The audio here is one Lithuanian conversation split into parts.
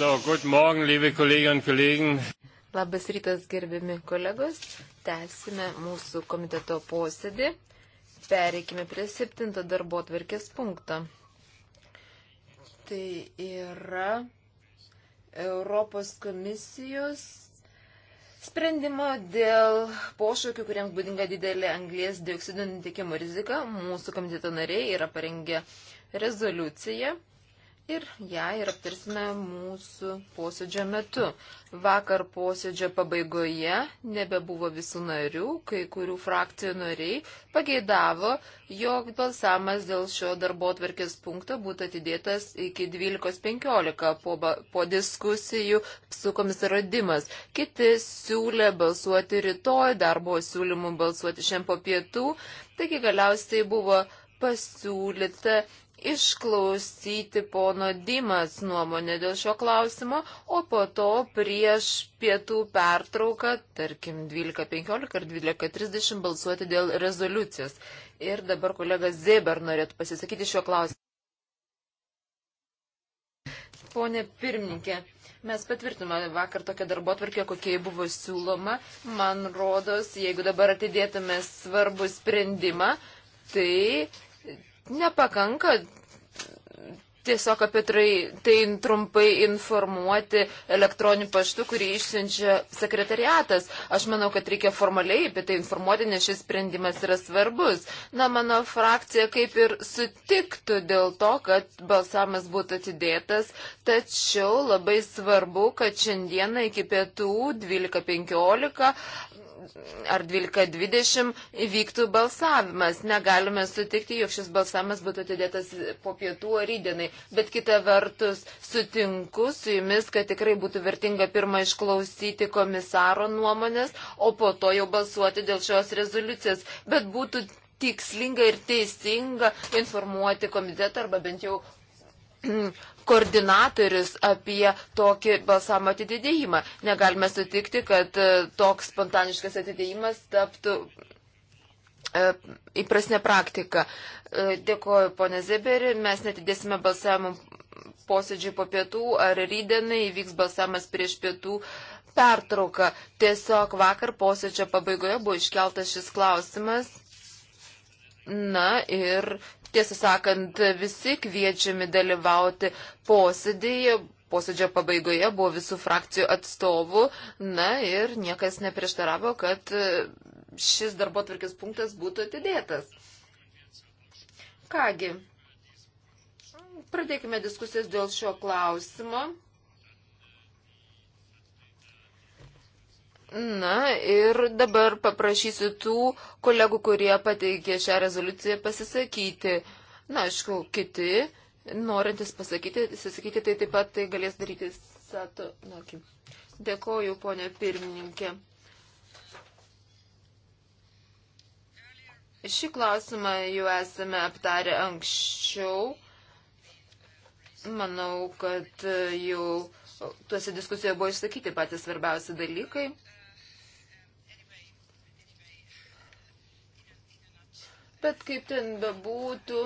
So, good morning, liebe Kolleginnen und Kollegen. Labas rytas, gerbiami kolegos. Tęsime mūsų komiteto posėdį. Pereikime prie septinto darbo atverkės punkto. Tai yra Europos komisijos sprendimo dėl pošaukių, kuriems būdinga didelė anglės dioksido nutikimo rizika. Mūsų komiteto nariai yra parengę rezoliuciją ir ją ir aptarsime mūsų posėdžio metu. Vakar posėdžio pabaigoje nebebuvo visų narių, kai kurių frakcijų nariai pageidavo, jog balsamas dėl šio darbo atverkės punkto būtų atidėtas iki 12.15 po, po diskusijų su komisaro Dimas. Kiti siūlė balsuoti rytoj, dar buvo siūlymų balsuoti šiandien po pietų, taigi galiausiai buvo pasiūlyta išklausyti pono Dimas nuomonę dėl šio klausimo, o po to prieš pietų pertrauką, tarkim 12.15 ar 12.30 balsuoti dėl rezoliucijos. Ir dabar kolega Zeber norėtų pasisakyti šio klausimu. Pone pirmininkė, mes patvirtinome vakar tokią darbo atvarkę, kokie buvo siūloma. Man rodos, jeigu dabar atidėtume svarbų sprendimą, tai nepakanka tiesiog apie tai, tai trumpai informuoti elektroniniu paštu, kurį išsiunčia sekretariatas. Aš manau, kad reikia formaliai apie tai informuoti, nes šis sprendimas yra svarbus. Na, mano frakcija kaip ir sutiktų dėl to, kad balsavimas būtų atidėtas, tačiau labai svarbu, kad šiandieną iki pietų 12.15 ar 12.20 vyktų balsavimas. Negalime sutikti, jog šis balsavimas būtų atidėtas po pietų ar rydienai. Bet kita vertus, sutinku su jumis, kad tikrai būtų vertinga pirmą išklausyti komisaro nuomonės, o po to jau balsuoti dėl šios rezoliucijos. Bet būtų tikslinga ir teisinga informuoti komitetą arba bent jau koordinatorius apie tokį balsavimo atidėjimą. Negalime sutikti, kad e, toks spontaniškas atidėjimas taptų e, įprasnė praktika. E, dėkoju, ponė Zeberi, mes netidėsime balsavimų posėdžių po pietų ar rydienai įvyks balsavimas prieš pietų pertrauką. Tiesiog vakar posėdžio pabaigoje buvo iškeltas šis klausimas. Na ir tiesą sakant, visi kviečiami dalyvauti posėdėje. Posėdžio pabaigoje buvo visų frakcijų atstovų, na ir niekas neprieštaravo, kad e, šis darbo tvarkės punktas būtų atidėtas. Kągi, pradėkime diskusijas dėl šio klausimo. Na ir dabar paprašysiu tų kolegų, kurie pateikė šią rezoliuciją pasisakyti. Na, aišku, kiti norintys pasakyti, pasisakyti, tai taip pat tai galės daryti Sato Naki. Dėkoju, ponė pirmininkė. Šį klausimą jau esame aptarę anksčiau. Manau, kad jau tuose diskusijoje buvo išsakyti patys svarbiausi dalykai. Bet kaip ten bebūtų,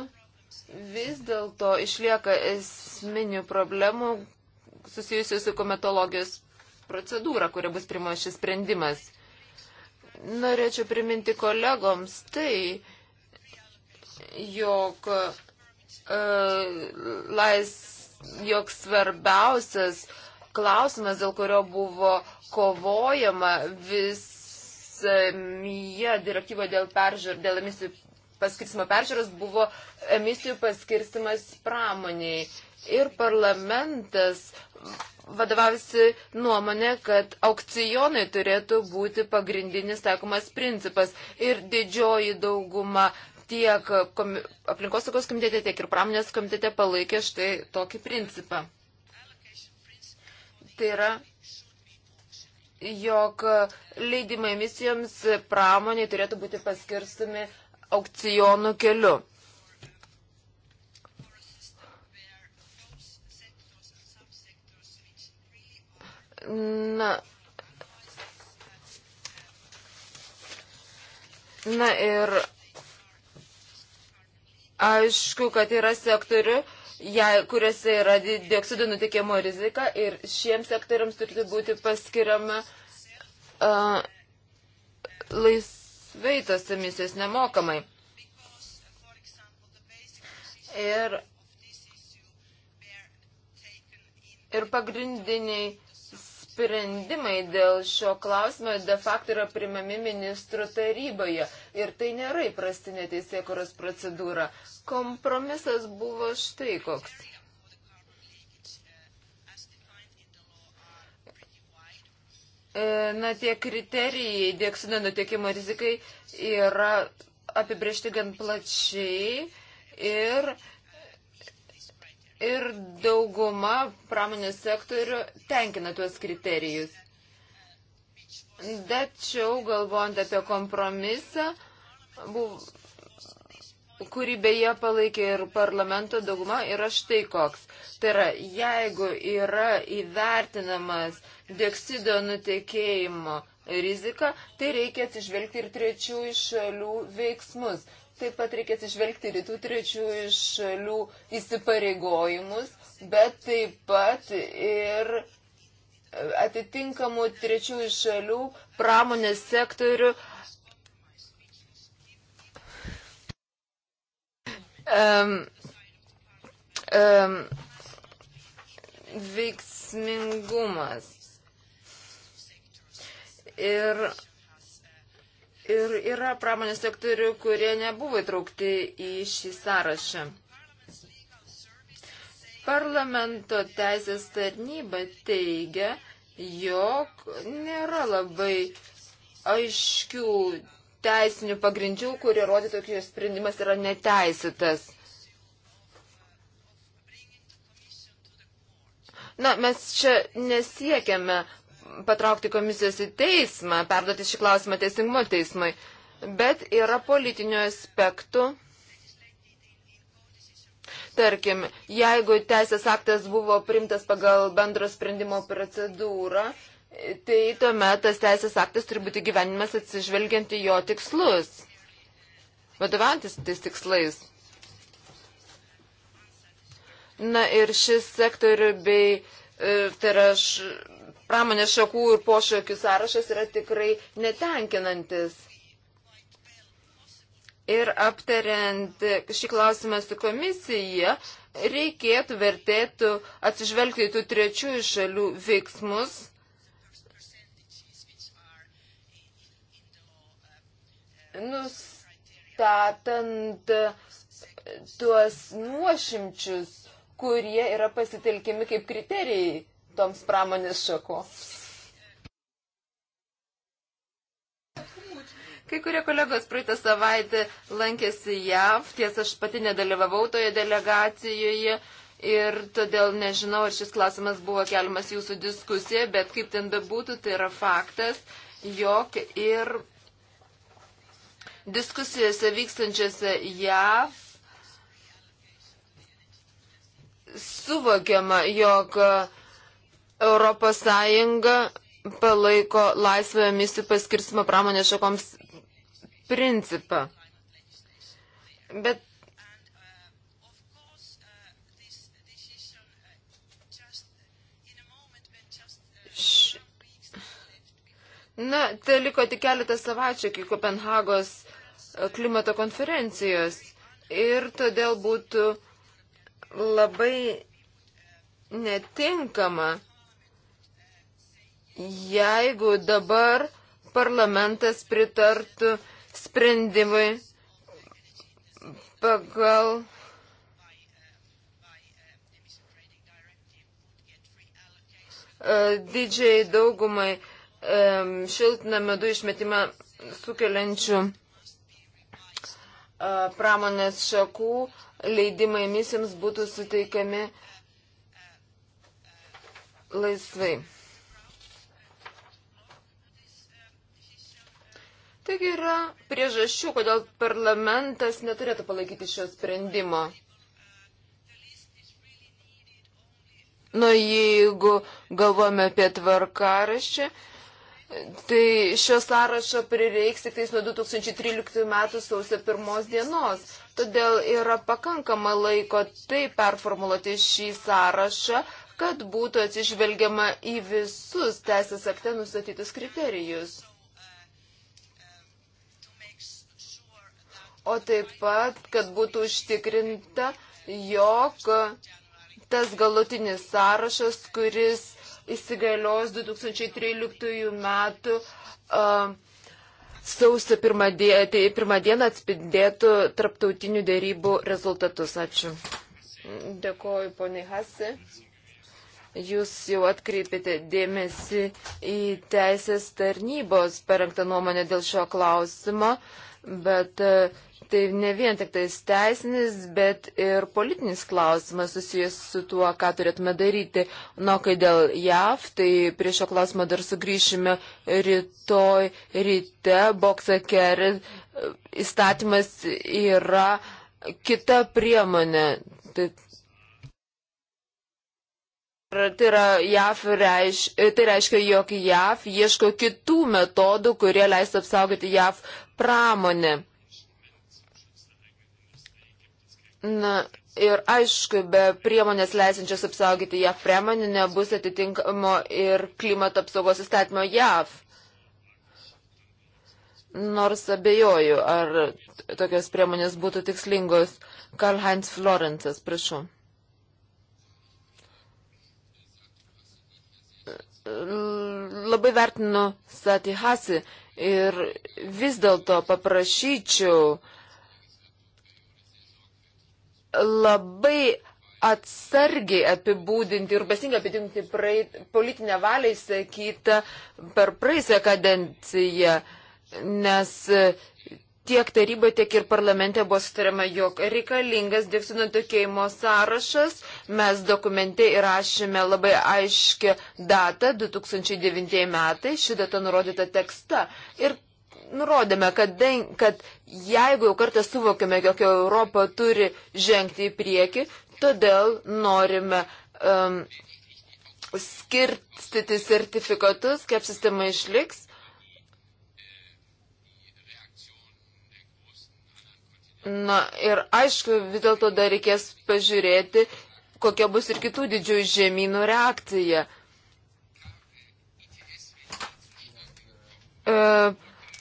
vis dėlto išlieka esminių problemų susijusių su kometologijos procedūra, kuria bus primas šis sprendimas. Norėčiau priminti kolegoms tai, jog, uh, lais, jog svarbiausias klausimas, dėl kurio buvo kovojama visame direktyvoje dėl peržiūrų, dėl emisijų paskirstimo peržiūros buvo emisijų paskirstimas pramoniai. Ir parlamentas vadovavosi nuomonė, kad aukcionai turėtų būti pagrindinis taikomas principas. Ir didžioji dauguma tiek komi aplinkosaugos komitete, tiek ir pramonės komitete palaikė štai tokį principą. Tai yra, jog leidimai emisijoms pramoniai turėtų būti paskirstumi aukcionų keliu. Na, na ir aišku, kad yra sektorių, jei, kuriuose yra dioksido nutikimo rizika ir šiems sektoriams turi būti paskiriama uh, lais, sveitos emisijos nemokamai. Ir, ir pagrindiniai sprendimai dėl šio klausimo de facto yra primami ministrų taryboje. Ir tai nėra įprastinė teisėkuros procedūra. Kompromisas buvo štai koks. E, na, tie kriterijai dioksino nutekimo rizikai yra apibriežti gan plačiai ir, ir dauguma pramonės sektorių tenkina tuos kriterijus. Tačiau, galvojant apie kompromisą, buvo kurį beje palaikė ir parlamento dauguma, yra štai koks. Tai yra, jeigu yra įvertinamas dioksido nutekėjimo rizika, tai reikia atsižvelgti ir trečiųjų šalių veiksmus. Taip pat reikia atsižvelgti ir tų trečiųjų šalių įsipareigojimus, bet taip pat ir atitinkamų trečiųjų šalių pramonės sektorių um, um, veiksmingumas. Ir, ir yra pramonės sektorių, kurie nebuvo įtraukti į šį sąrašą. Parlamento teisės tarnyba teigia, jog nėra labai aiškių teisinių pagrindžių, kurie rodytų, kad jos sprendimas yra neteisėtas. Na, mes čia nesiekiame patraukti komisijos į teismą, perduoti šį klausimą teisingumo teismai, bet yra politinių aspektų. Tarkim, jeigu teisės aktas buvo primtas pagal bendro sprendimo procedūrą, tai tuomet tas teisės aktas turi būti gyvenimas atsižvelgiant į jo tikslus, vadovantis tais tikslais. Na ir šis sektorių bei e, tai yra š, pramonės šakų ir pošakių sąrašas yra tikrai netenkinantis. Ir aptariant šį klausimą su komisija, reikėtų vertėtų atsižvelgti į tų trečiųjų šalių veiksmus nustatant tuos nuošimčius, kurie yra pasitelkimi kaip kriterijai toms pramonės šakoms. Kai kurie kolegos praeitą savaitę lankėsi JAV, tiesa, aš pati nedalyvavau toje delegacijoje ir todėl nežinau, ar šis klausimas buvo keliamas jūsų diskusija, bet kaip ten bebūtų, tai yra faktas, jog ir diskusijose vykstančiose JAV suvokiama, jog ES palaiko laisvę misijų paskirstimo pramonės šakoms principą. Bet Na, tai liko tik keletą savaičių iki Kopenhagos klimato konferencijos. Ir todėl būtų labai netinkama, jeigu dabar parlamentas pritartų sprendimui pagal e, didžiai daugumai šiltnamio dujų išmetimą sukeliančių pramonės šakų leidimai misijoms būtų suteikiami laisvai. Taigi yra priežasčių, kodėl parlamentas neturėtų palaikyti šio sprendimo. Na, nu, jeigu galvojame apie tvarkaraščią, Tai šio sąrašo prireiks tik tais nuo 2013 metų sausio pirmos dienos. Todėl yra pakankama laiko tai performuluoti šį sąrašą, kad būtų atsižvelgiama į visus teisės akte nustatytus kriterijus. O taip pat, kad būtų užtikrinta, jog tas galutinis sąrašas, kuris įsigalios 2013 metų uh, sausio pirmą dieną, tai pirmą dieną atspindėtų tarptautinių dėrybų rezultatus. Ačiū. Dėkoju, poniai Hasi. Jūs jau atkreipėte dėmesį į teisės tarnybos parengtą nuomonę dėl šio klausimo, bet tai ne vien tik tais teisinis, bet ir politinis klausimas susijęs su tuo, ką turėtume daryti. Na, kai dėl JAV, tai prie šio klausimo dar sugrįšime rytoj ryte. Boksaker įstatymas yra kita priemonė. Tai Tai, yra JAF reiš, tai reiškia, jog JAF ieško kitų metodų, kurie leistų apsaugoti JAF pramonę. Na, ir aišku, be priemonės leisinčios apsaugoti JAV priemonių nebus atitinkamo ir klimato apsaugos įstatymo JAV. Nors abejoju, ar tokios priemonės būtų tikslingos. Karl Heinz Florencas, prašau. Labai vertinu Satihasi ir vis dėlto paprašyčiau uh, labai atsargiai apibūdinti ir basingai apibūdinti praeit, politinę valią įsakytą per praeisę kadenciją, nes tiek taryboje, tiek ir parlamente buvo sutariama, jog reikalingas dioksino tokėjimo sąrašas. Mes dokumente įrašėme labai aiškę datą - 2009 metai, ši data nurodyta tekste. Ir nurodėme, kad, den, kad jeigu jau kartą suvokime, jog Europa turi žengti į priekį, todėl norime um, skirstyti sertifikatus, kaip sistema išliks. Na ir aišku, vis dėlto dar reikės pažiūrėti, kokia bus ir kitų didžiųjų žemynų reakcija. E,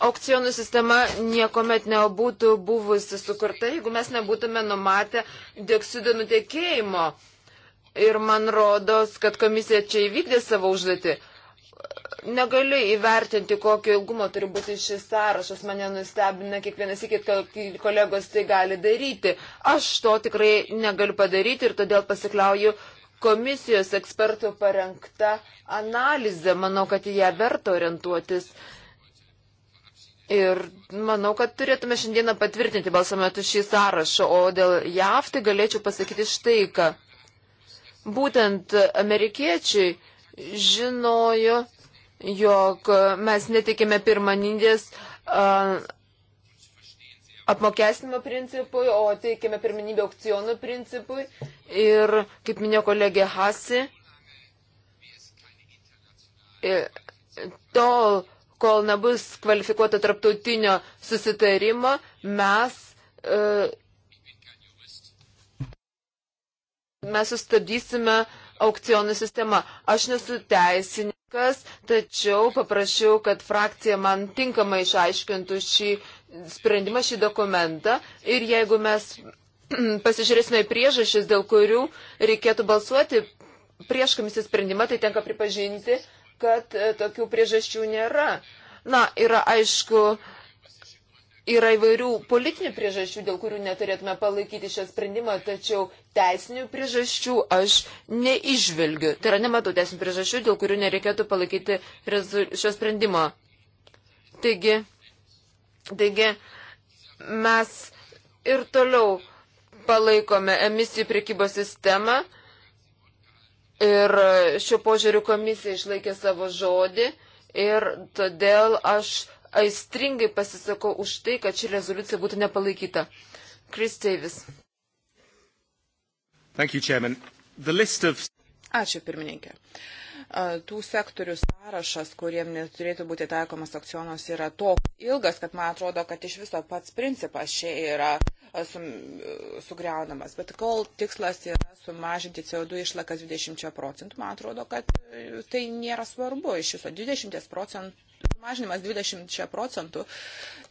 aukcionų sistema niekuomet nebūtų buvusi sukurta, jeigu mes nebūtume numatę dioksido nutekėjimo. Ir man rodos, kad komisija čia įvykdė savo užduotį. Negaliu įvertinti, kokio ilgumo turi būti šis sąrašas. Mane nustebina kiekvienas iki, kad kolegos tai gali daryti. Aš to tikrai negaliu padaryti ir todėl pasikliauju komisijos ekspertų parengta analizė. Manau, kad į ją verta orientuotis. Uh, Ir manau, kad turėtume šiandieną patvirtinti balsą metu šį sąrašą, o dėl JAV tai galėčiau pasakyti štai ką. Būtent amerikiečiai žinojo, jog mes netikime pirmanindės apmokestinimo principui, o teikime pirminybę aukcionų principui. Ir, kaip minėjo kolegė Hasi, e, tol, kol nebus kvalifikuoto tarptautinio susitarimo, mes, e, mes sustabdysime aukcionų sistemą. Aš nesu teisininkas, tačiau paprašiau, kad frakcija man tinkamai išaiškintų šį sprendimą, šį dokumentą ir jeigu mes pasižiūrėsime į priežasčius, dėl kurių reikėtų balsuoti prieš komisijos sprendimą, tai tenka pripažinti, kad e, tokių priežasčių nėra. Na, yra aišku, yra įvairių politinių priežasčių, dėl kurių neturėtume palaikyti šią sprendimą, tačiau teisinių priežasčių aš neižvelgiu. Tai yra, nematau teisinių priežasčių, dėl kurių nereikėtų palaikyti šio sprendimo. Taigi, taigi, mes ir toliau palaikome emisijų priekybos sistemą Ir šiuo požiūriu komisija išlaikė savo žodį ir todėl aš aistringai pasisakau už tai, kad ši rezoliucija būtų nepalaikyta. Chris Davis. You, of... Ačiū, pirmininkė. Uh, tų sektorių sąrašas, kuriem neturėtų būti taikomas akcionas, yra toks ilgas, kad man atrodo, kad iš viso pats principas čia yra sugriaunamas. Bet kol tikslas yra sumažinti CO2 išlakas 20 procentų, man atrodo, kad e, tai nėra svarbu. Iš viso 20 procentų mažinimas 20 procentų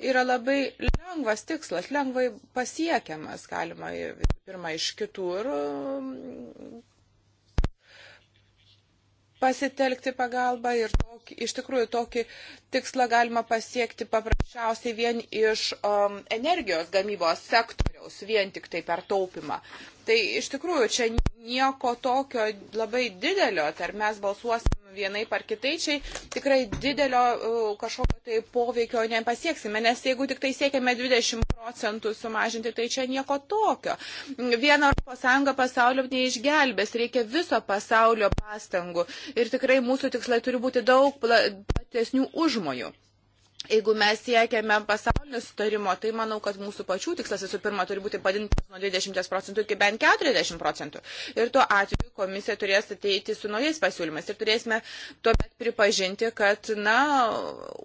yra labai lengvas tikslas, lengvai pasiekiamas, galima e, pirmą iš kitur pasitelkti pagalbą ir tokį, iš tikrųjų tokį tikslą galima pasiekti paprasčiausiai vien iš um, energijos gamybos sektoriaus, vien tik tai per taupimą. Tai iš tikrųjų čia nieko tokio labai didelio, tai ar mes balsuosim vienai par kitaičiai, tikrai didelio e, kažkokio tai poveikio nepasieksime, nes jeigu tik tai siekiame 20 procentų sumažinti, tai čia nieko tokio. Viena ES pasaulio neišgelbės, reikia viso pasaulio pastangų ir tikrai mūsų tikslai turi būti daug platesnių užmojų. Jeigu mes siekiame pasaulinio sutarimo, tai manau, kad mūsų pačių tikslas visų pirma turi būti padintas nuo 20 procentų iki bent 40 procentų. Ir tuo atveju komisija turės ateiti su naujais pasiūlymais ir turėsime tuomet pripažinti, kad, na,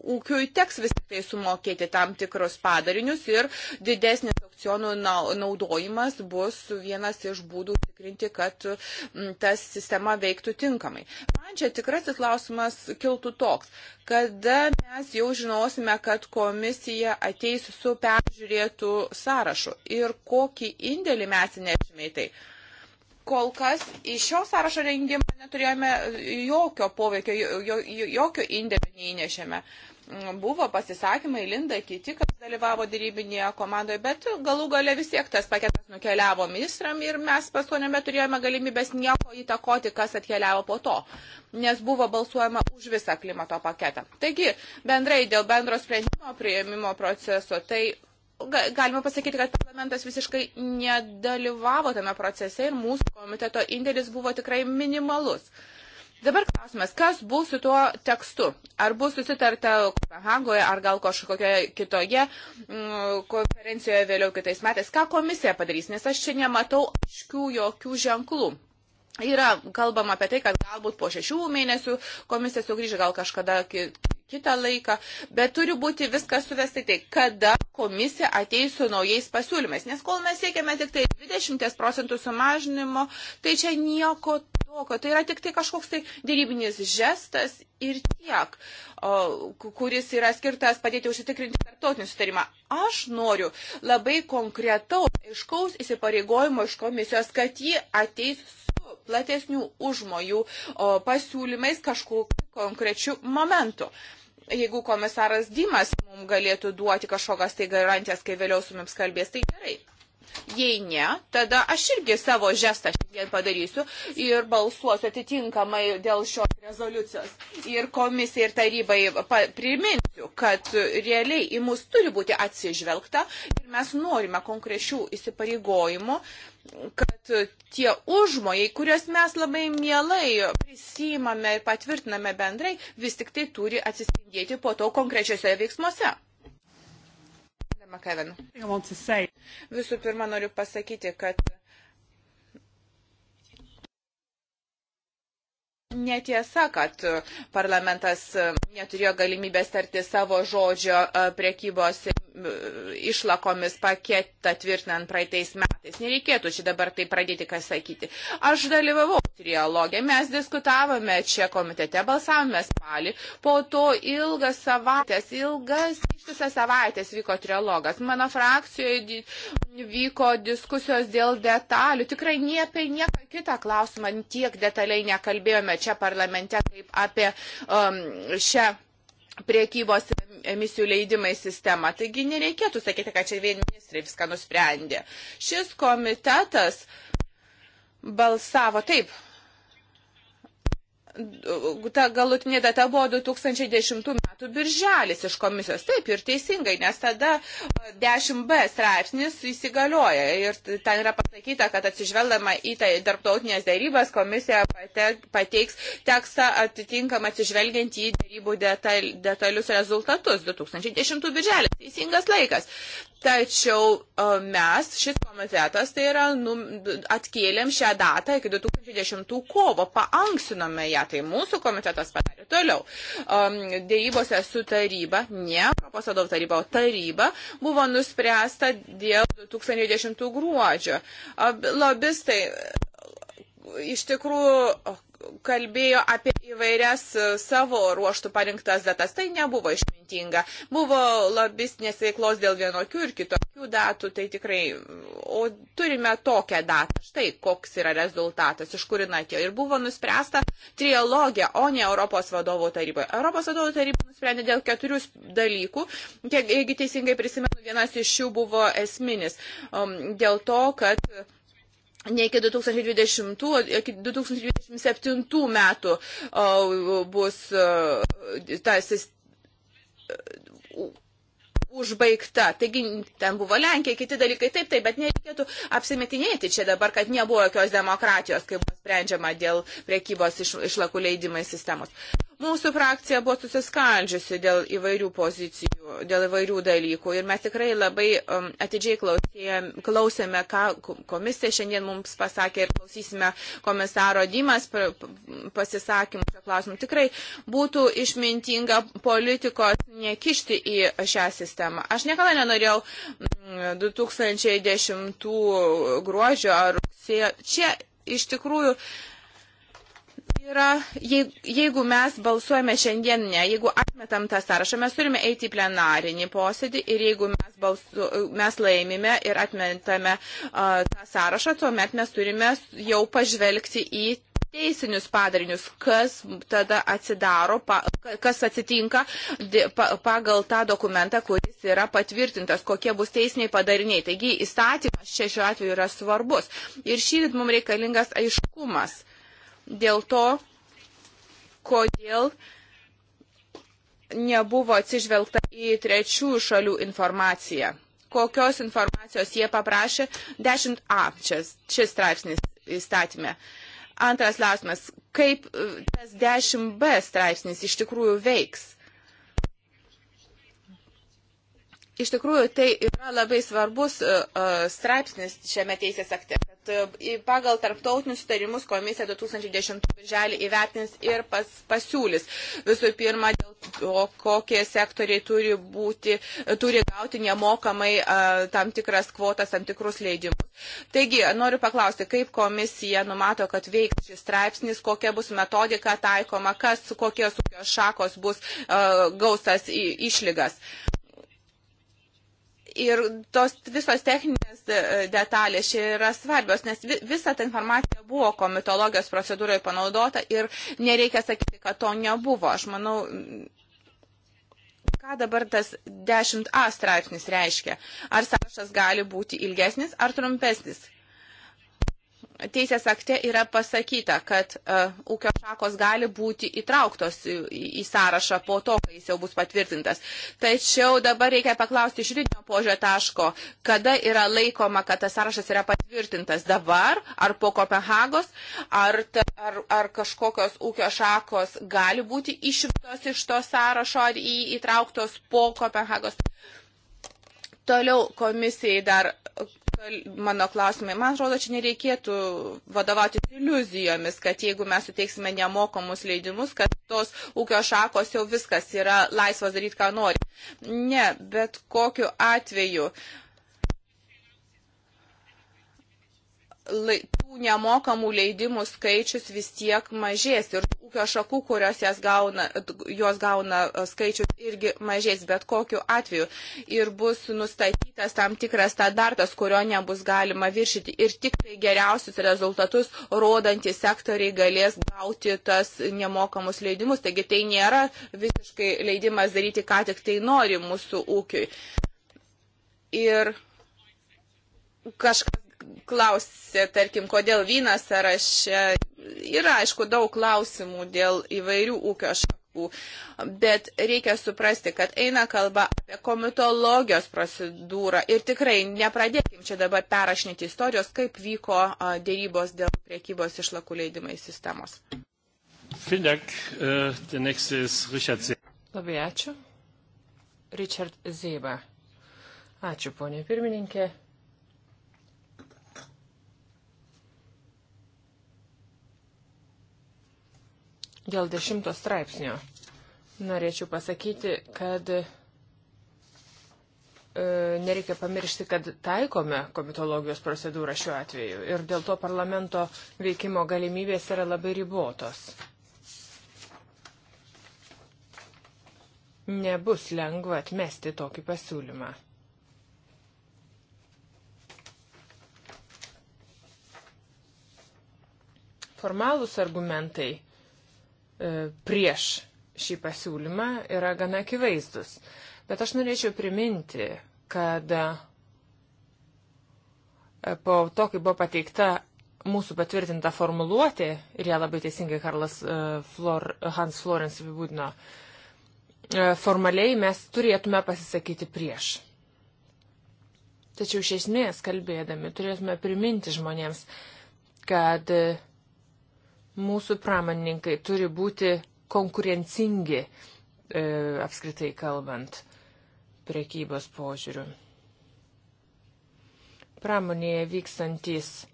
ūkiui teks vis tai sumokėti tam tikrus padarinius ir didesnis aukcionų naudojimas bus vienas iš būdų tikrinti, kad ta sistema veiktų tinkamai. Man čia tikrasis klausimas kiltų toks, kada mes jau žinosime, reikalausime, kad komisija ateis su peržiūrėtų sąrašu ir kokį indėlį mes nešime į tai. Kol kas iš šio sąrašo rengimą neturėjome jokio poveikio, jokio indėlio neįnešėme buvo pasisakymai, Linda, kiti, kas dalyvavo dėrybinėje komandoje, bet galų gale vis tiek tas paketas nukeliavo ministram ir mes paskui nebeturėjome galimybės nieko įtakoti, kas atkeliavo po to, nes buvo balsuojama už visą klimato paketą. Taigi, bendrai dėl bendro sprendimo prieimimo proceso, tai galima pasakyti, kad parlamentas visiškai nedalyvavo tame procese ir mūsų komiteto indėlis buvo tikrai minimalus. Dabar klausimas, kas bus su tuo tekstu? Ar bus susitarta Kopenhagoje, ar gal kažkokioje kitoje mm, konferencijoje vėliau kitais metais? Ką komisija padarys? Nes aš čia nematau aiškių jokių ženklų. Yra kalbama apie tai, kad galbūt po šešių mėnesių komisija sugrįžė gal kažkada kitą laiką, bet turi būti viskas suvesti tai, kada komisija ateis su naujais pasiūlymais. Nes kol mes siekiame tik tai 20 procentų sumažinimo, tai čia nieko tokio. Tai yra tik tai kažkoks tai dėrybinis žestas ir tiek, o, kuris yra skirtas padėti užsitikrinti tarptautinį sutarimą. Aš noriu labai konkretaus, aiškaus įsipareigojimo iš komisijos, kad ji ateis platesnių užmojų pasiūlymais kažkokiu konkrečiu momentu jeigu komisaras Dimas mums galėtų duoti kažkokias tai garantijas, kai vėliau su mums kalbės, tai gerai. Jei ne, tada aš irgi savo žestą šiandien padarysiu ir balsuosiu atitinkamai dėl šios rezoliucijos. Ir komisijai ir tarybai priminsiu, kad realiai į mus turi būti atsižvelgta ir mes norime konkrečių įsipareigojimų kad tie užmojai, kuriuos mes labai mielai prisimame ir patvirtiname bendrai, vis tik tai turi atsispindėti po to konkrečiose veiksmuose. McEwen. Visų pirma, noriu pasakyti, kad Netiesa, kad parlamentas neturėjo galimybės tarti savo žodžio e, priekybos išlakomis paketą tvirtinant praeitais metais. Nereikėtų čia dabar tai pradėti, kas sakyti. Aš dalyvavau trialogė, mes diskutavome čia komitete, balsavome spalį, po to ilgas savaitės, ilgas ištisas savaitės vyko trialogas. Mano frakcijoje vyko diskusijos dėl detalių. Tikrai nie apie nieką kitą klausimą tiek detaliai nekalbėjome čia parlamente kaip apie um, šią priekybos emisijų leidimai sistemą. Taigi nereikėtų sakyti, kad čia vien ministrai viską nusprendė. Šis komitetas balsavo taip, ta galutinė data buvo 2010 metų birželis iš komisijos. Taip ir teisingai, nes tada 10b e, straipsnis įsigalioja ir ten yra pasakyta, kad atsižvelgdama į tai tarptautinės dėrybas komisija pateiks tekstą atitinkamą atsižvelgiant į dėrybų detal, detalius rezultatus. 2010 birželis teisingas laikas. Tačiau e, mes, šis komitetas, tai yra, nu, atkėlėm šią datą iki 2010 kovo, paanksinome ją metai mūsų komitetas padarė. Toliau, um, dėrybose su taryba, ne Europos vadovų taryba, o taryba buvo nuspręsta dėl 2010 gruodžio. Lobistai iš tikrųjų kalbėjo apie įvairias e, savo ruoštų parinktas datas. Tai nebuvo išmintinga. Buvo lobistinės veiklos dėl vienokių ir kitokių datų, tai tikrai. O turime tokią datą. Štai koks yra rezultatas, iš kur atėjo. Ir buvo nuspręsta trialogė, o ne Europos vadovų taryboje. Europos vadovų taryba nusprendė dėl keturių dalykų. Jeigu teisingai prisimenu, vienas iš jų buvo esminis. Um, dėl to, kad ne iki 2020, iki 2027 metų bus ta užbaigta. Taigi ten buvo Lenkija, kiti dalykai taip, taip, bet nereikėtų apsimetinėti čia dabar, kad nebuvo jokios demokratijos, kaip buvo sprendžiama dėl priekybos iš, išlakų leidimai sistemos. Mūsų frakcija buvo susiskaldžiusi dėl įvairių pozicijų, dėl įvairių dalykų ir mes tikrai labai um, atidžiai klausėm, klausėme, ką komisija šiandien mums pasakė ir klausysime komisaro Dimas pasisakymų šio klausimu. Tikrai būtų išmintinga politikos nekišti į šią sistemą. Aš niekada nenorėjau 2010 mm, gruodžio ar rugsėjo. Čia iš tikrųjų yra, jeigu mes balsuojame šiandien, ne, jeigu atmetam tą sąrašą, mes turime eiti į plenarinį posėdį ir jeigu mes, balsu, mes laimime ir atmetame uh, tą sąrašą, tuomet mes turime jau pažvelgti į teisinius padarinius, kas tada atsidaro, kas atsitinka pagal tą dokumentą, kuris yra patvirtintas, kokie bus teisiniai padariniai. Taigi įstatymas čia šiuo atveju yra svarbus. Ir šįryt mums reikalingas aiškumas dėl to, kodėl nebuvo atsižvelgta į trečiųjų šalių informaciją. Kokios informacijos jie paprašė? 10a čia šis straipsnis įstatymė. Uh, Antras klausimas, kaip e, tas 10b straipsnis iš tikrųjų veiks? Iš tikrųjų, tai yra labai svarbus e, e, straipsnis šiame teisės akte, kad e, pagal tarptautinius sutarimus komisija 2010 birželį įvertins ir pas, pasiūlys visų pirma dėl to, kokie sektoriai turi, būti, turi gauti nemokamai tam tikras kvotas, tam tikrus leidimus. Taigi, noriu paklausti, kaip komisija numato, kad veiks šis straipsnis, kokia bus metodika taikoma, kas, kokios šakos bus gausas išlygas. Uh, Ir tos visos techninės e, detalės čia yra svarbios, nes visa ta informacija buvo komitologijos procedūroje panaudota ir nereikia sakyti, kad to nebuvo. Aš manau, ką dabar tas 10a straipsnis reiškia. Ar sąrašas gali būti ilgesnis ar trumpesnis teisės akte yra pasakyta, kad uh, ūkio šakos gali būti įtrauktos į, į sąrašą po to, kai jis jau bus patvirtintas. Tačiau dabar reikia paklausti iš rytinio požio taško, kada yra laikoma, kad tas sąrašas yra patvirtintas dabar, ar po Kopenhagos, ar, ta, ar, ar kažkokios ūkio šakos gali būti išimtos iš to sąrašo ar į, įtrauktos po Kopenhagos. Toliau komisijai dar mano klausimai. Man atrodo, čia nereikėtų vadovauti iliuzijomis, kad jeigu mes suteiksime nemokamus leidimus, kad tos ūkio šakos jau viskas yra laisvas daryti, ką nori. Ne, bet kokiu atveju. Uh, tų nemokamų leidimų skaičius vis tiek mažės ir ūkio šakų, kurios jas gauna, jos gauna e, skaičius irgi mažės bet kokiu atveju ir bus nustatytas tam tikras standartas, kurio nebus galima viršyti ir tik tai geriausius rezultatus rodantys sektoriai galės gauti tas nemokamus leidimus. Taigi tai nėra visiškai leidimas daryti, ką tik tai nori mūsų ūkiui. Ir kažkas klausė, tarkim, kodėl vynas sąraše. Yra, aišku, daug klausimų dėl įvairių ūkio šakų, bet reikia suprasti, kad eina kalba apie komitologijos procedūrą ir tikrai nepradėkim čia dabar perrašinti istorijos, kaip vyko dėrybos dėl priekybos išlakų leidimai sistemos. Äh, Labai ačiū. Richard Zeiba. Ačiū, ponė pirmininkė. Dėl dešimto straipsnio norėčiau pasakyti, kad e, nereikia pamiršti, kad taikome komitologijos procedūrą šiuo atveju ir dėl to parlamento veikimo galimybės yra labai ribotos. Nebus lengva atmesti tokį pasiūlymą. Formalūs argumentai E, prieš šį pasiūlymą yra gana akivaizdus. Bet aš norėčiau priminti, kad e, po to, kai buvo pateikta mūsų patvirtinta formuluotė, ir ją labai teisingai Karlas e, Flor, Hans Florens apibūdino, formaliai mes turėtume pasisakyti prieš. Tačiau iš esmės kalbėdami turėtume priminti žmonėms, kad Mūsų pramoninkai turi būti konkurencingi, e, apskritai kalbant, prekybos požiūriu. Pramonėje vykstantis e,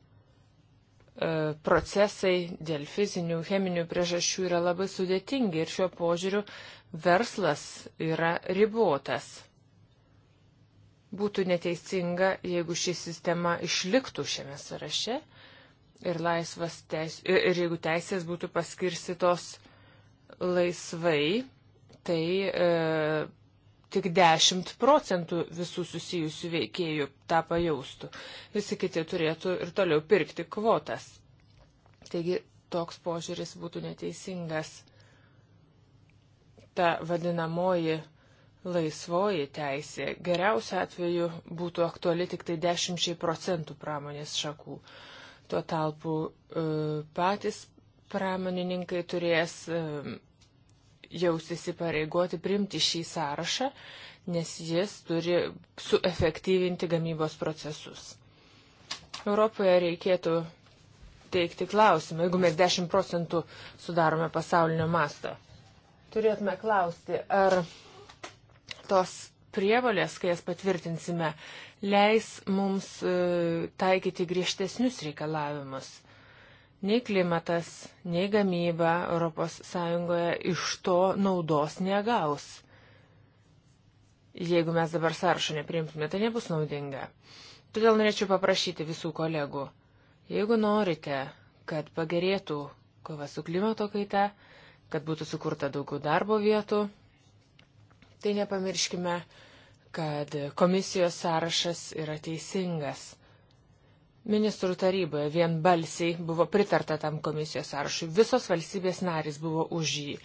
procesai dėl fizinių, cheminių priežasčių yra labai sudėtingi ir šiuo požiūriu verslas yra ribotas. Būtų neteisinga, jeigu ši sistema išliktų šiame sąraše ir, teis, ir, ir jeigu teisės būtų paskirstytos laisvai, tai e, tik 10 procentų visų susijusių veikėjų tą pajaustų. Visi kiti turėtų ir toliau pirkti kvotas. Taigi toks požiūris būtų neteisingas. Ta vadinamoji laisvoji teisė geriausia atveju būtų aktuali tik tai 10 procentų pramonės šakų. E, Tuo talpu e, patys pramonininkai turės e, jausis įpareigoti primti šį sąrašą, nes jis turi suefektyvinti gamybos procesus. Europoje reikėtų teikti klausimą, jeigu mes 10 procentų sudarome pasaulinio masto. Turėtume klausti, ar tos prievalės, kai jas patvirtinsime, leis mums e, taikyti griežtesnius reikalavimus. Nei klimatas, nei gamyba ES iš to naudos negaus. Jeigu mes dabar sąrašo neprimtume, tai nebus naudinga. Todėl norėčiau paprašyti visų kolegų, jeigu norite, kad pagerėtų kova su klimato kaita, kad būtų sukurta daugiau darbo vietų, tai nepamirškime, kad komisijos sąrašas yra teisingas. Ministrų taryboje vienbalsiai buvo pritarta tam komisijos sąrašui, visos valstybės narys buvo už jį.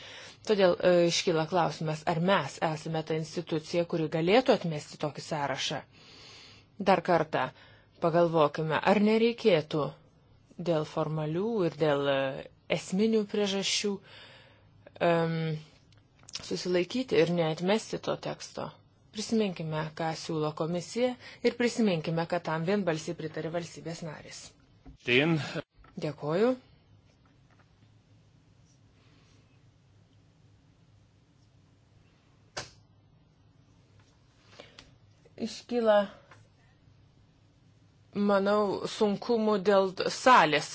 Todėl e, iškyla klausimas, ar mes esame ta institucija, kuri galėtų atmesti tokį sąrašą. Dar kartą pagalvokime, ar nereikėtų dėl formalių ir dėl e, esminių priežasčių um, susilaikyti ir neatmesti to teksto. Prisiminkime, ką siūlo komisija ir prisiminkime, kad tam vienbalsiai pritarė valstybės narės. Dien. Dėkoju. Iškyla, manau, sunkumų dėl salės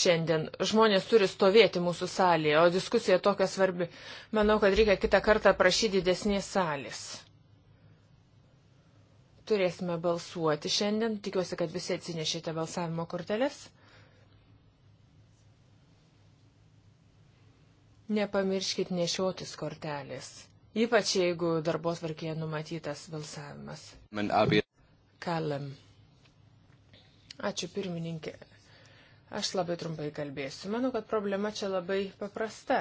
šiandien. Žmonės turi stovėti mūsų salėje, o diskusija tokia svarbi. Manau, kad reikia kitą kartą prašyti didesnės salės. Turėsime balsuoti šiandien. Tikiuosi, kad visi atsinešėte balsavimo korteles. Nepamirškit nešiotis kortelės, ypač jeigu darbos varkėje numatytas balsavimas. Kalem. Ačiū pirmininkė. Aš labai trumpai kalbėsiu. Manau, kad problema čia labai paprasta.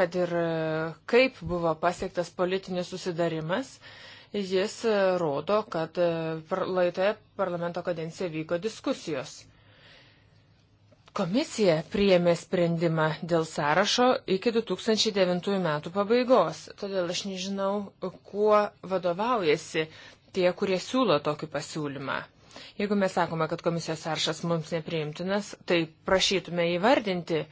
Kad ir e, kaip buvo pasiektas politinis susidarimas, uh, jis e, rodo, kad e, laitoje parlamento kadencijoje vyko diskusijos. Komisija priėmė sprendimą dėl sąrašo iki 2009 metų pabaigos, todėl aš nežinau, kuo vadovaujasi tie, kurie siūlo tokį pasiūlymą. Jeigu mes sakome, kad komisijos sąrašas mums nepriimtinas, tai prašytume įvardinti,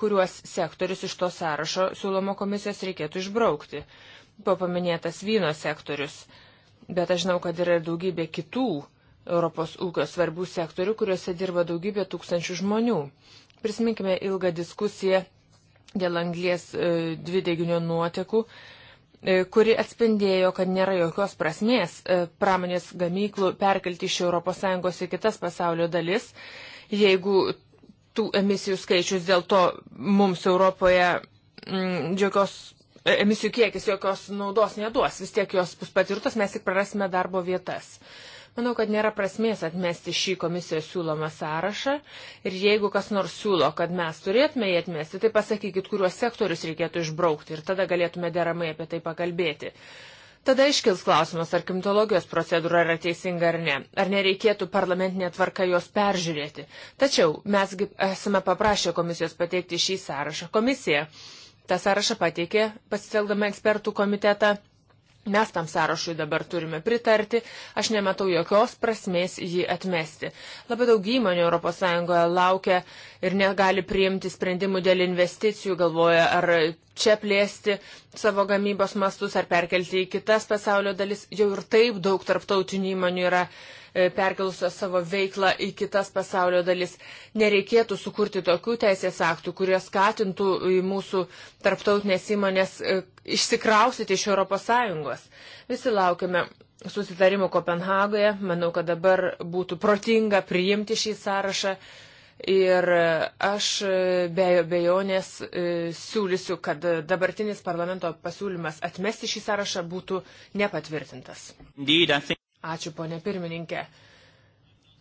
kuriuos sektorius iš to sąrašo siūlomo komisijos reikėtų išbraukti. Buvo paminėtas vyno sektorius, bet aš žinau, kad yra ir daugybė kitų Europos ūkio svarbių sektorių, kuriuose dirba daugybė tūkstančių žmonių. Prisiminkime ilgą diskusiją dėl anglies e, dvideginio nuotekų, e, kuri atspindėjo, kad nėra jokios prasmės e, pramonės gamyklų perkelti iš ES į kitas pasaulio dalis, jeigu tų emisijų skaičius dėl to mums Europoje m, mm, jokios E, emisijų kiekis jokios naudos neduos, vis tiek jos bus patirtos, mes tik prarasime darbo vietas. Manau, kad nėra prasmės atmesti šį komisijos siūlomą sąrašą ir jeigu kas nors siūlo, kad mes turėtume jį atmesti, tai pasakykit, kuriuos sektorius reikėtų išbraukti ir tada galėtume deramai apie tai pakalbėti. Tada iškils klausimas, ar kimtologijos procedūra yra teisinga ar ne, ar nereikėtų parlamentinė tvarka jos peržiūrėti. Tačiau mesgi esame paprašę komisijos pateikti šį sąrašą. Komisija tą sąrašą pateikė pasitelkdama ekspertų komitetą. Mes tam sąrašui dabar turime pritarti, aš nematau jokios prasmės jį atmesti. Labai daug įmonių ES laukia ir negali priimti sprendimų dėl investicijų, galvoja, ar čia plėsti savo gamybos mastus, ar perkelti į kitas pasaulio dalis. Jau ir taip daug tarptautinių įmonių yra E, perkelusios savo veiklą į kitas pasaulio dalis. Nereikėtų sukurti tokių teisės aktų, kurie skatintų mūsų tarptautinės įmonės e, išsikrausyti iš ES. Visi laukime susitarimų Kopenhagoje. Manau, kad dabar būtų protinga priimti šį sąrašą. Ir e, aš be abejonės siūlysiu, kad dabartinis parlamento pasiūlymas atmesti šį sąrašą būtų nepatvirtintas. Indeed, Ačiū, ponė pirmininkė.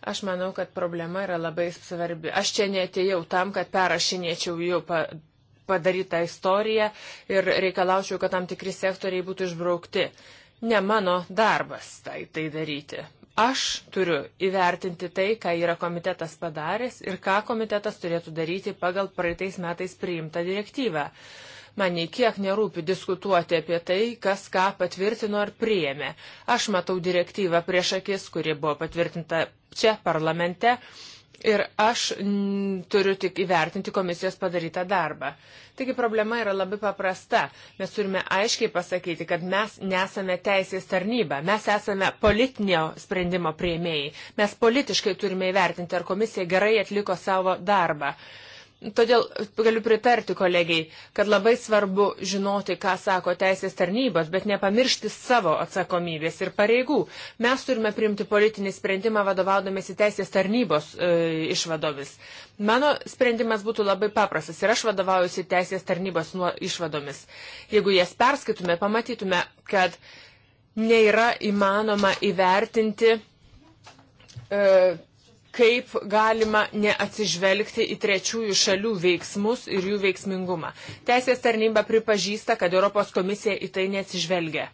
Aš manau, kad problema yra labai svarbi. Aš čia netėjau tam, kad perrašinėčiau jų padarytą istoriją ir reikalaučiau, kad tam tikri sektoriai būtų išbraukti. Ne mano darbas tai, tai daryti. Aš turiu įvertinti tai, ką yra komitetas padaręs ir ką komitetas turėtų daryti pagal praeitais metais priimtą direktyvą. Man nei kiek nerūpi diskutuoti apie tai, kas ką patvirtino ar priėmė. Aš matau direktyvą prieš akis, kuri buvo patvirtinta čia parlamente. Ir aš m, turiu tik įvertinti komisijos padarytą darbą. Taigi problema yra labai paprasta. Mes turime aiškiai pasakyti, kad mes nesame teisės tarnyba, mes esame politinio sprendimo prieimėjai. Mes politiškai turime įvertinti, ar komisija gerai atliko savo darbą. Uh, Todėl galiu pritarti kolegiai, kad labai svarbu žinoti, ką sako teisės tarnybos, bet nepamiršti savo atsakomybės ir pareigų. Mes turime priimti politinį sprendimą vadovaudomėsi teisės tarnybos e, išvadomis. Mano sprendimas būtų labai paprastas ir aš vadovaujuosi teisės tarnybos nuo išvadomis. Jeigu jas perskaitume, pamatytume, kad nėra įmanoma įvertinti e, kaip galima neatsižvelgti į trečiųjų šalių veiksmus ir jų veiksmingumą. Teisės tarnyba pripažįsta, kad Europos komisija į tai neatsižvelgia.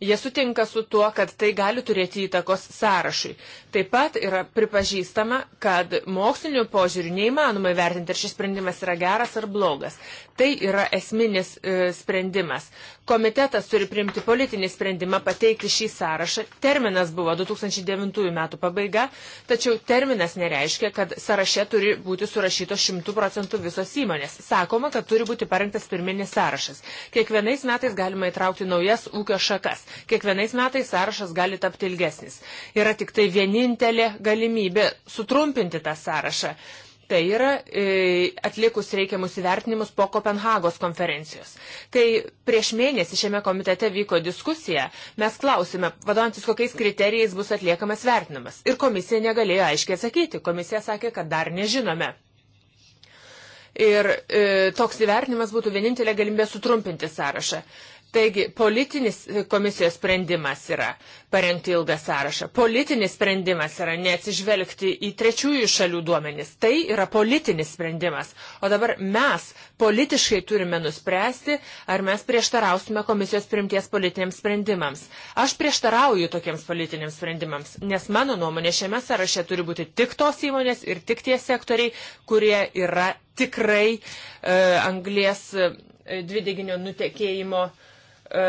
Jie sutinka su tuo, kad tai gali turėti įtakos sąrašui. Taip pat yra pripažįstama, kad mokslinio požiūrių neįmanoma įvertinti, ar šis sprendimas yra geras ar blogas. Tai yra esminis e, sprendimas. Komitetas turi priimti politinį sprendimą pateikti šį sąrašą. Terminas buvo 2009 metų pabaiga, tačiau terminas nereiškia, kad sąraše turi būti surašytos 100 procentų visos įmonės. Sakoma, kad turi būti parengtas pirminis sąrašas. Kiekvienais metais galima įtraukti naujas ūkio šakas. Kiekvienais metais sąrašas gali tapti ilgesnis. Yra tik tai vienintelė galimybė sutrumpinti tą sąrašą. Tai yra e, atlikus reikiamus įvertinimus po Kopenhagos konferencijos. Kai prieš mėnesį šiame komitete vyko diskusija, mes klausime, vadovantis kokiais kriterijais bus atliekamas vertinimas. Ir komisija negalėjo aiškiai atsakyti. Komisija sakė, kad dar nežinome. Ir e, toks įvertinimas būtų vienintelė galimybė sutrumpinti sąrašą. E, Taigi, politinis e, komisijos sprendimas yra parengti ilgą sąrašą. Politinis sprendimas yra neatsižvelgti į trečiųjų šalių duomenis. Tai yra politinis sprendimas. O dabar mes politiškai turime nuspręsti, ar mes prieštarausime komisijos primties politiniams sprendimams. Aš prieštarauju tokiems politiniams sprendimams, nes mano nuomonė šiame sąraše turi būti tik tos įmonės ir tik tie sektoriai, kurie yra tikrai e, anglės e, dvideginio nutekėjimo e, E,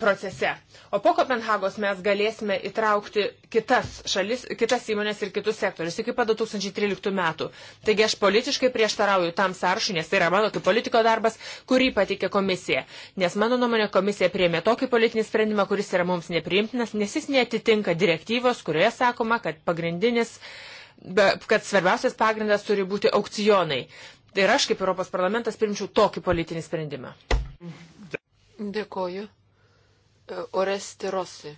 procese. O po Kopenhagos mes galėsime įtraukti kitas šalis, kitas įmonės ir kitus sektorius iki pat 2013 metų. Taigi aš politiškai prieštarauju tam sąrašui, nes tai yra mano kaip politiko darbas, kurį patikė komisija. Nes mano nuomonė komisija priėmė tokį politinį sprendimą, kuris yra mums nepriimtinas, nes jis netitinka direktyvos, kurioje sakoma, kad pagrindinis kad svarbiausias pagrindas turi būti aukcionai. Ir aš kaip Europos parlamentas primčiau tokį politinį sprendimą. Mhm. Dėkoju. E, Oresti Rosi.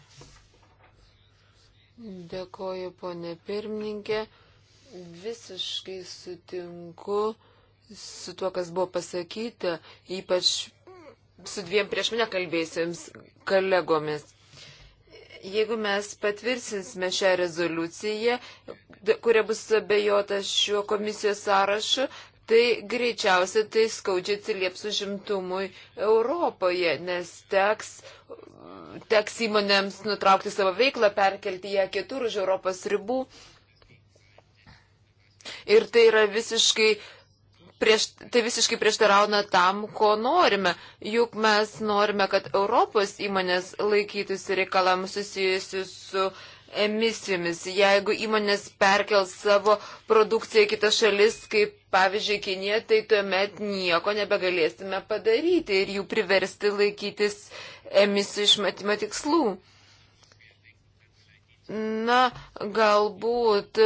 Dėkoju, ponė pirmininkė. Visiškai sutinku su tuo, kas buvo pasakyta, ypač su dviem prieš mane kalbėjusiems kolegomis. Jeigu mes patvirtinsime šią rezoliuciją, kuria bus abejota šiuo komisijos sąrašu, tai greičiausiai tai skaudžiai atsilieps užimtumui Europoje, nes teks, teks įmonėms nutraukti savo veiklą, perkelti ją kitur už Europos ribų. Ir tai yra visiškai prieš, tai visiškai prieštarauna tam, ko norime. Juk mes norime, kad Europos įmonės laikytųsi reikalam susijusius su emisijomis. Jeigu įmonės perkels savo produkciją į kitas šalis, kaip pavyzdžiui Kinė, tai tuomet nieko nebegalėsime padaryti ir jų priversti laikytis emisijų išmetimo tikslų. Na, galbūt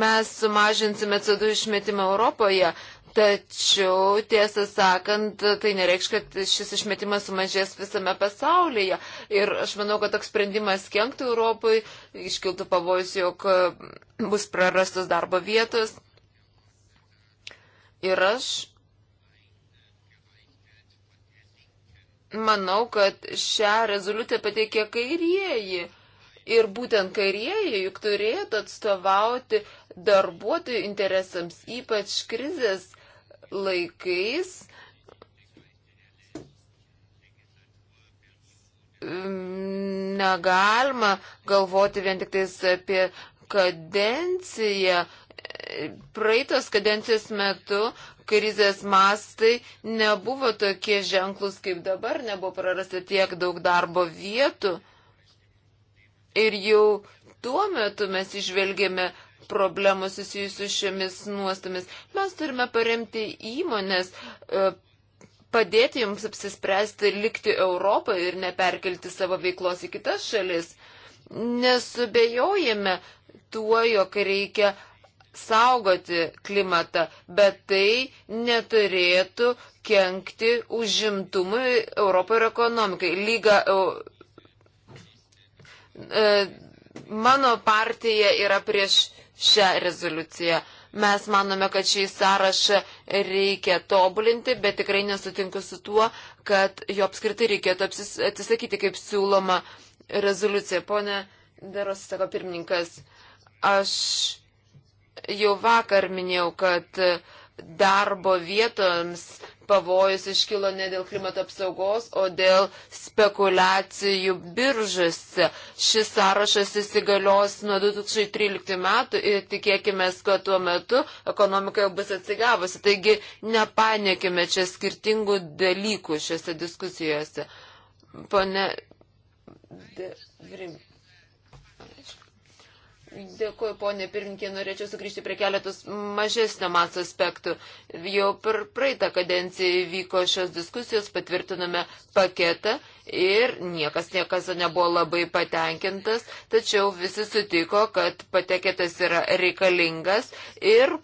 mes sumažinsime CO2 išmetimą Europoje, Tačiau, tiesą sakant, tai nereikš, kad šis išmetimas sumažės visame pasaulyje. Ir aš manau, kad toks sprendimas kenktų Europui, iškiltų pavojus, jog e, bus prarastos darbo vietos. Ir aš manau, kad šią rezoliuciją pateikė kairieji. Ir būtent kairieji juk turėtų atstovauti darbuotojų interesams, ypač krizės laikais negalima galvoti vien tik tais apie kadenciją. Praeitos kadencijos metu krizės mastai nebuvo tokie ženklus kaip dabar, nebuvo prarasta tiek daug darbo vietų. Ir jau tuo metu mes išvelgėme problemų susijusių šiomis nuostomis. Mes turime paremti įmonės, e, padėti jums apsispręsti likti Europoje ir neperkelti savo veiklos į kitas šalis. Nesubejojame tuo, jog reikia saugoti klimatą, bet tai neturėtų kenkti užimtumui Europoje ir ekonomikai. Lyga e, mano partija yra prieš šią rezoliuciją. Mes manome, kad šį sąrašą reikia tobulinti, bet tikrai nesutinku su tuo, kad jo apskritai reikėtų atsisakyti, kaip siūloma rezoliucija. Pone Daros, sako pirmininkas, aš jau vakar minėjau, kad darbo vietoms pavojus iškilo ne dėl klimato apsaugos, o dėl spekulacijų biržose. Šis sąrašas įsigalios nuo 2013 metų ir tikėkime, kad tuo metu ekonomika jau bus atsigavusi. Taigi nepanėkime čia skirtingų dalykų šiuose diskusijose. Pone. De... Vrim. Dėkuoju, ponė pirminkė, norėčiau sugrįžti prie keletos mažesnio maso aspektų. Jau per praeitą kadenciją vyko šios diskusijos, patvirtiname paketą ir niekas niekas nebuvo labai patenkintas, tačiau visi sutiko, kad pateketas yra reikalingas ir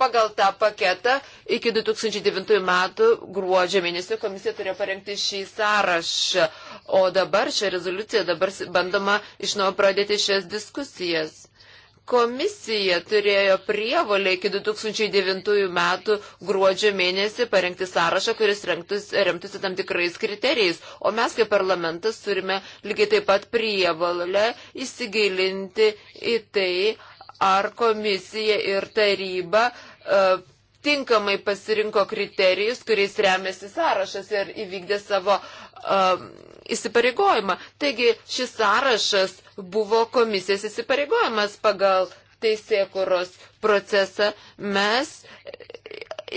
Pagal tą paketą iki 2009 metų gruodžio mėnesio komisija turėjo parengti šį sąrašą, o dabar šią rezoliuciją dabar bandoma iš naujo pradėti šias diskusijas. Komisija turėjo prievolę iki 2009 metų gruodžio mėnesį parengti sąrašą, kuris remtųsi tam tikrais kriterijais, o mes kaip parlamentas turime lygiai taip pat prievolę įsigilinti į tai, ar komisija ir taryba uh, E, tinkamai pasirinko kriterijus, kuriais remiasi sąrašas ir įvykdė savo um, įsipareigojimą. Taigi šis sąrašas buvo komisijos įsipareigojimas pagal teisėkuros procesą. Mes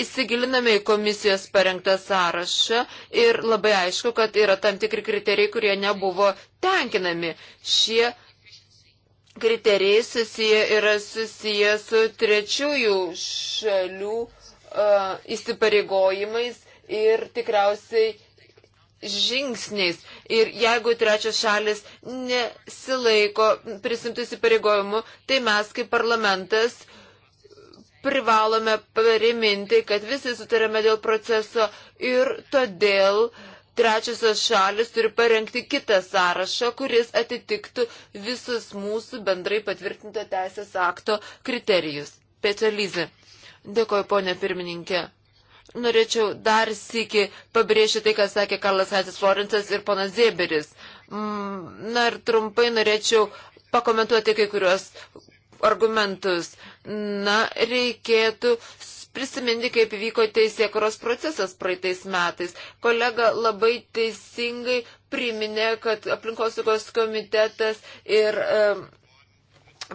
įsigiliname į komisijos parengtą sąrašą ir labai aišku, kad yra tam tikri kriterijai, kurie nebuvo tenkinami. Šie kriterijai susiję yra susiję su trečiųjų šalių uh, įsipareigojimais ir tikriausiai žingsniais. Ir jeigu trečios šalis nesilaiko prisimtų įsipareigojimų, tai mes kaip parlamentas privalome priminti, kad visi sutarėme dėl proceso ir todėl uh, trečiosios šalis turi parengti kitą sąrašą, kuris atitiktų visus mūsų bendrai patvirtinto teisės akto kriterijus. Pečelyzė. Dėkoju, ponė pirmininkė. Norėčiau dar sėki pabrėžti tai, ką sakė Karlas Hatis Florencas ir ponas Zėberis. Mm, na ir trumpai norėčiau pakomentuoti kai kuriuos argumentus. Na, reikėtų prisiminti, kaip vyko teisėkuros procesas praeitais metais. Kolega labai teisingai priminė, kad aplinkosaugos komitetas ir e,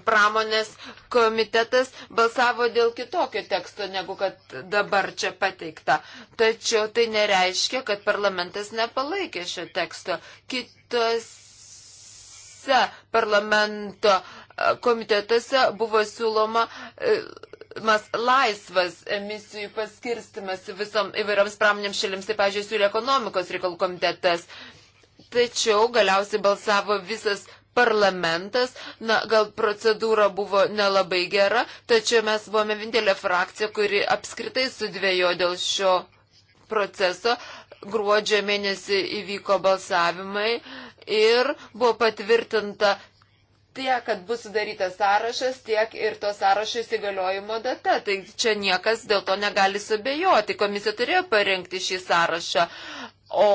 pramonės komitetas balsavo dėl kitokio teksto, negu kad dabar čia pateikta. Tačiau tai nereiškia, kad parlamentas nepalaikė šio teksto. Kitose parlamento e, komitetuose buvo siūloma e, siūlymas laisvas emisijų paskirstimas visom įvairioms pramonėms šalims, tai, pažiūrėjau, siūlė ekonomikos reikalų komitetas. Tačiau galiausiai balsavo visas parlamentas, na, gal procedūra buvo nelabai gera, tačiau mes buvome vienintelė frakcija, kuri apskritai sudvėjo dėl šio proceso. Gruodžio mėnesį įvyko balsavimai ir buvo patvirtinta tiek, kad bus sudarytas sąrašas, tiek ir to sąrašo įsigaliojimo data. Tai čia niekas dėl to negali subejoti. Komisija turėjo parengti šį sąrašą. O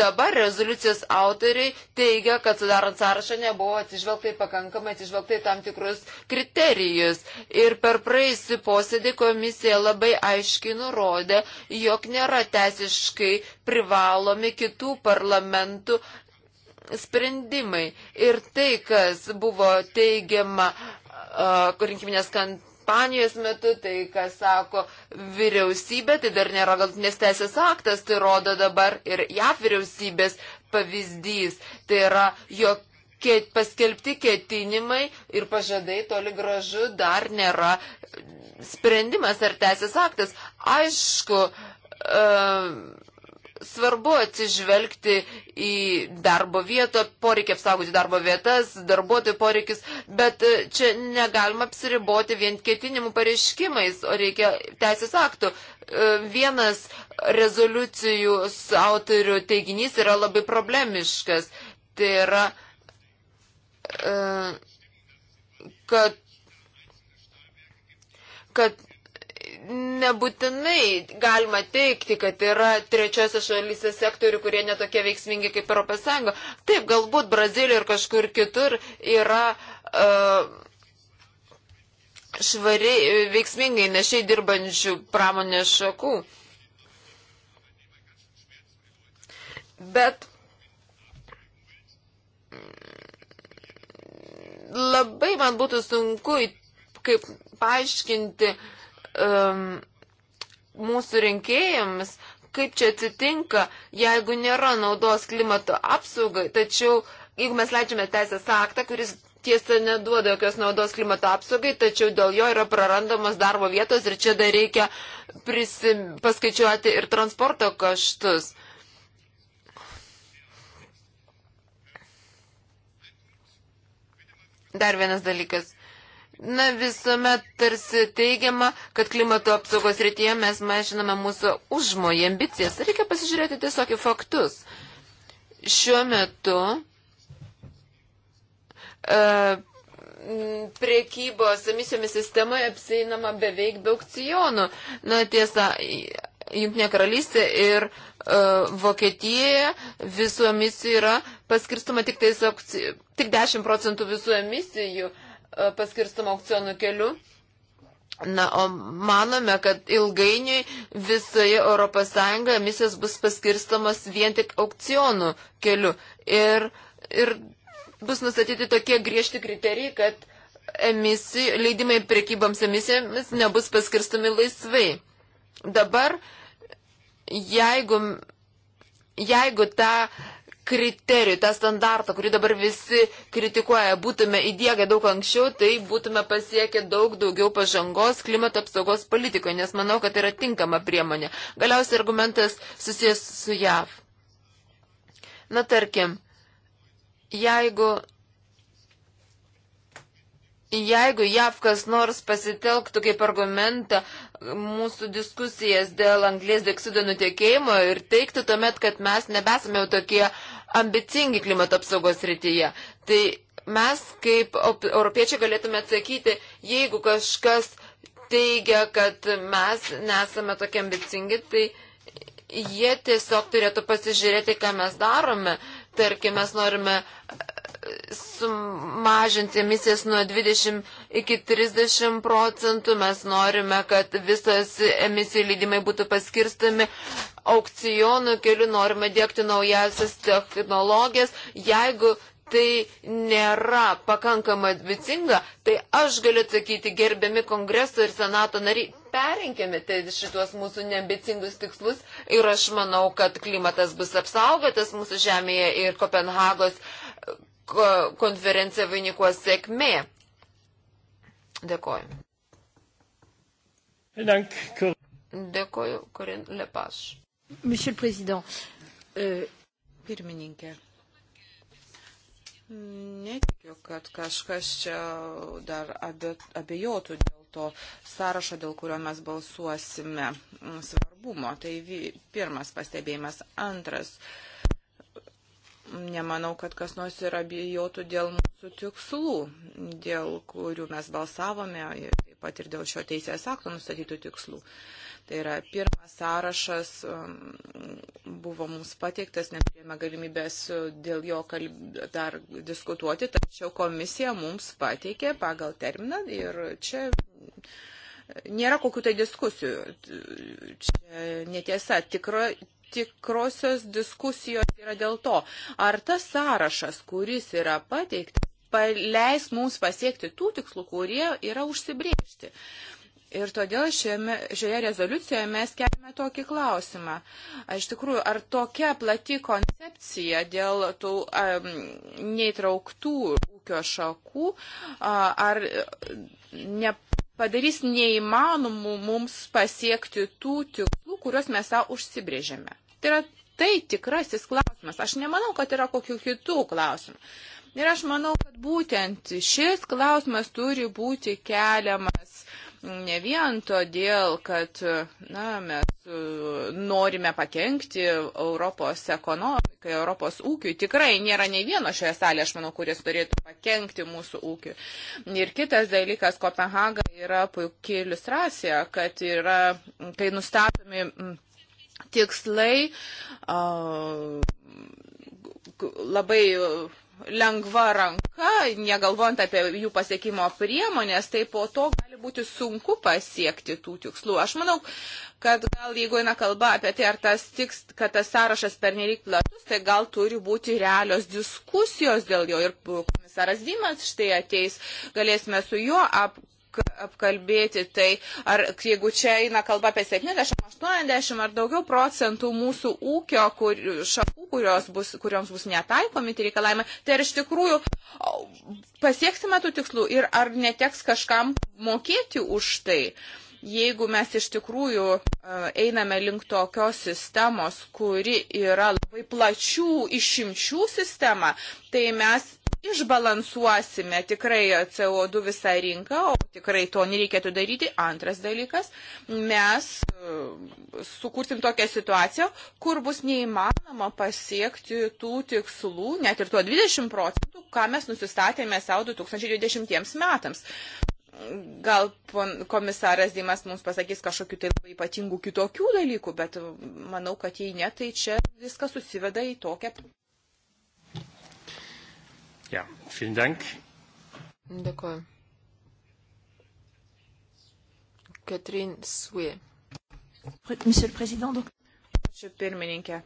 dabar rezoliucijos autoriai teigia, kad sudarant sąrašą nebuvo atsižvelgtai pakankamai atsižvelgtai tam tikrus kriterijus. Ir per praeisį posėdį komisija labai aiškiai nurodė, jog nėra teisiškai privalomi kitų parlamentų sprendimai. Ir tai, kas buvo teigiama uh, rinkiminės kampanijos metu, tai, kas sako vyriausybė, tai dar nėra galtinės teisės aktas, tai rodo dabar ir JAV vyriausybės pavyzdys. Tai yra, jog paskelbti ketinimai ir pažadai toli gražu dar nėra sprendimas ar teisės aktas. Aišku, uh, svarbu atsižvelgti į darbo vietą, poreikia apsaugoti darbo vietas, darbuotojų poreikis, bet e, čia negalima apsiriboti vien ketinimų pareiškimais, o reikia teisės aktų. E, vienas rezoliucijos autorių teiginys yra labai problemiškas. Tai yra, e, kad kad nebūtinai galima teikti, kad yra trečiose šalyse sektorių, kurie netokie veiksmingi kaip Europos Sąjunga. Taip, galbūt Brazilija ir kažkur kitur yra uh, e, švariai, veiksmingai nešiai dirbančių pramonės šakų. Bet labai man būtų sunku kaip paaiškinti uh, um, mūsų rinkėjams, kaip čia atsitinka, jeigu nėra naudos klimato apsaugai, tačiau jeigu mes leidžiame teisės aktą, kuris tiesa neduoda jokios naudos klimato apsaugai, tačiau dėl jo yra prarandamos darbo vietos ir čia dar reikia prisim, paskaičiuoti ir transporto kaštus. Dar vienas dalykas. Na, visuomet tarsi teigiama, kad klimato apsaugos rytyje mes mažiname mūsų užmojį ambicijas. Tai reikia pasižiūrėti tiesiog į faktus. Šiuo metu e, priekybos emisijomis sistemoje apseinama beveik be aukcijonų. Na, tiesa, Junktinė karalystė ir e, Vokietijoje visų emisijų yra paskirstoma tik, tais, tik 10 procentų visų emisijų. E, E, paskirstama aukcionų keliu. Na, o manome, kad ilgainiui visoje ES emisijos bus paskirstamos vien tik aukcionų keliu. Ir, ir bus nustatyti tokie griežti kriterijai, kad emisijų, leidimai prekyboms emisijomis nebus paskirstami laisvai. Dabar, jeigu, jeigu tą kriterijų, tą standartą, kurį dabar visi kritikuoja, būtume įdėgę daug anksčiau, tai būtume pasiekę daug daugiau pažangos klimato apsaugos politikoje, nes manau, kad tai yra tinkama priemonė. Galiausiai argumentas susijęs su JAV. Na tarkim, jeigu Jeigu JAV kas nors pasitelktų kaip argumentą mūsų diskusijas dėl anglės dioksido nutiekėjimo ir teikti tuomet, kad mes nebesame jau tokie ambicingi klimato apsaugos rytyje. Tai mes kaip europiečiai galėtume atsakyti, jeigu kažkas teigia, kad mes nesame tokie ambicingi, tai jie tiesiog turėtų pasižiūrėti, ką mes darome. Tarkime, mes norime sumažinti emisijas nuo 20 iki 30 procentų. Mes norime, kad visos emisijų leidimai būtų paskirstami aukcijonų keliu, norime dėkti naujasias technologijas. Jeigu tai nėra pakankamai ambicinga, tai aš galiu atsakyti, gerbiami kongreso ir senato nariai, perinkime tai šitos mūsų neambicingus tikslus ir aš manau, kad klimatas bus apsaugotas mūsų žemėje ir Kopenhagos uh, konferencija vainikuos sėkmė. Dėkoju. Dėkoju, Korin Lepaš. Monsieur le Président, euh, pirmininkė. Netikiu, kad kažkas čia dar abe, abejotų dėl to sąrašo, dėl kurio mes balsuosime mm, svarbumo. Tai vi, pirmas pastebėjimas. Antras. Uh, nemanau, kad kas nors ir abijotų dėl mūsų tikslų, dėl kurių mes balsavome, taip pat ir dėl šio teisės akto nustatytų tikslų. Tai yra pirmas sąrašas um, buvo mums pateiktas, neturėjome galimybės dėl jo kalb... dar diskutuoti, tačiau komisija mums pateikė pagal terminą ir čia nėra kokių tai diskusijų. Čia netiesa, tikra, tikrosios diskusijos yra dėl to, ar tas sąrašas, kuris yra pateiktas, leis mums pasiekti tų tikslų, kurie yra užsibriežti. Ir todėl šiame, šioje rezoliucijoje mes keliame tokį klausimą. Iš tikrųjų, ar tokia plati koncepcija dėl tų um, neįtrauktų ūkio šakų, uh, ar nepadarys neįmanomų mums pasiekti tų tik kuriuos mes savo užsibrėžėme. Tai yra tai tikrasis klausimas. Aš nemanau, kad yra kokių kitų klausimų. Ir aš manau, kad būtent šis klausimas turi būti keliamas ne vien todėl, kad na, mes e, norime pakengti Europos ekonomikai, Europos ūkiui. Tikrai nėra nei vieno šioje salėje, aš manau, kuris turėtų pakengti mūsų ūkiui. Ir kitas dalykas, Kopenhaga yra puikia iliustracija, kad yra, kai nustatomi tikslai, labai lengva ranka, negalvojant apie jų pasiekimo priemonės, tai po to gali būti sunku pasiekti tų tikslų. Aš manau, kad gal jeigu eina kalba apie tai, ar tas tiks, kad tas sąrašas pernelyg platus, tai gal turi būti realios diskusijos dėl jo ir komisaras Dimas štai ateis, galėsime su juo ap, apkalbėti, tai ar jeigu čia eina kalba apie 70, 80 ar daugiau procentų mūsų ūkio kur, šakų, kurios bus, kurioms bus netaikomi tie reikalavimai, tai ar iš tikrųjų pasieksime tų tikslų ir ar neteks kažkam mokėti už tai. Jeigu mes iš tikrųjų e, einame link tokios sistemos, kuri yra labai plačių išimčių sistema, tai mes išbalansuosime tikrai CO2 visą rinką, o tikrai to nereikėtų daryti. Antras dalykas, mes e, sukursim tokią situaciją, kur bus neįmanoma pasiekti tų tikslų, net ir tuo 20 procentų, ką mes nusistatėme savo 2020 metams gal komisaras Dimas mums pasakys kažkokių tai labai ypatingų kitokių dalykų, bet manau, kad jei ne, tai čia viskas susiveda į tokią Ja, vielen Dank. Dėkuoju. Katrin Sui. Monsieur le Président, donc. Ačiū pirmininkė.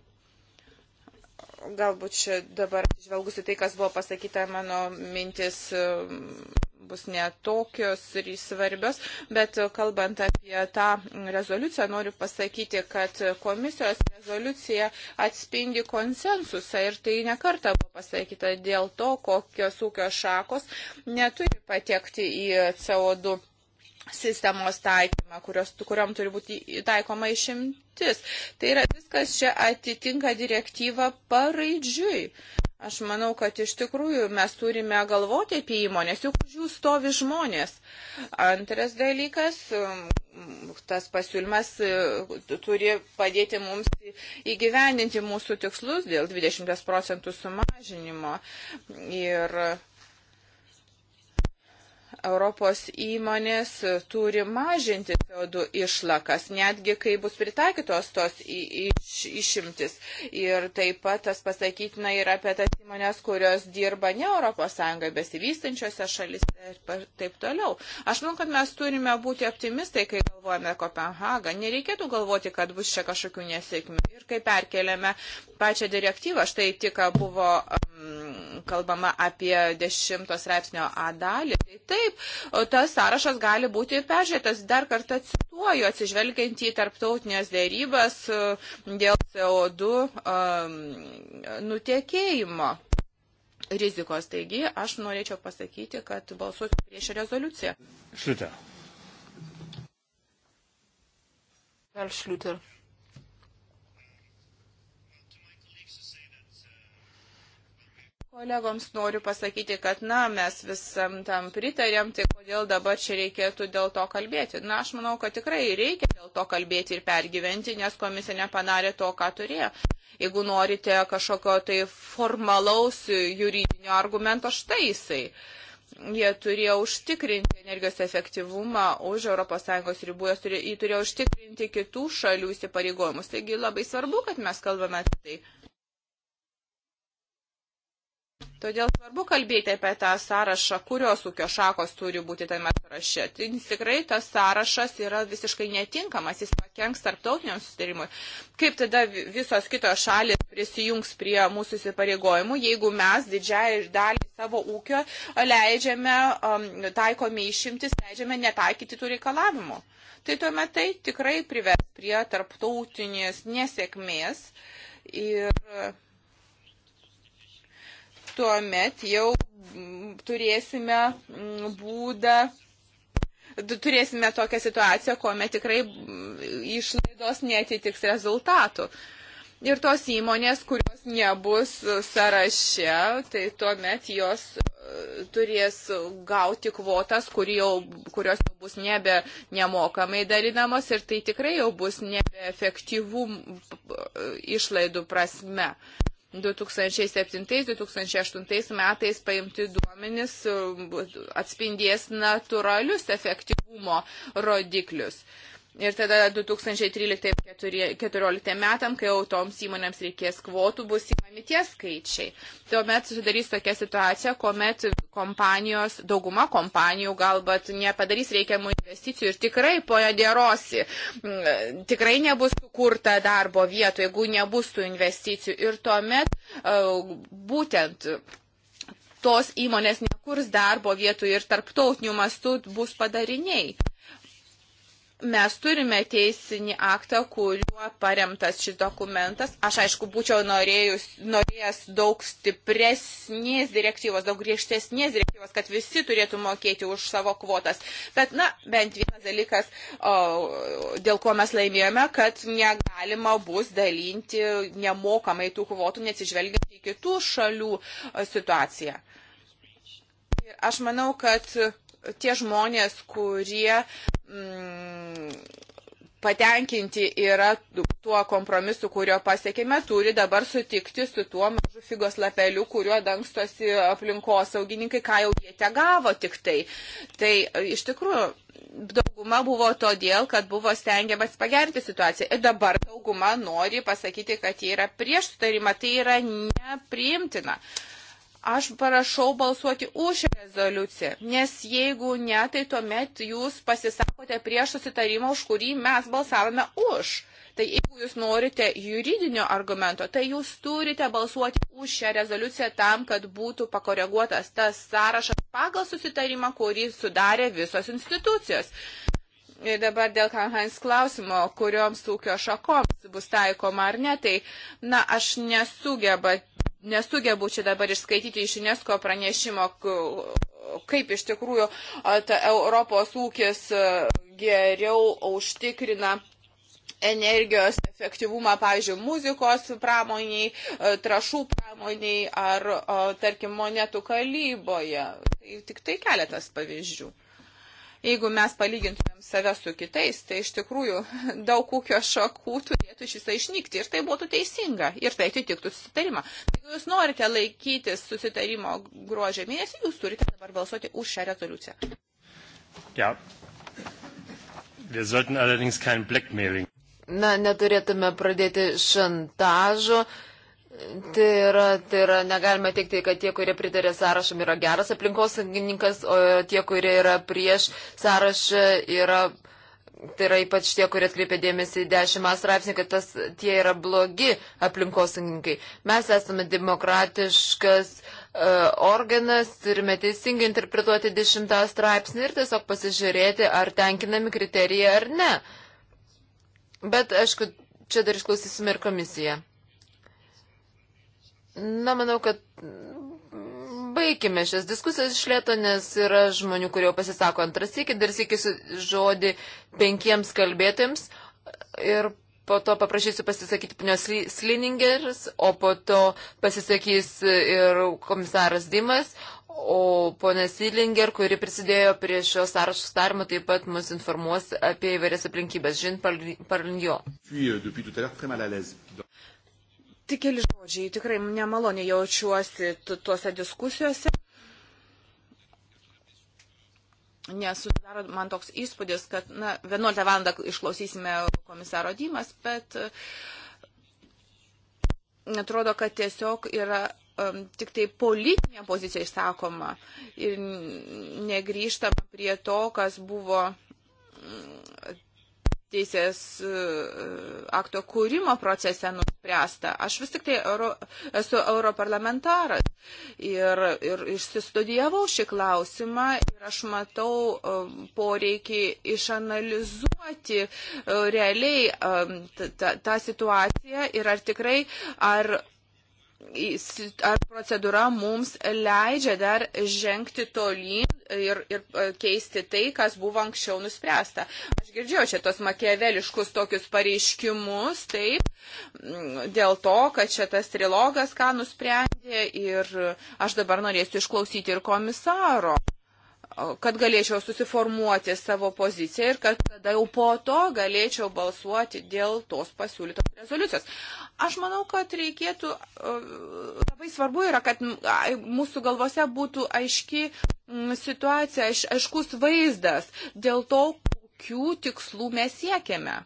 Galbūt čia dabar žvelgusi tai, kas buvo pasakyta, mano mintis bus netokios ir svarbios, bet kalbant apie tą rezoliuciją, noriu pasakyti, kad komisijos rezoliucija atspindi konsensusą ir tai nekarta buvo pasakyta dėl to, kokios ūkio šakos neturi patekti į CO2 sistemos taikymą, kurios, kuriam turi būti taikoma išimtis. Tai yra viskas čia atitinka direktyvą paraidžiui. Aš manau, kad iš tikrųjų mes turime galvoti apie įmonės, juk už jų stovi žmonės. Antras dalykas, um, tas pasiūlymas uh, turi padėti mums įgyvendinti mūsų tikslus dėl 20 procentų sumažinimo. Ir Europos įmonės turi mažinti CO2 išlakas, netgi kai bus pritaikytos tos iš, išimtis. Ir taip pat tas pasakytina ir apie tas įmonės, kurios dirba ne Europos Sąjungoje, besivystančiose šalise ir taip toliau. Aš manau, kad mes turime būti optimistai, kai galvojame Kopenhagą, nereikėtų galvoti, kad bus čia kažkokių nesėkmių. Ir kai perkeliame pačią direktyvą, štai tik buvo um, kalbama apie dešimtos reipsnio A dalį, tai taip, tas sąrašas gali būti peržiūrėtas. Dar kartą cituoju, atsižvelgiant į tarptautinės dėrybas e, dėl CO2 um, e, nutiekėjimo rizikos. Taigi aš norėčiau pasakyti, kad balsuosiu prieš rezoliuciją. Šlita. Herr Schlüter. Kolegoms noriu pasakyti, kad na, mes visam tam pritarėm, tai kodėl dabar čia reikėtų dėl to kalbėti. Na, aš manau, kad tikrai reikia dėl to kalbėti ir pergyventi, nes komisija nepadarė to, ką turėjo. Jeigu norite kažkokio tai formalaus juridinio argumento, štai jisai. Uh, jie turėjo užtikrinti energijos efektyvumą už ES ribų, jie turėjo, jie turėjo užtikrinti kitų šalių įsipareigojimus. Taigi labai svarbu, kad mes kalbame apie tai. Todėl svarbu kalbėti apie tą sąrašą, kurios ūkio šakos turi būti tame sąraše. Tai tikrai tas sąrašas yra visiškai netinkamas, jis pakenks tarptautiniam sustarimui. Kaip tada visos kitos šalis prisijungs prie mūsų įsipareigojimų, jeigu mes didžiai dalį savo ūkio leidžiame, um, taikome išimtis, leidžiame netaikyti tų reikalavimų. Tai tuomet tai tikrai prives prie tarptautinės nesėkmės. Ir tuo met jau mm, turėsime mm, būdą turėsime tokią situaciją, kuomet tikrai mm, išlaidos netitiks rezultatų. Ir tos įmonės, kurios nebus sąraše, tai tuomet jos e, turės gauti kvotas, kur jau, kurios jau bus nebe nemokamai dalinamos ir tai tikrai jau bus nebeefektyvų e, išlaidų prasme. Uh, 2007-2008 metais paimti duomenys e, atspindės natūralius efektyvumo rodiklius. Ir tada 2013-2014 metam, kai jau toms įmonėms reikės kvotų, bus įmami tie skaičiai. Tuomet susidarys tokia situacija, kuomet kompanijos, dauguma kompanijų galbūt nepadarys reikiamų investicijų ir tikrai poja dėrosi, tikrai nebus sukurta darbo vietų, jeigu nebus tų investicijų. Ir tuomet e, būtent tos įmonės nekurs darbo vietų ir tarptautinių mastų bus padariniai mes turime teisinį aktą, kuriuo paremtas šis dokumentas. Aš aišku, būčiau norėjus, norėjęs daug stipresnės direktyvos, daug griežtesnės direktyvos, kad visi turėtų mokėti už savo kvotas. Bet, na, bent vienas dalykas, o, dėl ko mes laimėjome, kad negalima bus dalinti nemokamai tų kvotų, neatsižvelgiant į kitų šalių situaciją. Ir aš manau, kad tie žmonės, kurie mm, patenkinti yra tuo kompromisu, kurio pasiekime, turi dabar sutikti su tuo mažu figos lapeliu, kuriuo dangstosi aplinkosaugininkai, ką jau jie te gavo tik tai. Tai e, iš tikrųjų dauguma buvo todėl, kad buvo stengiamas pagerinti situaciją. Ir dabar dauguma nori pasakyti, kad jie yra prieš sutarimą. Tai yra nepriimtina. Uh, Aš parašau balsuoti už rezoliuciją, nes jeigu ne, tai tuomet jūs pasisakote prieš susitarimą, už kurį mes balsavome už. Tai jeigu jūs norite juridinio argumento, tai jūs turite balsuoti už šią rezoliuciją tam, kad būtų pakoreguotas tas sąrašas pagal susitarimą, kurį sudarė visos institucijos. Ir dabar dėl Kanhains klausimo, kurioms ūkio šakoms bus taikoma ar ne, tai, na, aš nesugeba nesugebu čia dabar išskaityti iš UNESCO pranešimo, kaip iš tikrųjų ta Europos ūkis geriau užtikrina energijos efektyvumą, pavyzdžiui, muzikos pramoniai, trašų pramoniai ar, tarkim, monetų kalyboje. Tai tik tai keletas pavyzdžių. Jeigu mes palygintumėm save su kitais, tai iš tikrųjų daug ūkio šakų turėtų iš viso išnykti ir tai būtų teisinga ir tai atitiktų susitarimą. Jeigu jūs norite laikytis susitarimo gruožio mėnesį, jūs turite dabar balsuoti už šią rezoliuciją. Ja. Wir sollten allerdings kein Blackmailing. Na, neturėtume pradėti šantažo Tai yra, tai yra, negalime teikti, kad tie, kurie pritarė sąrašam, yra geras aplinkosaugininkas, o tie, kurie yra prieš sąrašą, yra, tai yra ypač tie, kurie atkreipė dėmesį į dešimtą straipsnį, kad tas, tie yra blogi aplinkosaugininkai. Mes esame demokratiškas uh, organas, turime teisingai interpretuoti dešimtą straipsnį ir tiesiog pasižiūrėti, ar tenkinami kriterijai ar ne. Bet, aišku, čia dar išklausysime ir komisiją. Na, manau, kad baigime šias diskusijas išlėto, nes yra žmonių, kurie pasisako antras iki, dar iki žodį penkiems kalbėtėms ir po to paprašysiu pasisakyti ponios Sliningers, o po to pasisakys ir komisaras Dimas, o ponė Silinger, kuri prisidėjo prie šio sąrašo starimo, taip pat mus informuos apie įvairias aplinkybės. Žin Parlingio. Tik keli žodžiai, tikrai nemaloniai jaučiuosi tuose diskusijose, nes susidaro man toks įspūdis, kad na, 11 val. išklausysime komisaro Dymas, bet e, atrodo, kad tiesiog yra um, tik tai politinė pozicija išsakoma ir negrįžtama prie to, kas buvo. Um, teisės e, akto kūrimo procese nu- spręsta. Aš vis tik tai euro, esu europarlamentaras ir, ir išsistudijavau šį klausimą ir aš matau um, poreikį išanalizuoti uh, realiai um, tą situaciją ir ar tikrai, ar ar procedūra mums leidžia dar žengti tolyn ir, ir e, keisti tai, kas buvo anksčiau nuspręsta. Aš girdžiu čia tos makiaveliškus tokius pareiškimus, taip, dėl to, kad čia tas trilogas ką nusprendė ir aš dabar norėsiu išklausyti ir komisaro kad galėčiau susiformuoti savo poziciją ir kad tada jau po to galėčiau balsuoti dėl tos pasiūlytos rezoliucijos. Aš manau, kad reikėtų, e, labai svarbu yra, kad mūsų galvose būtų aiški situacija, aiš, aiškus vaizdas dėl to, kokių tikslų mes siekiame.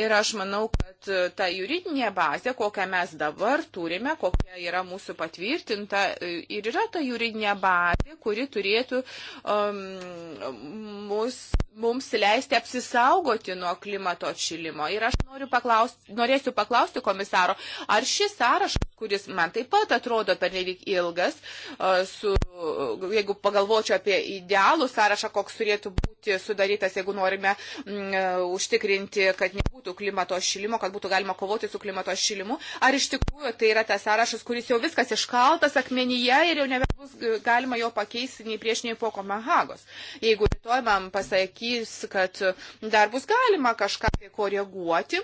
Ir aš manau, kad e, ta juridinė bazė, kokią mes dabar turime, kokia yra mūsų patvirtinta, e, ir yra ta juridinė bazė, kuri turėtų um, mus mums leisti apsisaugoti nuo klimato atšilimo. Ir aš noriu paklausti, norėsiu paklausti komisaro, ar šis sąrašas, kuris man taip pat atrodo pernelyg ilgas, su, jeigu pagalvočiau apie idealų sąrašą, koks turėtų būti sudarytas, jeigu norime m, mm, užtikrinti, kad nebūtų klimato atšilimo, kad būtų galima kovoti su klimato atšilimu, ar iš tikrųjų tai yra tas sąrašas, kuris jau viskas iškaltas akmenyje ir jau nebebus galima jo pakeisti nei prieš nei po Kopenhagos. Jeigu rytoj man pasakyti, pasakys, kad dar bus galima kažką koreguoti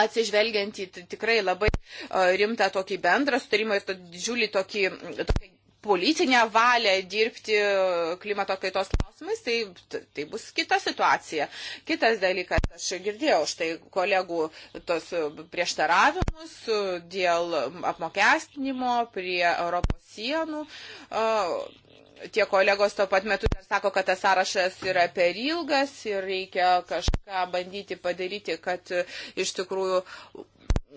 atsižvelgiant į tikrai labai e, rimtą tokį bendrą sutarimą ir to didžiulį tokį, tokį politinę valią dirbti e, klimato kaitos klausimais, tai, tai bus kita situacija. Kitas dalykas, aš girdėjau štai kolegų tos e, prieštaravimus dėl apmokestinimo prie Europos sienų. Uh, tie kolegos tuo pat metu dar sako, kad tas sąrašas yra per ilgas ir reikia kažką bandyti padaryti, kad e, iš tikrųjų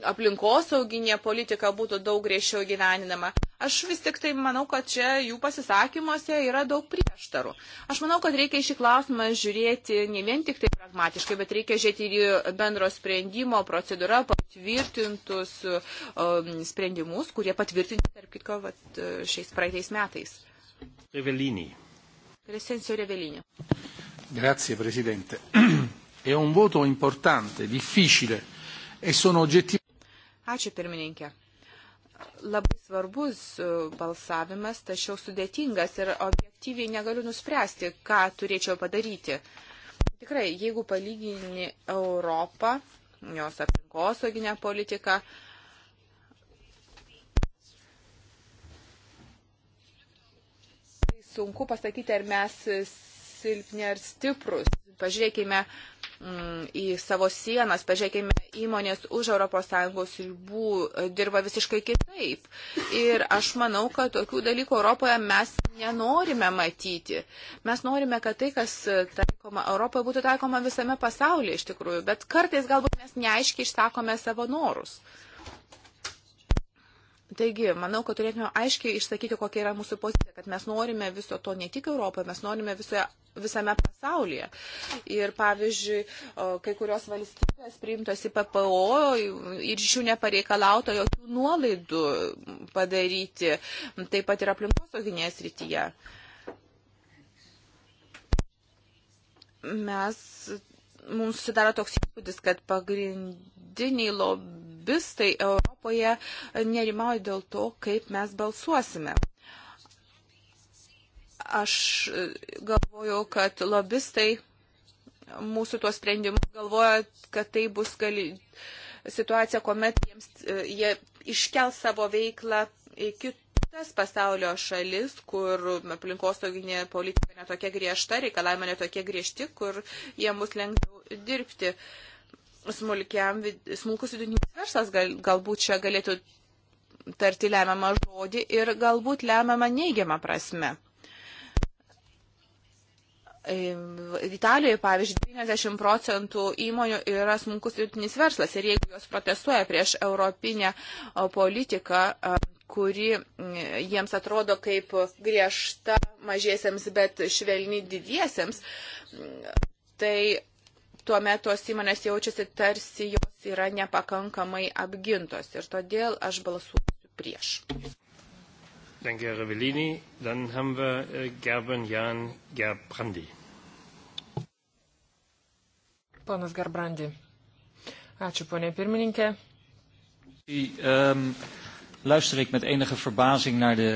aplinkosauginė politika būtų daug griežčiau gyveninama. Aš vis tik tai manau, kad čia jų pasisakymuose yra daug prieštarų. Aš manau, kad reikia šį klausimą žiūrėti ne vien tik tai pragmatiškai, bet reikia žiūrėti ir bendro sprendimo procedūrą, patvirtintus um, sprendimus, kurie patvirtinti, tarp kitko, vat, e, šiais praeitais metais. Revelini. Presenzio Revelini. Grazie Presidente. È un voto importante, difficile e sono oggettivi. Ačiū pirmininkė. Labai svarbus e, balsavimas, tačiau sudėtingas ir objektyviai negaliu nuspręsti, ką turėčiau padaryti. Tikrai, jeigu palygini Europą, jos aplinkosauginę politiką, uh, sunku pasakyti, ar mes silpni ar stiprus. Pažiūrėkime mm, į savo sienas, pažiūrėkime, įmonės už ES ribų e, dirba visiškai kitaip. Ir aš manau, kad tokių dalykų Europoje mes nenorime matyti. Mes norime, kad tai, kas taikoma Europoje, būtų taikoma visame pasaulyje iš tikrųjų, bet kartais galbūt mes neaiškiai išsakome savo norus. Uh, Taigi, manau, kad turėtume aiškiai išsakyti, kokia yra mūsų pozicija, kad mes norime viso to ne tik Europoje, mes norime visoje, visame pasaulyje. Ir pavyzdžiui, kai kurios valstybės priimtos į PPO ir iš jų nepareikalauta jokių nuolaidų padaryti, taip pat ir aplinkosauginės rytyje. Mes, mums susidaro toks įspūdis, kad pagrindiniai lobby lobistai Europoje nerimauja dėl to, kaip mes balsuosime aš galvojau, kad lobistai mūsų tuos sprendimus galvoja, kad tai bus gali, situacija, kuomet jiems, jie iškel savo veiklą į kitas pasaulio šalis, kur aplinkosauginė politika netokia griežta, reikalavimai netokie griežti, kur jie mus lengviau dirbti. Uh, smulkiam, smulkus vidutinis verslas gal, galbūt čia galėtų tarti lemiamą žodį ir galbūt lemiamą neigiamą prasme. E, Italijoje, pavyzdžiui, 90 procentų įmonių yra smulkus vidutinis verslas ir jeigu jos protestuoja prieš europinę politiką, kuri jiems atrodo kaip griežta mažiesiems, bet švelni didiesiems, tai tuomet tos įmonės jaučiasi tarsi jos yra nepakankamai apgintos. Ir todėl aš balsuosiu prieš. Danke, Herr Revellini. Dann haben wir äh, Gerben Jan Gerbrandi. Ponas Gerbrandi. Ačiū, ponė pirmininkė. The, um luister ik met enige verbazing naar de.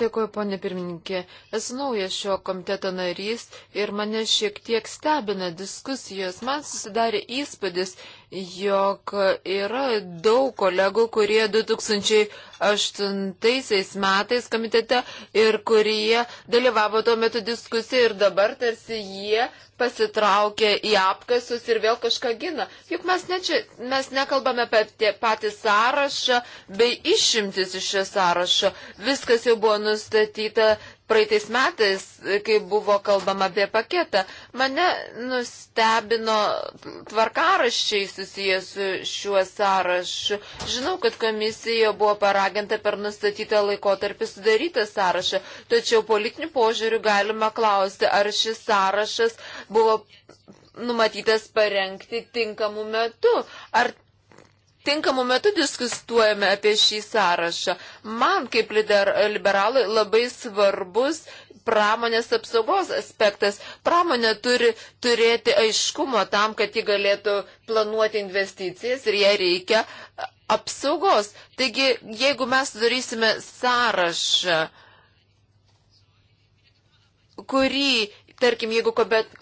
Dėkuoju, ponė pirmininkė. Esu naujas šio komiteto narys ir mane šiek tiek stebina diskusijos. Man susidarė įspūdis, jog yra daug kolegų, kurie 2008 metais komitete ir kurie dalyvavo tuo metu diskusiją ir dabar tarsi jie pasitraukė į apkasus ir vėl kažką gina. Juk mes, ne čia, mes nekalbame apie patį sąrašą bei išimtis iš šio sąrašo. Viskas jau buvo nustatyta praeitais metais, kai buvo kalbama apie paketą, mane nustebino tvarkaraščiai susijęs su šiuo sąrašu. Žinau, kad komisija buvo paraginta per nustatytą laikotarpį sudarytą sąrašą, tačiau politinių požiūrių galima klausti, ar šis sąrašas buvo numatytas parengti tinkamu metu. Ar tinkamu metu diskustuojame apie šį sąrašą. Man kaip liberalui labai svarbus pramonės apsaugos aspektas. Pramonė turi turėti aiškumo tam, kad ji galėtų planuoti investicijas ir jai reikia apsaugos. Taigi, jeigu mes darysime sąrašą, kurį tarkim, jeigu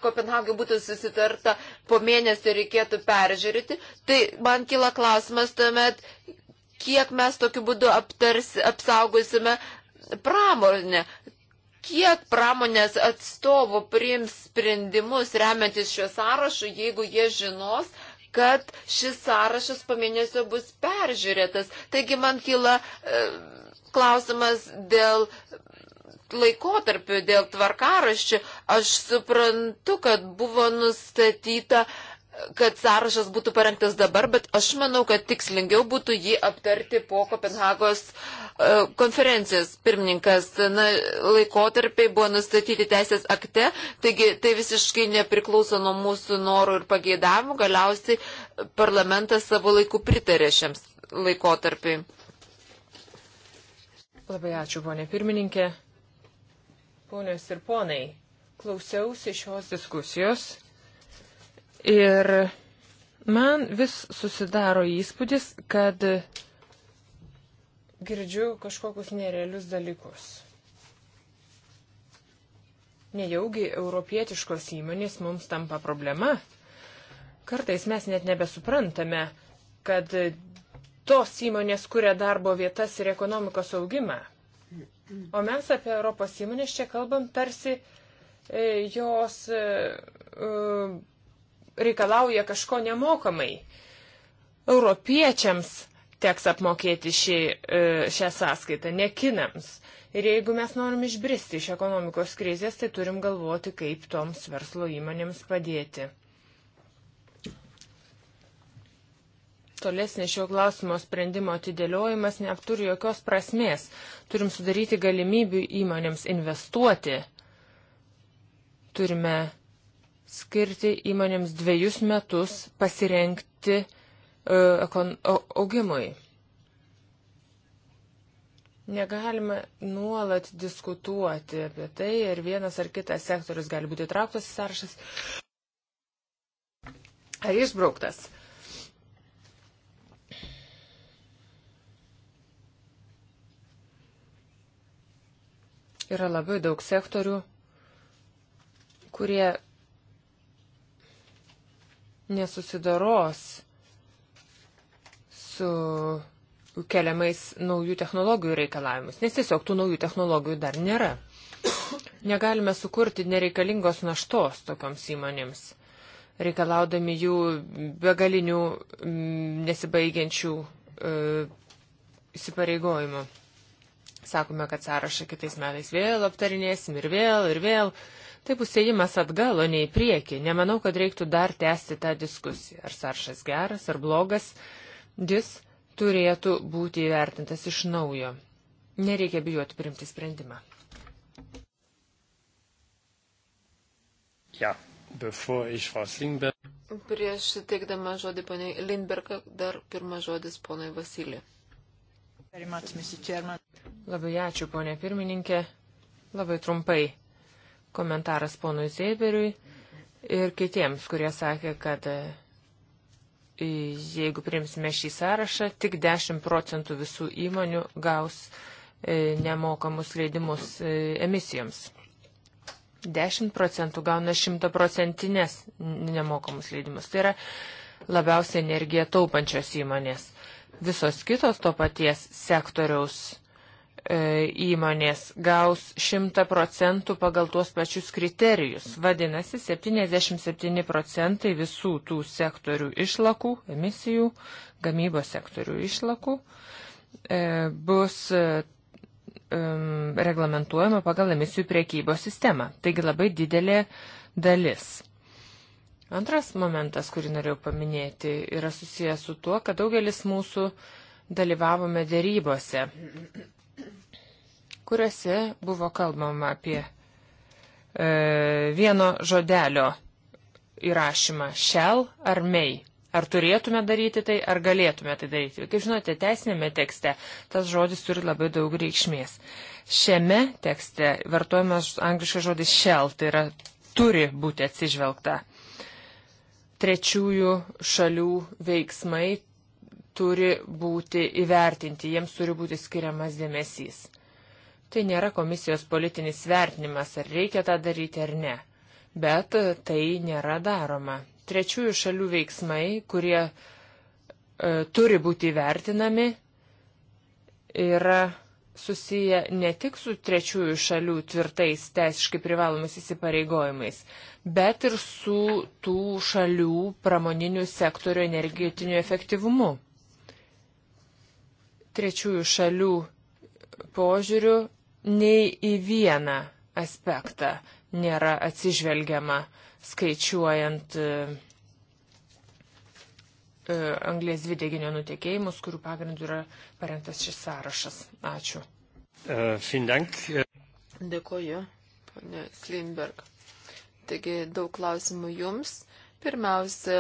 Kopenhagai būtų susitarta po mėnesio reikėtų peržiūrėti, tai man kyla klausimas tuomet, kiek mes tokiu būdu aptars, apsaugosime pramonę. Kiek pramonės atstovų priims sprendimus remiantis šio sąrašu, jeigu jie žinos, kad šis sąrašas po mėnesio bus peržiūrėtas. Taigi man kyla e, klausimas dėl laikotarpiu, dėl tvarkaraščių, aš suprantu, kad buvo nustatyta, kad sąrašas būtų parengtas dabar, bet aš manau, kad tikslingiau būtų jį aptarti po Kopenhagos e, konferencijos pirmininkas. Na, laikotarpiai buvo nustatyti teisės akte, taigi tai visiškai nepriklauso nuo mūsų norų ir pageidavimų. Galiausiai parlamentas savo laiku pritarė šiems laikotarpiai. Labai ačiū, ponė pirmininkė ponios ir ponai, klausiausi šios diskusijos ir man vis susidaro įspūdis, kad girdžiu kažkokius nerealius dalykus. Nejaugi europietiškos įmonės mums tampa problema. Kartais mes net nebesuprantame, kad tos įmonės kuria darbo vietas ir ekonomikos augimą. O mes apie Europos įmonės čia kalbam tarsi e, jos e, e, reikalauja kažko nemokamai. Europiečiams teks apmokėti šį, šią sąskaitą, ne kinams. Ir jeigu mes norim išbristi iš ekonomikos krizės, tai turim galvoti, kaip toms verslo įmonėms padėti. Tolesnė šio klausimo sprendimo atidėliojimas neturi jokios prasmės. Turim sudaryti galimybių įmonėms investuoti. Turime skirti įmonėms dviejus metus pasirenkti e, augimui. Negalima nuolat diskutuoti apie tai, ar vienas ar kitas sektorius gali būti įtrauktas į sąrašas, ar išbrauktas. yra labai daug sektorių, kurie nesusidaros su keliamais naujų technologijų reikalavimus, nes tiesiog tų naujų technologijų dar nėra. Negalime sukurti nereikalingos naštos tokioms įmonėms, reikalaudami jų begalinių mm, nesibaigiančių e, įsipareigojimų. E, Sakome, kad sąrašą kitais metais vėl aptarinėsim ir vėl ir vėl. Tai bus ėjimas atgal, o ne į priekį. Nemanau, kad reiktų dar tęsti tą diskusiją. Ar sąrašas geras ar blogas, jis turėtų būti įvertintas iš naujo. Nereikia bijoti priimti sprendimą. Ja, bevor ich Frau Slingberg. Prieš teikdama žodį poniai Lindberg, dar pirmas žodis ponai Vasilė. Labai ačiū, ponė pirmininkė. Labai trumpai komentaras ponui Zeiberiui ir kitiems, kurie sakė, kad e, jeigu priimsime šį sąrašą, tik 10 procentų visų įmonių gaus e, nemokamus leidimus e, emisijoms. 10 procentų gauna 100 procentinės nemokamus leidimus. Tai yra labiausiai energiją taupančios įmonės visos kitos to paties sektoriaus e, įmonės gaus 100 procentų pagal tuos pačius kriterijus. Vadinasi, 77 procentai visų tų sektorių išlakų, emisijų, gamybos sektorių išlakų e, bus e, reglamentuojama pagal emisijų priekybos sistemą. Taigi labai didelė dalis. Antras momentas, kurį norėjau paminėti, yra susijęs su tuo, kad daugelis mūsų dalyvavome dėrybose, kuriuose buvo kalbama apie e, vieno žodelio įrašymą shell ar may. Ar turėtume daryti tai, ar galėtume tai daryti. Kaip žinote, teisinėme tekste tas žodis turi labai daug reikšmės. Šiame tekste vartojamas angliškas žodis shell, tai yra turi būti atsižvelgta trečiųjų šalių veiksmai turi būti įvertinti, jiems turi būti skiriamas dėmesys. Tai nėra komisijos politinis vertinimas, ar reikia tą daryti ar ne, bet tai nėra daroma. Trečiųjų šalių veiksmai, kurie e, turi būti įvertinami, yra susiję ne tik su trečiųjų šalių tvirtais teisiškai privalomais įsipareigojimais, bet ir su tų šalių pramoninių sektorių energetiniu efektyvumu. Trečiųjų šalių požiūrių nei į vieną aspektą nėra atsižvelgiama skaičiuojant uh, E, anglės dvideginio nutekėjimus, kurių pagrindų yra parengtas šis sąrašas. Ačiū. Uh, Dėkoju, ponė Klimberg. Taigi daug klausimų jums. Pirmiausia,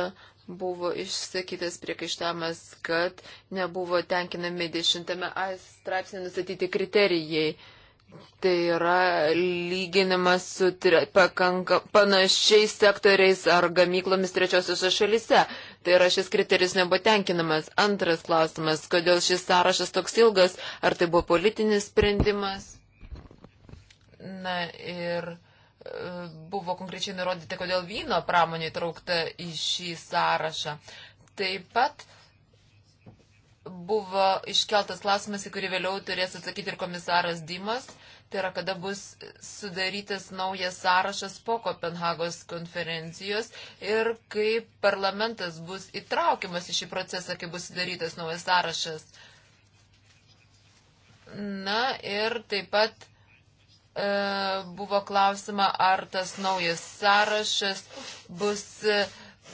buvo išsakytas priekaištamas, kad nebuvo tenkinami dešimtame straipsnė nustatyti kriterijai. Uh, Tai yra lyginimas su tre, pakanka, panašiais sektoriais ar gamyklomis trečiosiuose šalise. Tai yra šis kriterijus nebuvo tenkinamas. Antras klausimas, kodėl šis sąrašas toks ilgas, ar tai buvo politinis sprendimas? Na ir e, buvo konkrečiai nurodyti, kodėl vyno pramonė įtraukta į šį sąrašą. Taip pat buvo iškeltas klausimas, į kurį vėliau turės atsakyti ir komisaras Dimas. Tai yra, kada bus sudarytas naujas sąrašas po Kopenhagos konferencijos ir kaip parlamentas bus įtraukiamas į šį procesą, kai bus sudarytas naujas sąrašas. Na ir taip pat e, buvo klausima, ar tas naujas sąrašas bus. E,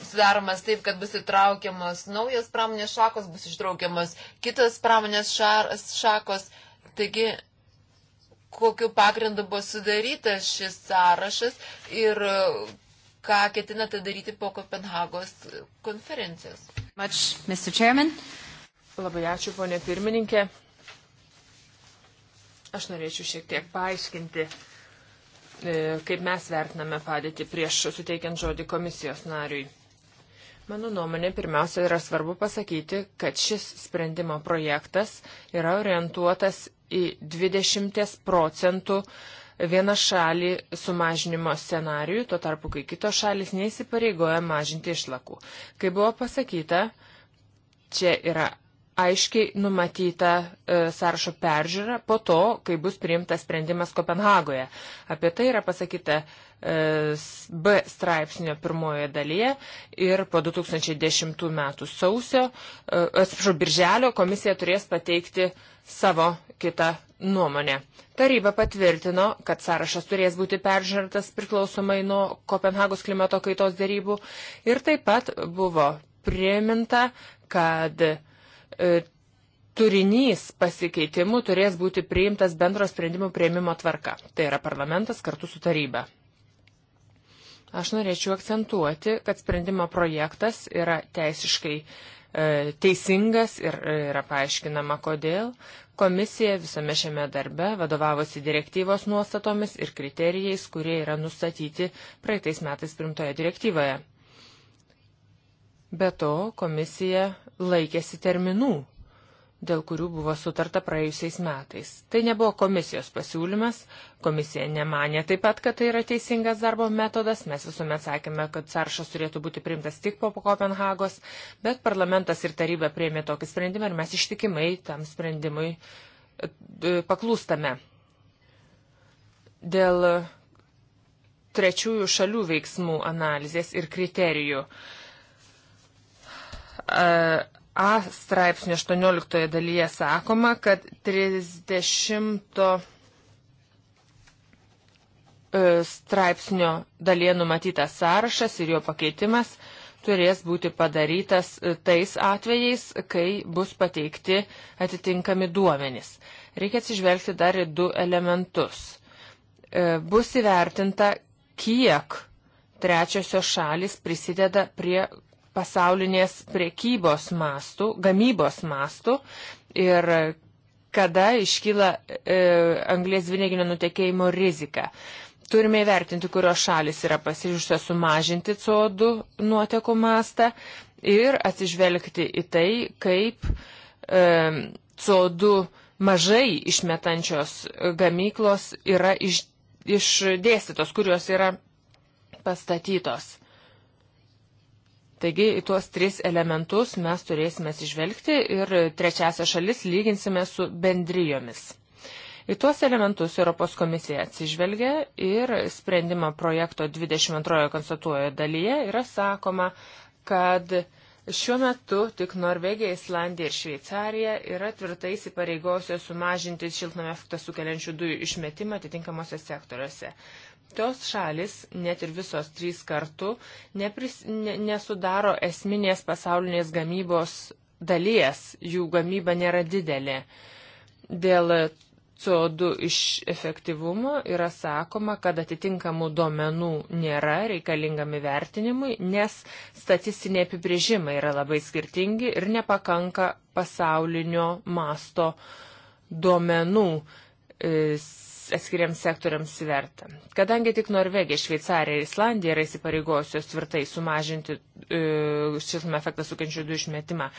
sudaromas taip, kad bus įtraukiamas naujas pramonės šakos, bus ištraukiamas kitas pramonės šakos. Taigi, kokiu pagrindu buvo sudarytas šis sąrašas ir uh, ką ketinate daryti po Kopenhagos konferencijos. Much, Mr. Chairman. Labai ačiū, ponė pirmininkė. Aš norėčiau šiek tiek paaiškinti, e, kaip mes vertiname padėtį prieš suteikiant žodį komisijos nariui. Mano nuomonė, pirmiausia, yra svarbu pasakyti, kad šis sprendimo projektas yra orientuotas į 20 procentų vieną šalį sumažinimo scenarijų, tuo tarpu, kai kitos šalis neįsipareigoja mažinti išlakų. Kai buvo pasakyta, čia yra aiškiai numatyta e, sąrašo peržiūra po to, kai bus priimtas sprendimas Kopenhagoje. Apie tai yra pasakyta e, B straipsnio pirmojoje dalyje ir po 2010 metų sausio, e, atsiprašau, birželio komisija turės pateikti savo kitą nuomonę. Taryba patvirtino, kad sąrašas turės būti peržiūrėtas priklausomai nuo Kopenhagos klimato kaitos dėrybų ir taip pat buvo priminta, kad uh, E, turinys pasikeitimų turės būti priimtas bendro sprendimų prieimimo tvarka. Tai yra parlamentas kartu su taryba. Aš norėčiau akcentuoti, kad sprendimo projektas yra teisiškai e, teisingas ir e, yra paaiškinama, kodėl komisija visame šiame darbe vadovavosi direktyvos nuostatomis ir kriterijais, kurie yra nustatyti praeitais metais primtoje direktyvoje. Be to, komisija laikėsi terminų, dėl kurių buvo sutarta praėjusiais metais. Tai nebuvo komisijos pasiūlymas, komisija nemanė taip pat, kad tai yra teisingas darbo metodas, mes visuomet sakėme, kad sąrašas turėtų būti priimtas tik po Kopenhagos, bet parlamentas ir taryba prieimė tokį sprendimą ir mes ištikimai tam sprendimui e, paklūstame. Dėl trečiųjų šalių veiksmų analizės ir kriterijų. Uh, A straipsnio 18 dalyje sakoma, kad 30 e, straipsnio dalyje numatytas sąrašas ir jo pakeitimas turės būti padarytas e, tais atvejais, kai bus pateikti atitinkami duomenys. Reikia atsižvelgti dar į du elementus. E, bus įvertinta, kiek trečiosios šalis prisideda prie pasaulinės priekybos mastų, gamybos mastų ir kada iškyla e, anglės dvineginio nutekėjimo rizika. Turime įvertinti, kurios šalis yra pasiryžusios sumažinti CO2 nuotekų mastą ir atsižvelgti į tai, kaip e, CO2 mažai išmetančios gamyklos yra iš, išdėstytos, kurios yra pastatytos. Taigi į tuos tris elementus mes turėsime atsižvelgti ir trečiasią šalis lyginsime su bendrijomis. Į tuos elementus Europos komisija atsižvelgia ir sprendimo projekto 22 konstatuoja dalyje yra sakoma, kad šiuo metu tik Norvegija, Islandija ir Šveicarija yra tvirtai įsipareigojusios sumažinti šiltnamio efektą sukeliančių dujų išmetimą atitinkamuose sektoriuose tos šalis, net ir visos trys kartu, nepris, ne, nesudaro esminės pasaulinės gamybos dalies, jų gamyba nėra didelė. Dėl CO2 iš efektyvumo yra sakoma, kad atitinkamų duomenų nėra reikalingam įvertinimui, nes statistiniai apibrėžimai yra labai skirtingi ir nepakanka pasaulinio masto duomenų e, atskiriams sektoriams svertą. Kadangi tik Norvegija, Šveicarija ir Islandija yra įsipareigojusios tvirtai sumažinti e, šiltnamio efektą sukenčių dujų išmetimą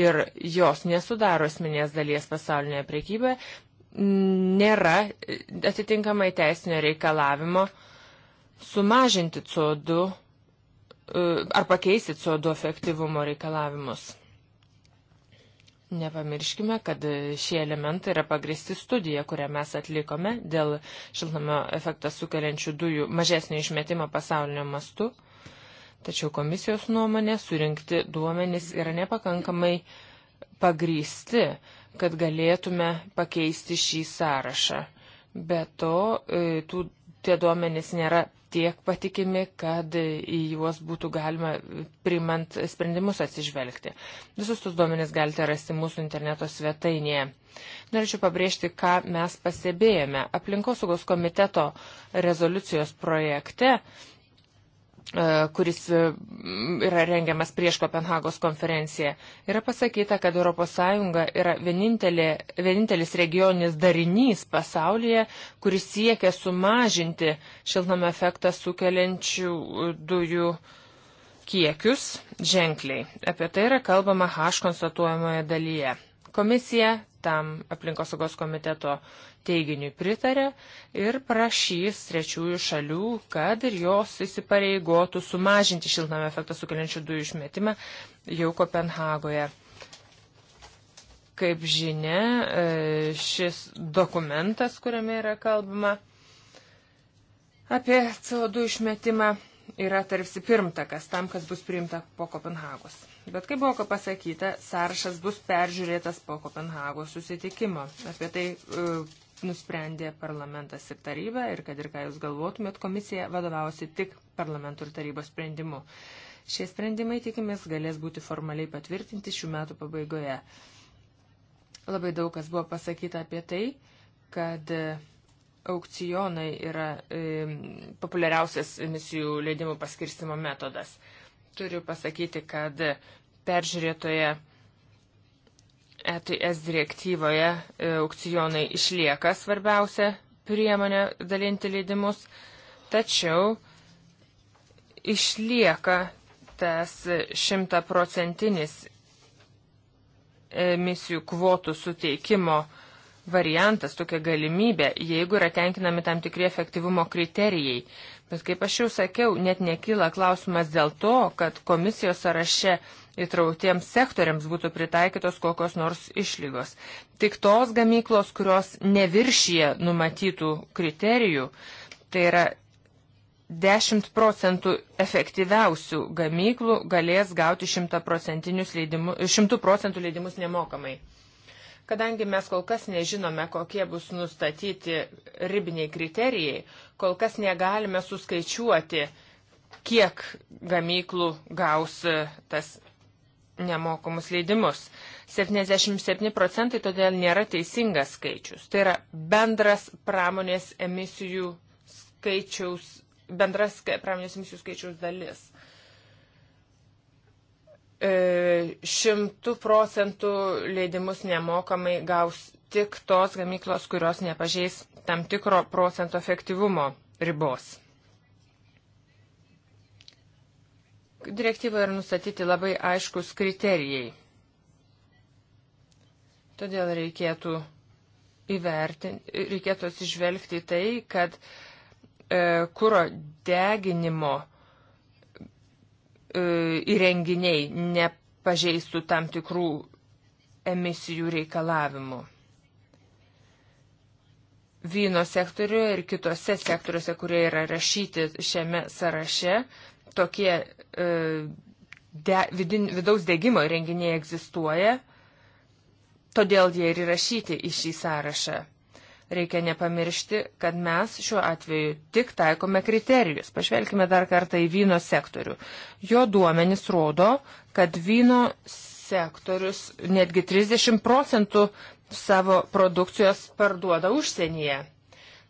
ir jos nesudaro esminės dalies pasaulinėje priekyboje, nėra atitinkamai teisinio reikalavimo sumažinti CO2 e, ar pakeisti CO2 efektyvumo reikalavimus. Nepamirškime, kad šie elementai yra pagristi studija, kurią mes atlikome dėl šiltnamio efektą sukeliančių dujų mažesnio išmetimo pasaulinio mastu. Tačiau komisijos nuomonė surinkti duomenys yra nepakankamai pagrysti, kad galėtume pakeisti šį sąrašą. Be to, e, tų, tie duomenys nėra tiek patikimi, kad į juos būtų galima primant sprendimus atsižvelgti. Visus tus duomenis galite rasti mūsų interneto svetainėje. Norėčiau pabrėžti, ką mes pastebėjome. Aplinkosaugos komiteto rezoliucijos projekte E, kuris e, yra rengiamas prieš Kopenhagos konferenciją, yra pasakyta, kad ES yra vienintelė, vienintelis regioninis darinys pasaulyje, kuris siekia sumažinti šiltnamio efektą sukeliančių dujų kiekius ženkliai. Apie tai yra kalbama H konstatuojamoje dalyje. Komisija tam aplinkosaugos komiteto teiginiui pritarė ir prašys trečiųjų šalių, kad ir jos įsipareigotų sumažinti šiltnamio efektą sukeliančių dujų išmetimą jau Kopenhagoje. Kaip žinia, e, šis dokumentas, kuriame yra kalbama apie CO2 išmetimą, yra tarsi pirmtakas tam, kas bus priimta po Kopenhagos. Bet kaip buvo pasakyta, sąrašas bus peržiūrėtas po Kopenhagos susitikimo. Apie tai e, nusprendė parlamentas ir taryba ir kad ir ką jūs galvotumėt, komisija vadovavosi tik parlamentų ir tarybos sprendimu. Šie sprendimai, tikimės, galės būti formaliai patvirtinti šių metų pabaigoje. Labai daug kas buvo pasakyta apie tai, kad e, aukcionai yra e, populiariausias emisijų leidimų paskirstimo metodas. E, Turiu pasakyti, kad peržiūrėtoje ETS direktyvoje e, aukcionai išlieka svarbiausia priemonė dalinti leidimus, tačiau išlieka tas šimtaprocentinis emisijų kvotų suteikimo variantas, tokia galimybė, jeigu yra tenkinami tam tikri efektyvumo kriterijai. Bet kaip aš jau sakiau, net nekyla klausimas dėl to, kad komisijos sąraše įtrautiems sektoriams būtų pritaikytos kokios nors išlygos. Tik tos gamyklos, kurios neviršyje numatytų kriterijų, tai yra 10 procentų efektyviausių gamyklų galės gauti 100 procentų leidimus nemokamai. Kadangi mes kol kas nežinome, kokie bus nustatyti ribiniai kriterijai, kol kas negalime suskaičiuoti, kiek gamyklų gaus e, tas nemokamus leidimus. 77 procentai todėl nėra teisingas skaičius. Tai yra bendras pramonės emisijų skaičiaus, bendras pramonės emisijų skaičiaus dalis. E, šimtų procentų leidimus nemokamai gaus tik tos gamyklos, kurios nepažeis tam tikro procento efektyvumo ribos. Direktyvoje yra nustatyti labai aiškus kriterijai. Todėl reikėtų įvertinti, reikėtų atsižvelgti į tai, kad e, kūro deginimo e, E, įrenginiai nepažeistų tam tikrų emisijų reikalavimų. Vyno sektoriuje ir kitose sektoriuose, kurie yra rašyti šiame sąraše, tokie e, de, vidin, vidaus degimo įrenginiai egzistuoja, todėl jie ir įrašyti į šį sąrašą. Reikia nepamiršti, kad mes šiuo atveju tik taikome kriterijus. Pažvelkime dar kartą į vyno sektorių. Jo duomenys rodo, kad vyno sektorius netgi 30 procentų savo produkcijos parduoda užsienyje.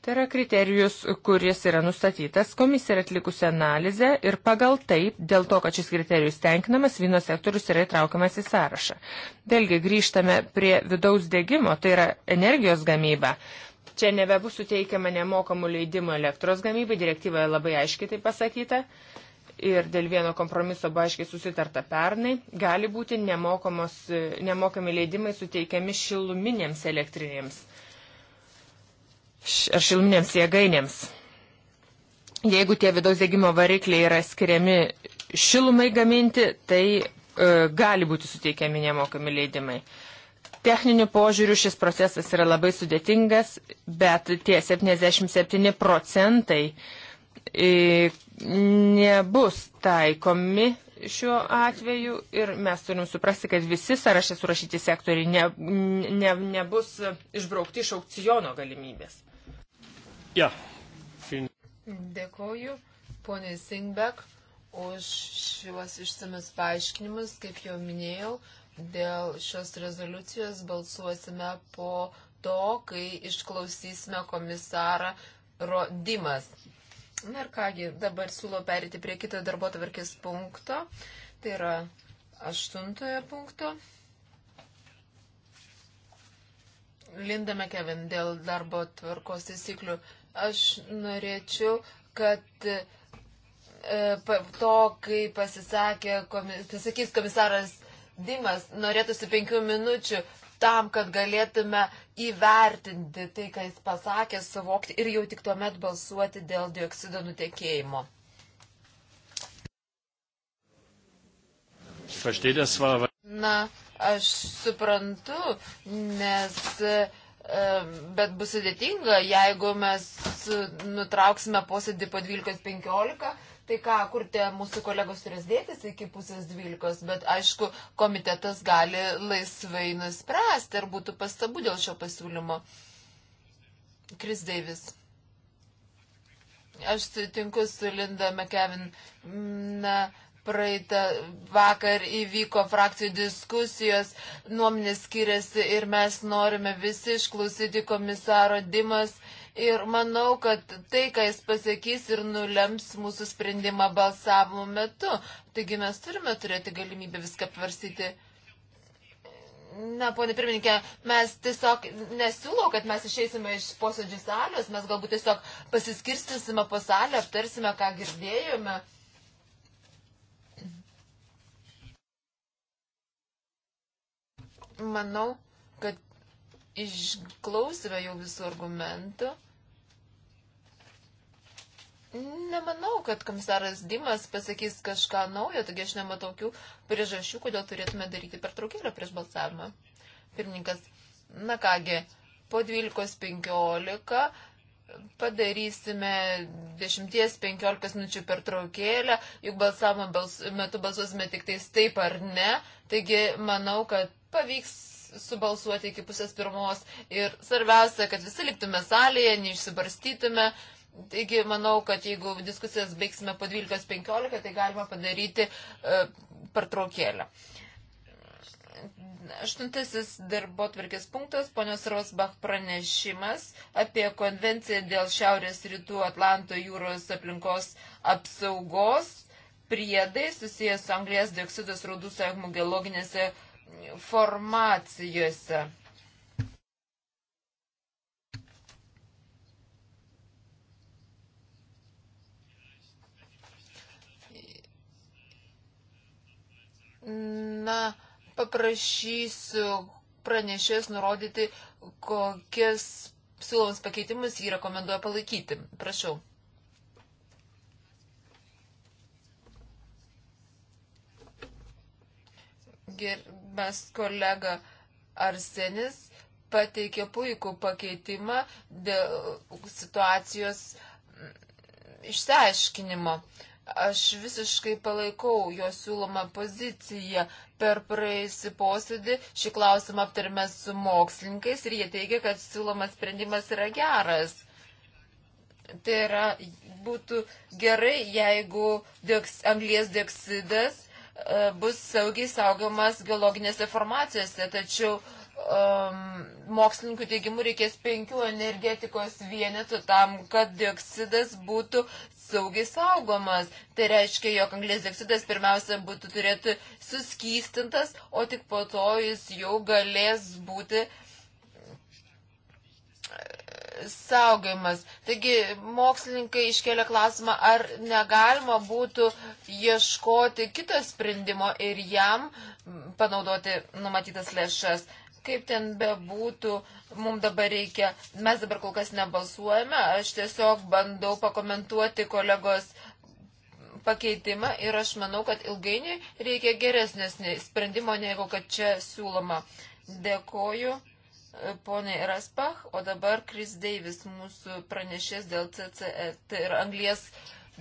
Tai yra kriterijus, kuris yra nustatytas, komisija yra atlikusi analizę ir pagal tai, dėl to, kad šis kriterijus tenkinamas, vyno sektorius yra įtraukiamas į sąrašą. Vėlgi grįžtame prie vidaus dėgymo, tai yra energijos gamyba. Čia nebebus suteikiama nemokamų leidimų elektros gamybai, direktyvoje labai aiškiai tai pasakyta. Ir dėl vieno kompromiso buvo aiškiai susitarta pernai, gali būti e, nemokami leidimai suteikiami šiluminėms elektrinėms ar šiluminėms jėgainėms. Jeigu tie vidaus degimo varikliai yra skiriami šilumai gaminti, tai e, gali būti suteikiami nemokami leidimai. E, Techniniu požiūriu šis procesas yra labai sudėtingas, bet tie 77 procentai e, nebus taikomi šiuo atveju ir mes turim suprasti, kad visi sąrašė surašyti sektoriai ne, ne, nebus išbraukti iš aukciono galimybės. Ja. Fin... Dėkoju, ponė Singbek, už šiuos išsamius paaiškinimus, kaip jau minėjau. Dėl šios rezoliucijos balsuosime po to, kai išklausysime komisarą Rodimas. Na ir kągi, dabar siūlau perėti prie kito darbo tvarkės punkto. Tai yra aštuntojo punkto. Linda McKevin dėl darbo tvarkos taisyklių. Aš norėčiau, kad e, to, kai pasisakė, komis, pasakys komisaras sprendimas. Norėtųsi penkių minučių tam, kad galėtume įvertinti tai, ką jis pasakė, suvokti ir jau tik tuomet balsuoti dėl dioksido nutekėjimo. Na, aš suprantu, nes bet bus sudėtinga, jeigu mes nutrauksime posėdį po 12.15 Tai ką, kur tie mūsų kolegos turės dėtis iki pusės dvylikos, bet aišku, komitetas gali laisvai nuspręsti, ar būtų pastabų dėl šio pasiūlymo. Kris Deivis. Aš sutinku su Linda McKevin. Na, praeitą vakar įvyko frakcijų diskusijos, nuomonės skiriasi ir mes norime visi išklausyti komisaro Dimas Ir manau, kad tai, ką jis pasakys ir nulems mūsų sprendimą balsavimo metu. Taigi mes turime turėti galimybę viską apvarsyti. Na, ponė pirmininkė, mes tiesiog nesiūlau, kad mes išeisime iš posėdžių salės, mes galbūt tiesiog pasiskirstysime po salę, aptarsime, ką girdėjome. Manau, kad išklausime jau visų argumentų. Nemanau, kad komisaras Dimas pasakys kažką naujo, taigi aš nematau tokių priežasčių, kodėl turėtume daryti pertraukėlę prieš balsavimą. Pirmininkas, na kągi, po 12.15 padarysime 10-15 minučių pertraukėlę, juk balsavimo bals, metu balsuosime tik tais taip ar ne, taigi manau, kad pavyks subalsuoti iki pusės pirmos ir svarbiausia, kad visi liktume salėje, neišsibarstytume. Taigi, manau, kad jeigu diskusijas baigsime po 12.15, tai galima padaryti e, pertraukėlę. Aštuntasis darbo tvarkės punktas, ponios Rosbach pranešimas apie konvenciją dėl Šiaurės rytų Atlanto jūros aplinkos apsaugos priedai susijęs su anglės dioksidas rūdų sąjungų geologinėse formacijose. Na, paprašysiu pranešės nurodyti, kokias siūlomus pakeitimus jį rekomenduoja palaikyti. Prašau. Gerbės kolega Arsenis pateikė puikų pakeitimą dėl situacijos išsiaiškinimo. Aš visiškai palaikau jo siūlomą poziciją. Per praeisį posėdį šį klausimą aptarėme su mokslininkais ir jie teigia, kad siūlomas sprendimas yra geras. Tai yra, būtų gerai, jeigu dioks, anglies dioksidas e, bus saugiai saugomas geologinėse formacijose, tačiau uh, um, mokslininkų teigimų reikės penkių energetikos vienetų tam, kad dioksidas būtų saugiai saugomas. Tai reiškia, jog anglės dioksidas pirmiausia būtų turėtų suskystintas, o tik po to jis jau galės būti e, saugimas. Taigi mokslininkai iškelia klausimą, ar negalima būtų ieškoti kito sprendimo ir jam panaudoti numatytas lėšas. Kaip ten bebūtų, mums dabar reikia, mes dabar kol kas nebalsuojame, aš tiesiog bandau pakomentuoti kolegos pakeitimą ir aš manau, kad ilgainiui reikia geresnės sprendimo, negu kad čia siūloma. Dėkoju e, poniai Raspach, o dabar Kris Deivis mūsų pranešės dėl CCS, e, tai yra anglies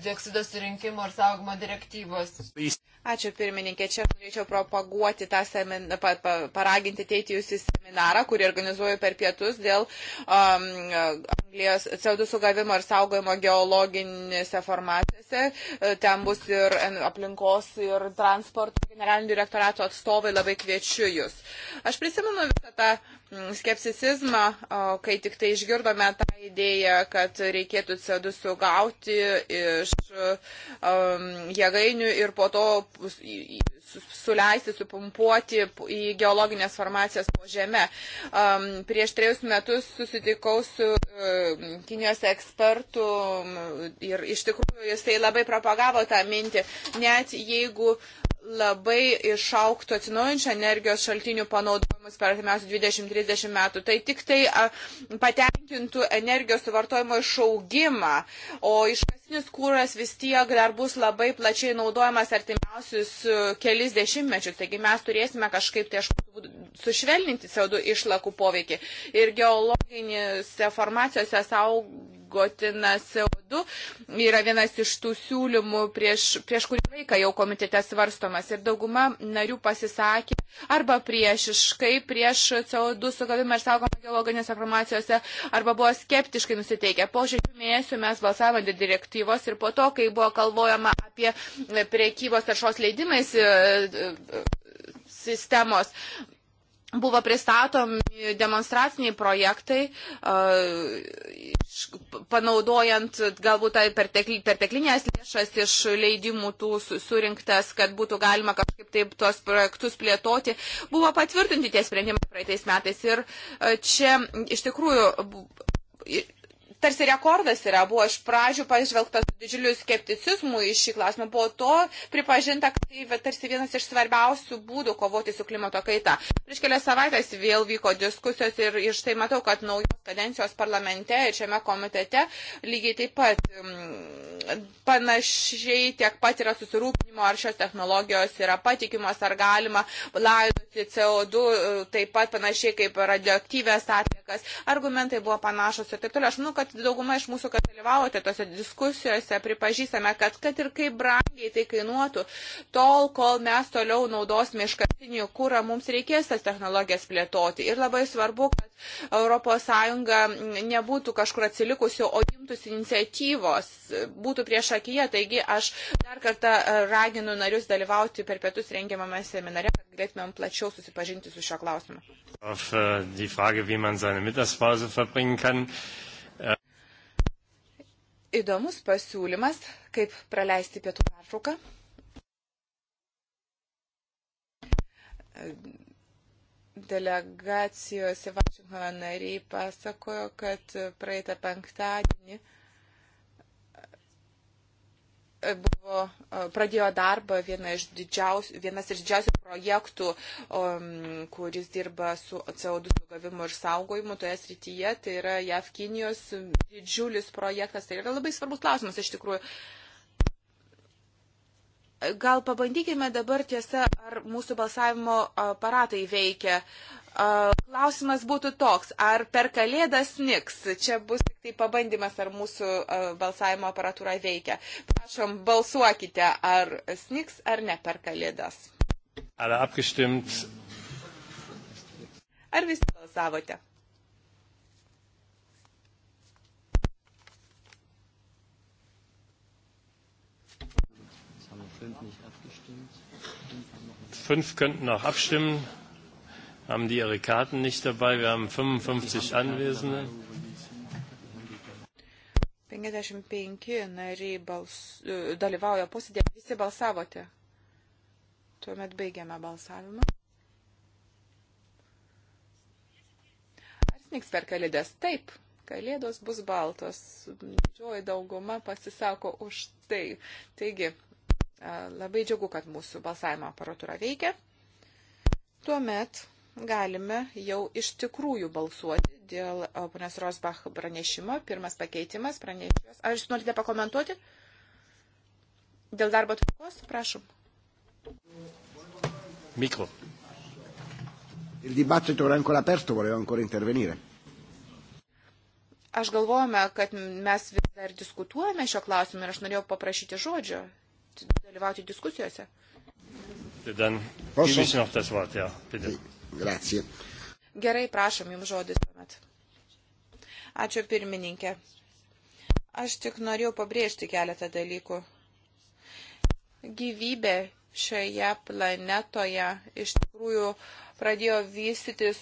dioksido surinkimo ir saugimo direktyvos. Ačiū pirmininkė, čia norėčiau propaguoti tą semin, pa, pa, paraginti teiti jūs į seminarą, kurį organizuoju per pietus dėl um, anglės CO2 sugavimo ir saugojimo geologinėse formacijose. E, ten bus ir aplinkos ir transporto generalinio direktorato atstovai, labai kviečiu jūs. Aš prisimenu visą tą. Ta Mm, skepsisizmą, kai tik tai išgirdome tą idėją, kad reikėtų CO2 sugauti iš um, jėgainių ir po to suleisti, supumpuoti į geologinės formacijas po žemę. Um, prieš trejus metus susitikau su um, Kinijos ekspertu um, ir iš tikrųjų jisai labai propagavo tą mintį. Net jeigu labai išauktų atsinaujančio energijos šaltinių panaudojimas per artimiausius 20-30 metų. Tai tik tai patenkintų energijos suvartojimo išaugimą, o iškastinis kūras vis tiek dar bus labai plačiai naudojamas artimiausius kelis dešimtmečius. Taigi mes turėsime kažkaip tai sušvelninti CO2 išlakų poveikį. Ir geologinėse formacijose saug išsaugotina CO2 yra vienas iš tų siūlymų prieš, prieš kurį laiką jau komitete svarstomas ir dauguma narių pasisakė arba priešiškai prieš CO2 sugavimą ir saugomą geologinėse formacijose arba buvo skeptiškai nusiteikę. Po šešių mėnesių mes balsavome dėl direktyvos ir po to, kai buvo kalbojama apie priekybos taršos leidimais e, e, e, sistemos, buvo pristatomi demonstraciniai projektai, panaudojant galbūt tai perteklinės lėšas iš leidimų tų surinktas, kad būtų galima kažkaip taip tuos projektus plėtoti. Buvo patvirtinti tie sprendimai praeitais metais ir čia iš tikrųjų tarsi rekordas yra, buvo iš pradžių pažvelgtas didžiuliu skepticizmu į šį klausimą. Po to pripažinta, kad tai tarsi vienas iš svarbiausių būdų kovoti su klimato kaita. Prieš kelias savaitės vėl vyko diskusijos ir, ir štai matau, kad naujos kadencijos parlamente ir šiame komitete lygiai taip pat mm, panašiai tiek pat yra susirūpinimo, ar šios technologijos yra patikimos, ar galima laidoti CO2 e, taip pat panašiai kaip radioaktyvės atliekas. Argumentai buvo panašus ir taip toliau. Aš manau, kad dauguma iš mūsų, kad dalyvavote tose diskusijose, kontekste pripažįstame, kad kad ir kaip brangiai tai kainuotų, tol, kol mes toliau naudosime iškastinį kūrą, mums reikės tas technologijas plėtoti. Ir labai svarbu, kad ES nebūtų kažkur atsilikusi, o imtųsi iniciatyvos, būtų prieš akiją. Taigi aš dar kartą raginu narius dalyvauti per pietus rengiamame seminare, kad galėtumėm plačiau susipažinti su šio klausimu. Auf äh, die Frage, wie man seine Mittagspause verbringen kann įdomus pasiūlymas, kaip praleisti pietų pertrauką. Delegacijos į Vašingtoną nariai pasakojo, kad praeitą penktadienį uh, buvo, e, pradėjo darbą viena iš vienas iš didžiausių projektų, um, kuris dirba su CO2 sugavimu ir saugojimu toje srityje. Tai yra JAV Kinijos didžiulis projektas. Tai yra labai svarbus klausimas iš tikrųjų. Gal pabandykime dabar tiesa, ar mūsų balsavimo aparatai veikia. Uh, Klausimas būtų toks, ar per kalėdas niks? Čia bus tik tai pabandymas, ar mūsų e, balsavimo aparatūra veikia. Prašom, balsuokite, ar sniks, ar ne per kalėdas. Ar visi balsavote? Fünf könnten noch abstimmen haben die ihre Karten nicht dabei. Wir haben 55 Anwesende. 55 nariai bals, e, dalyvauja posėdėje. Visi balsavote. Tuomet baigiame balsavimą. Ar sniks per kalėdės? Taip, kalėdos bus baltos. Didžioji dauguma pasisako už tai. Taigi, e, labai džiugu, kad mūsų balsavimo aparatūra veikia. Tuomet galime jau iš tikrųjų balsuoti dėl ponios Rosbach pranešimo. Pirmas pakeitimas pranešėjos. Ar jūs norite pakomentuoti? Dėl darbo tvarkos, prašom. Mikro. Il dibattito era ancora aperto, volevo ancora intervenire. Aš galvojame, kad mes vis dar diskutuojame šio klausimu ir aš norėjau paprašyti žodžio, dalyvauti diskusijose. Dann gebe ich noch das Wort, ja, bitte. Grazie. Gerai, prašom jums žodis tuomet. Ačiū pirmininkė. Aš tik norėjau pabrėžti keletą dalykų. Gyvybė šioje planetoje iš tikrųjų pradėjo vystytis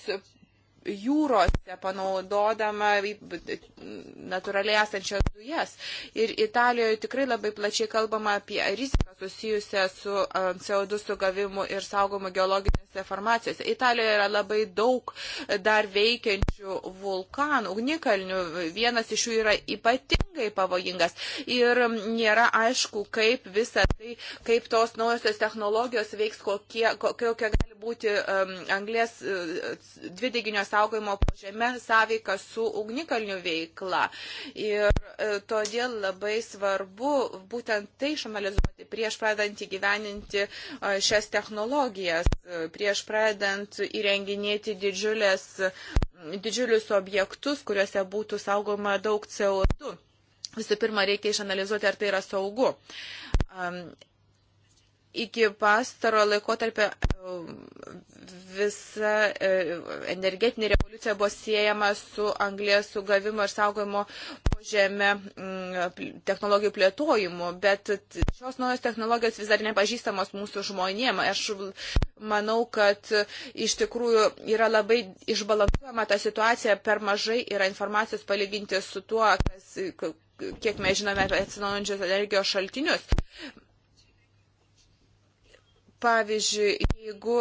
jūrose, panaudodama natūraliai esančias dujas. Ir Italijoje tikrai labai plačiai kalbama apie riziką susijusią su um, CO2 sugavimu ir saugomu geologinėse formacijose. Italijoje yra labai daug dar veikiančių vulkanų, ugnikalnių. Vienas iš jų yra ypatingai ypatingai pavojingas ir nėra aišku, kaip visa tai, kaip tos naujosios technologijos veiks, kokie, kokie gali būti um, anglės uh, dvideginio saugojimo požeme sąveika su ugnikalnių veikla. Ir uh, todėl labai svarbu būtent tai išanalizuoti prieš pradant įgyveninti uh, šias technologijas, uh, prieš pradant įrenginėti didžiulės didžiulius objektus, kuriuose būtų saugoma daug CO2. Visų pirma, reikia išanalizuoti, ar tai yra saugu. Um, iki pastaro laikotarpio um, visa e, energetinė revoliucija buvo siejama su anglės sugavimo ir saugojimo žemė mm, technologijų plėtojimu, bet šios naujos technologijos vis dar nepažįstamos mūsų žmonėm. Aš manau, kad iš tikrųjų yra labai išbalansuojama ta situacija, per mažai yra informacijos palyginti su tuo, kas, kiek mes žinome apie atsinaujančios energijos šaltinius. Pavyzdžiui, jeigu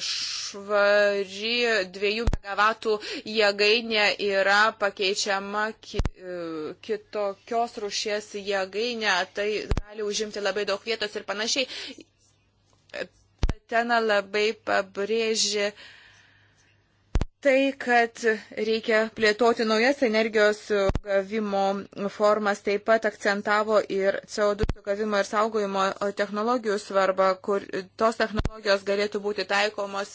švari 2 MW jėgainė yra pakeičiama e, kitokios rušies jėgainė, tai gali užimti labai daug vietos ir panašiai. Tena labai pabrėžė uh, tai, kad reikia plėtoti naujas energijos gavimo formas, taip pat akcentavo ir CO2 gavimo ir saugojimo technologijų svarbą, kur tos technologijos galėtų būti taikomos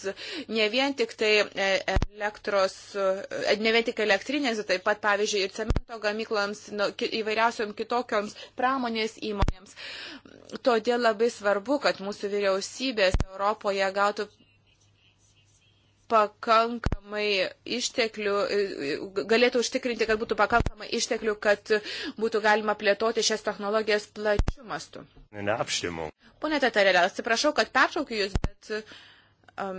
ne vien tik tai e, elektros, e, ne vien tik elektrinės, taip pat, pavyzdžiui, ir cemento gamykloms, nu, įvairiausiom kitokioms pramonės įmonėms. Todėl labai svarbu, kad mūsų vyriausybės Europoje gautų pakankamai išteklių, e, galėtų užtikrinti, kad būtų pakankamai išteklių, kad būtų galima plėtoti šias technologijas plačiu mastu. Neapštimu. Pone Tatarelė, atsiprašau, kad peršaukiu Jūs, bet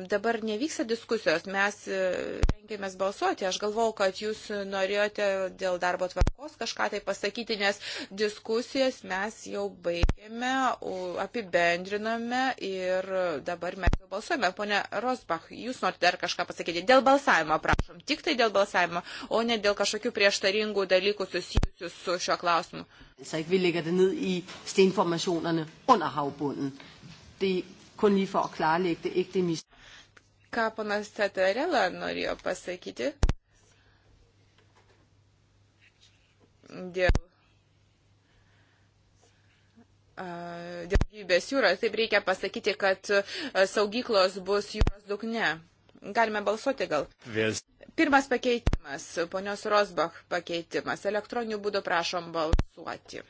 dabar nevyksta diskusijos, mes e, rengėmės balsuoti. Aš galvau, kad jūs norėjote dėl darbo tvarkos kažką tai pasakyti, nes diskusijas mes jau baigėme, apibendrinome ir dabar mes jau balsuojame. Pone Rosbach, jūs norite dar kažką pasakyti. Dėl balsavimo, prašom, tik tai dėl balsavimo, o ne dėl kažkokių prieštaringų dalykų susijusių su šiuo klausimu. Altså ikke vi lægger det ned i stenformationerne under havbunden. Det er kun lige for at klarlægge det, ikke det mis ką panas Tatarela norėjo pasakyti dėl dėl gyvybės jūros. Taip reikia pasakyti, kad saugyklos bus jūros dugne. Galime balsuoti gal? Vis. Pirmas pakeitimas, ponios Rosbach pakeitimas. Elektroniniu būdu prašom balsuoti.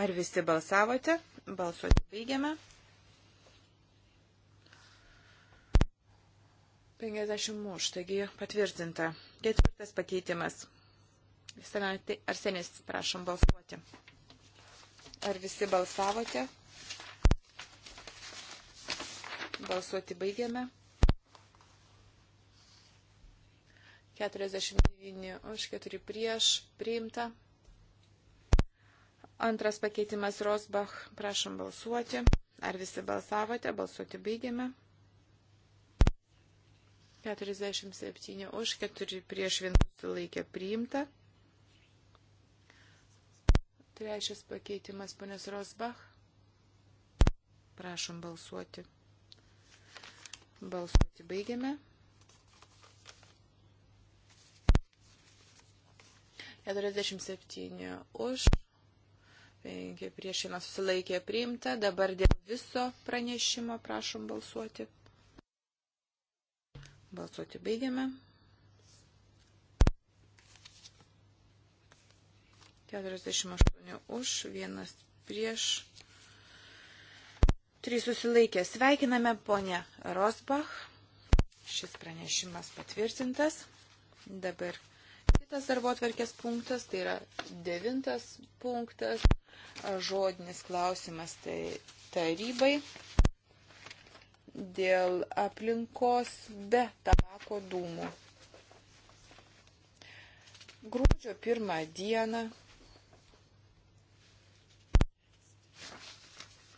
Ar visi balsavote? Balsuoti baigiame. 50 už, taigi patvirtinta. Ketvirtas pakeitimas. Arsenis, prašom balsuoti. Ar visi balsavote? Balsuoti baigiame. 49 už, 4 prieš, priimta. Antras pakeitimas Rosbach. Prašom balsuoti. Ar visi balsavote? Balsuoti baigiame. 47 už, 4 prieš 1 sulaikė priimta. Trečias pakeitimas ponės Rosbach. Prašom balsuoti. Balsuoti baigiame. 47 už, 5 prieš vieną susilaikė priimta. Dabar dėl viso pranešimo prašom balsuoti. Balsuoti baigiame. 48 už, vienas prieš. Trys susilaikė. Sveikiname ponę Rosbach. Šis pranešimas patvirtintas. Dabar kitas darbo atverkės punktas, tai yra devintas punktas žodinis klausimas tai tarybai dėl aplinkos be tabako dūmų. Gruodžio pirmą dieną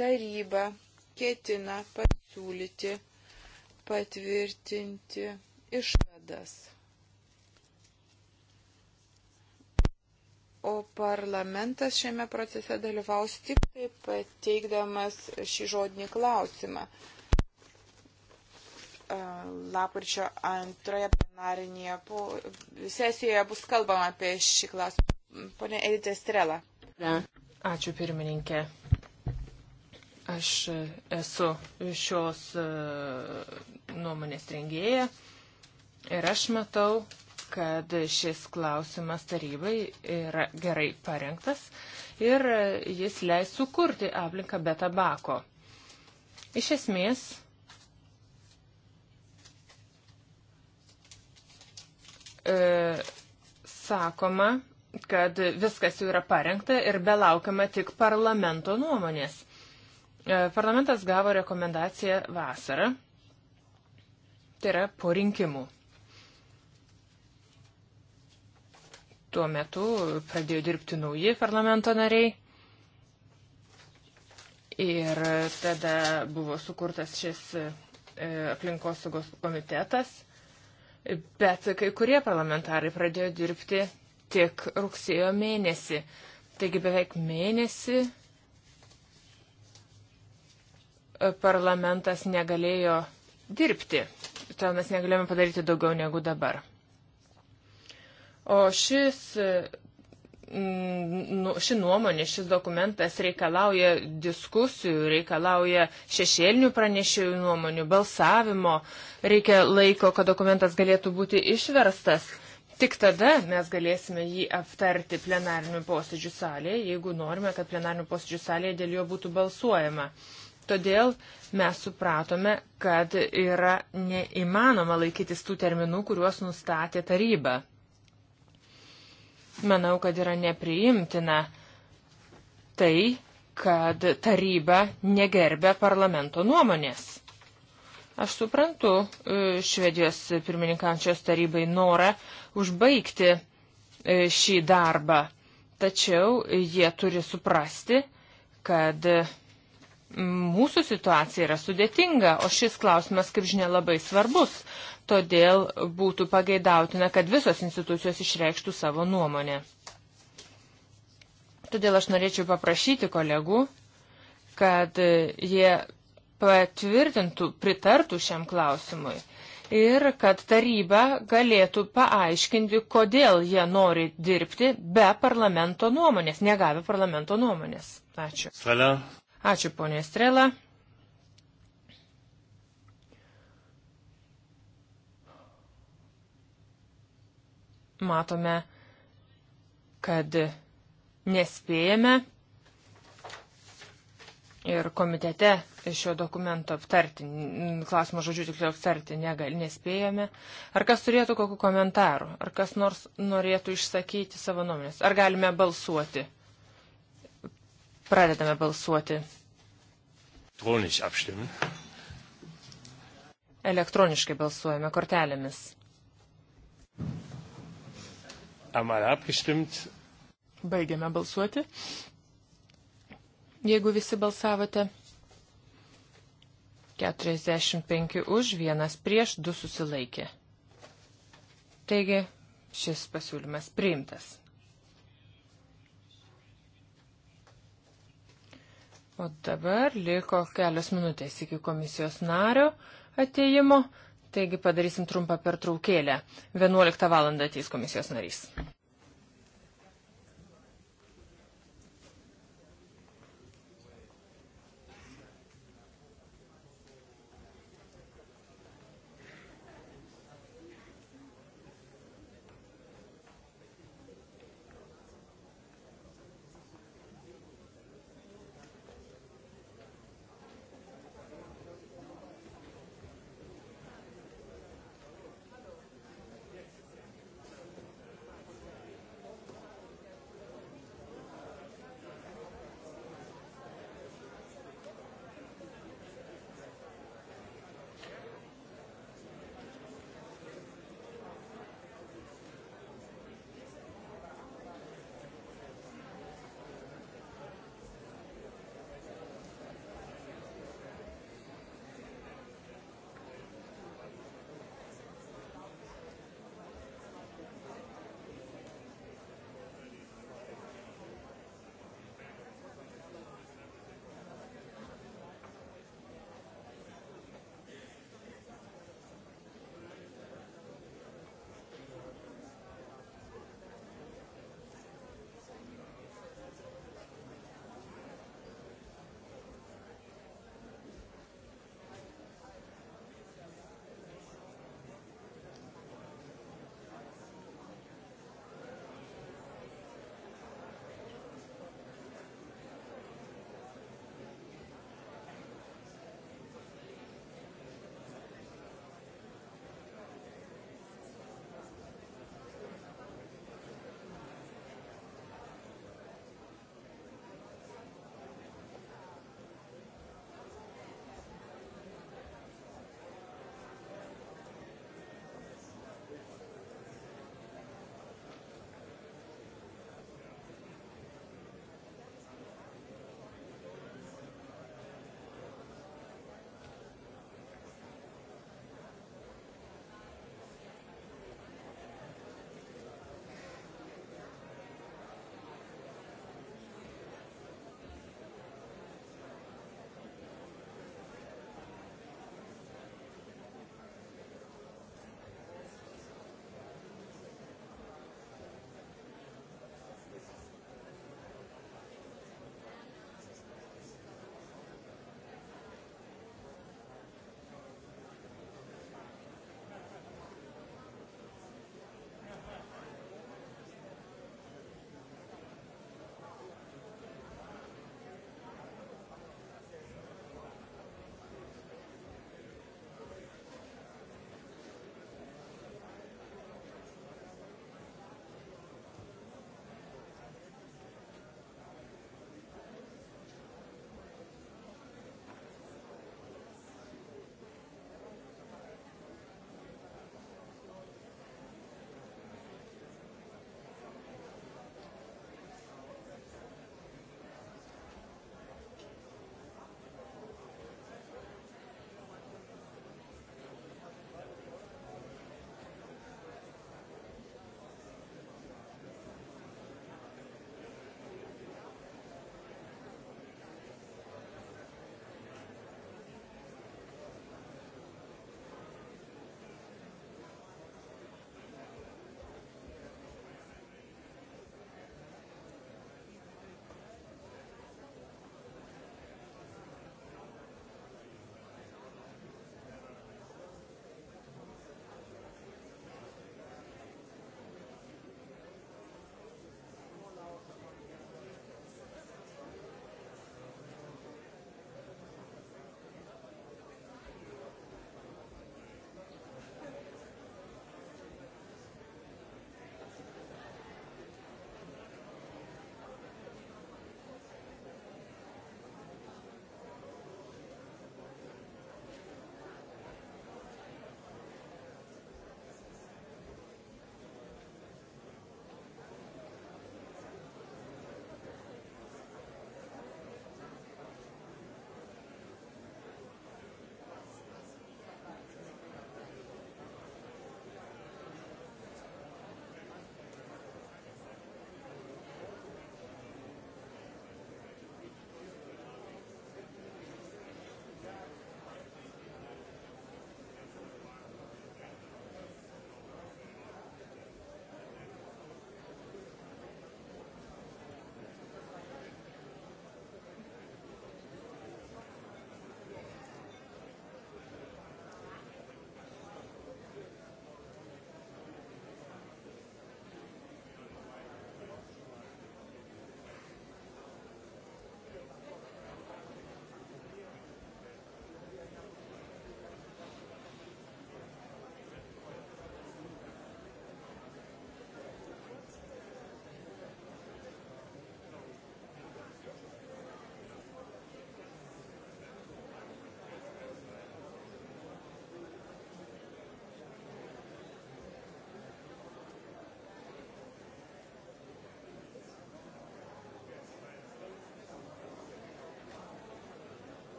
taryba ketina pasiūlyti patvirtinti išvadas O parlamentas šiame procese dalyvaus tik taip pateikdamas šį žodinį klausimą. E, lapkričio antroje plenarinėje sesijoje bus kalbama apie šį klausimą. Pone Edita Strela. Ačiū pirmininkė. Aš esu šios e, nuomonės rengėja ir aš matau, kad šis klausimas tarybai yra gerai parengtas ir jis leis sukurti aplinką be tabako. Iš esmės, e, sakoma, kad viskas jau yra parengta ir belaukiama tik parlamento nuomonės. E, parlamentas gavo rekomendaciją vasarą, tai yra po rinkimų. Tuo metu pradėjo dirbti nauji parlamento nariai. Ir tada buvo sukurtas šis e, aplinkosaugos komitetas. Bet kai kurie parlamentarai pradėjo dirbti tik rugsėjo mėnesį. Taigi beveik mėnesį e, parlamentas negalėjo dirbti. Todėl mes negalėjome padaryti daugiau negu dabar. O šis mm, nu, ši nuomonė, šis dokumentas reikalauja diskusijų, reikalauja šešėlinių pranešėjų nuomonių, balsavimo, reikia laiko, kad dokumentas galėtų būti išverstas. Tik tada mes galėsime jį aptarti plenarinių posėdžių salėje, jeigu norime, kad plenarinių posėdžių salėje dėl jo būtų balsuojama. Todėl mes supratome, kad yra neįmanoma laikytis tų terminų, kuriuos nustatė taryba manau, kad yra nepriimtina tai, kad taryba negerbė parlamento nuomonės. Aš suprantu e, Švedijos pirmininkančios tarybai norą užbaigti e, šį darbą, tačiau jie turi suprasti, kad mūsų situacija yra sudėtinga, o šis klausimas, kaip žinia, labai svarbus. Todėl būtų pageidautina, kad visos institucijos išreikštų savo nuomonę. Todėl aš norėčiau paprašyti kolegų, kad jie patvirtintų, pritartų šiam klausimui ir kad taryba galėtų paaiškinti, kodėl jie nori dirbti be parlamento nuomonės, negavę parlamento nuomonės. Ačiū. Salia. Ačiū, ponė Strela. Matome, kad nespėjame ir komitete šio dokumento aptarti, klausimo žodžių tiksliau aptarti negal, nespėjome. Ar kas turėtų kokiu komentaru, ar kas nors norėtų išsakyti savo nuomonės, ar galime balsuoti? Pradedame balsuoti. Elektroniškai balsuojame kortelėmis. Baigiame balsuoti. Jeigu visi balsavote, 45 už, vienas prieš, du susilaikė. Taigi, šis pasiūlymas priimtas. O dabar liko kelios minutės iki komisijos nario atėjimo, taigi padarysim trumpą pertraukėlę. 11 val. ateis komisijos narys.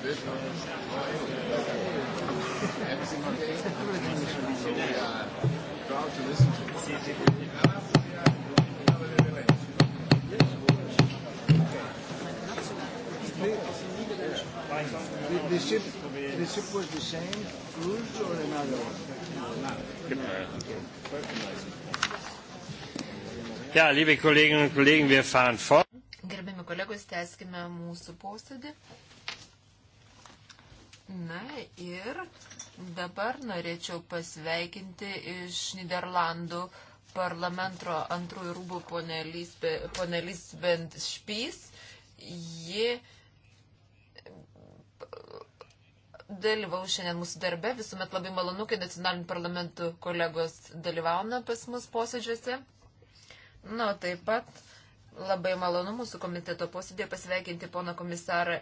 The ship, the ship was the same, cruise or another one? No, no. Ja, liebe Kolleginnen und Kollegen, wir fahren fort. Gerbiami kolegos, tęskime mūsų posėdį. Na ir dabar norėčiau pasveikinti iš Niderlandų parlamento antrųjų rūbų ponelis Bent Špys. Ji dalyvau šiandien mūsų darbe. Visuomet labai malonu, kai nacionalinių parlamentų kolegos dalyvauna pas mus posėdžiuose. Na, nu, taip pat Labai malonu mūsų komiteto posėdėje pasveikinti pono komisarą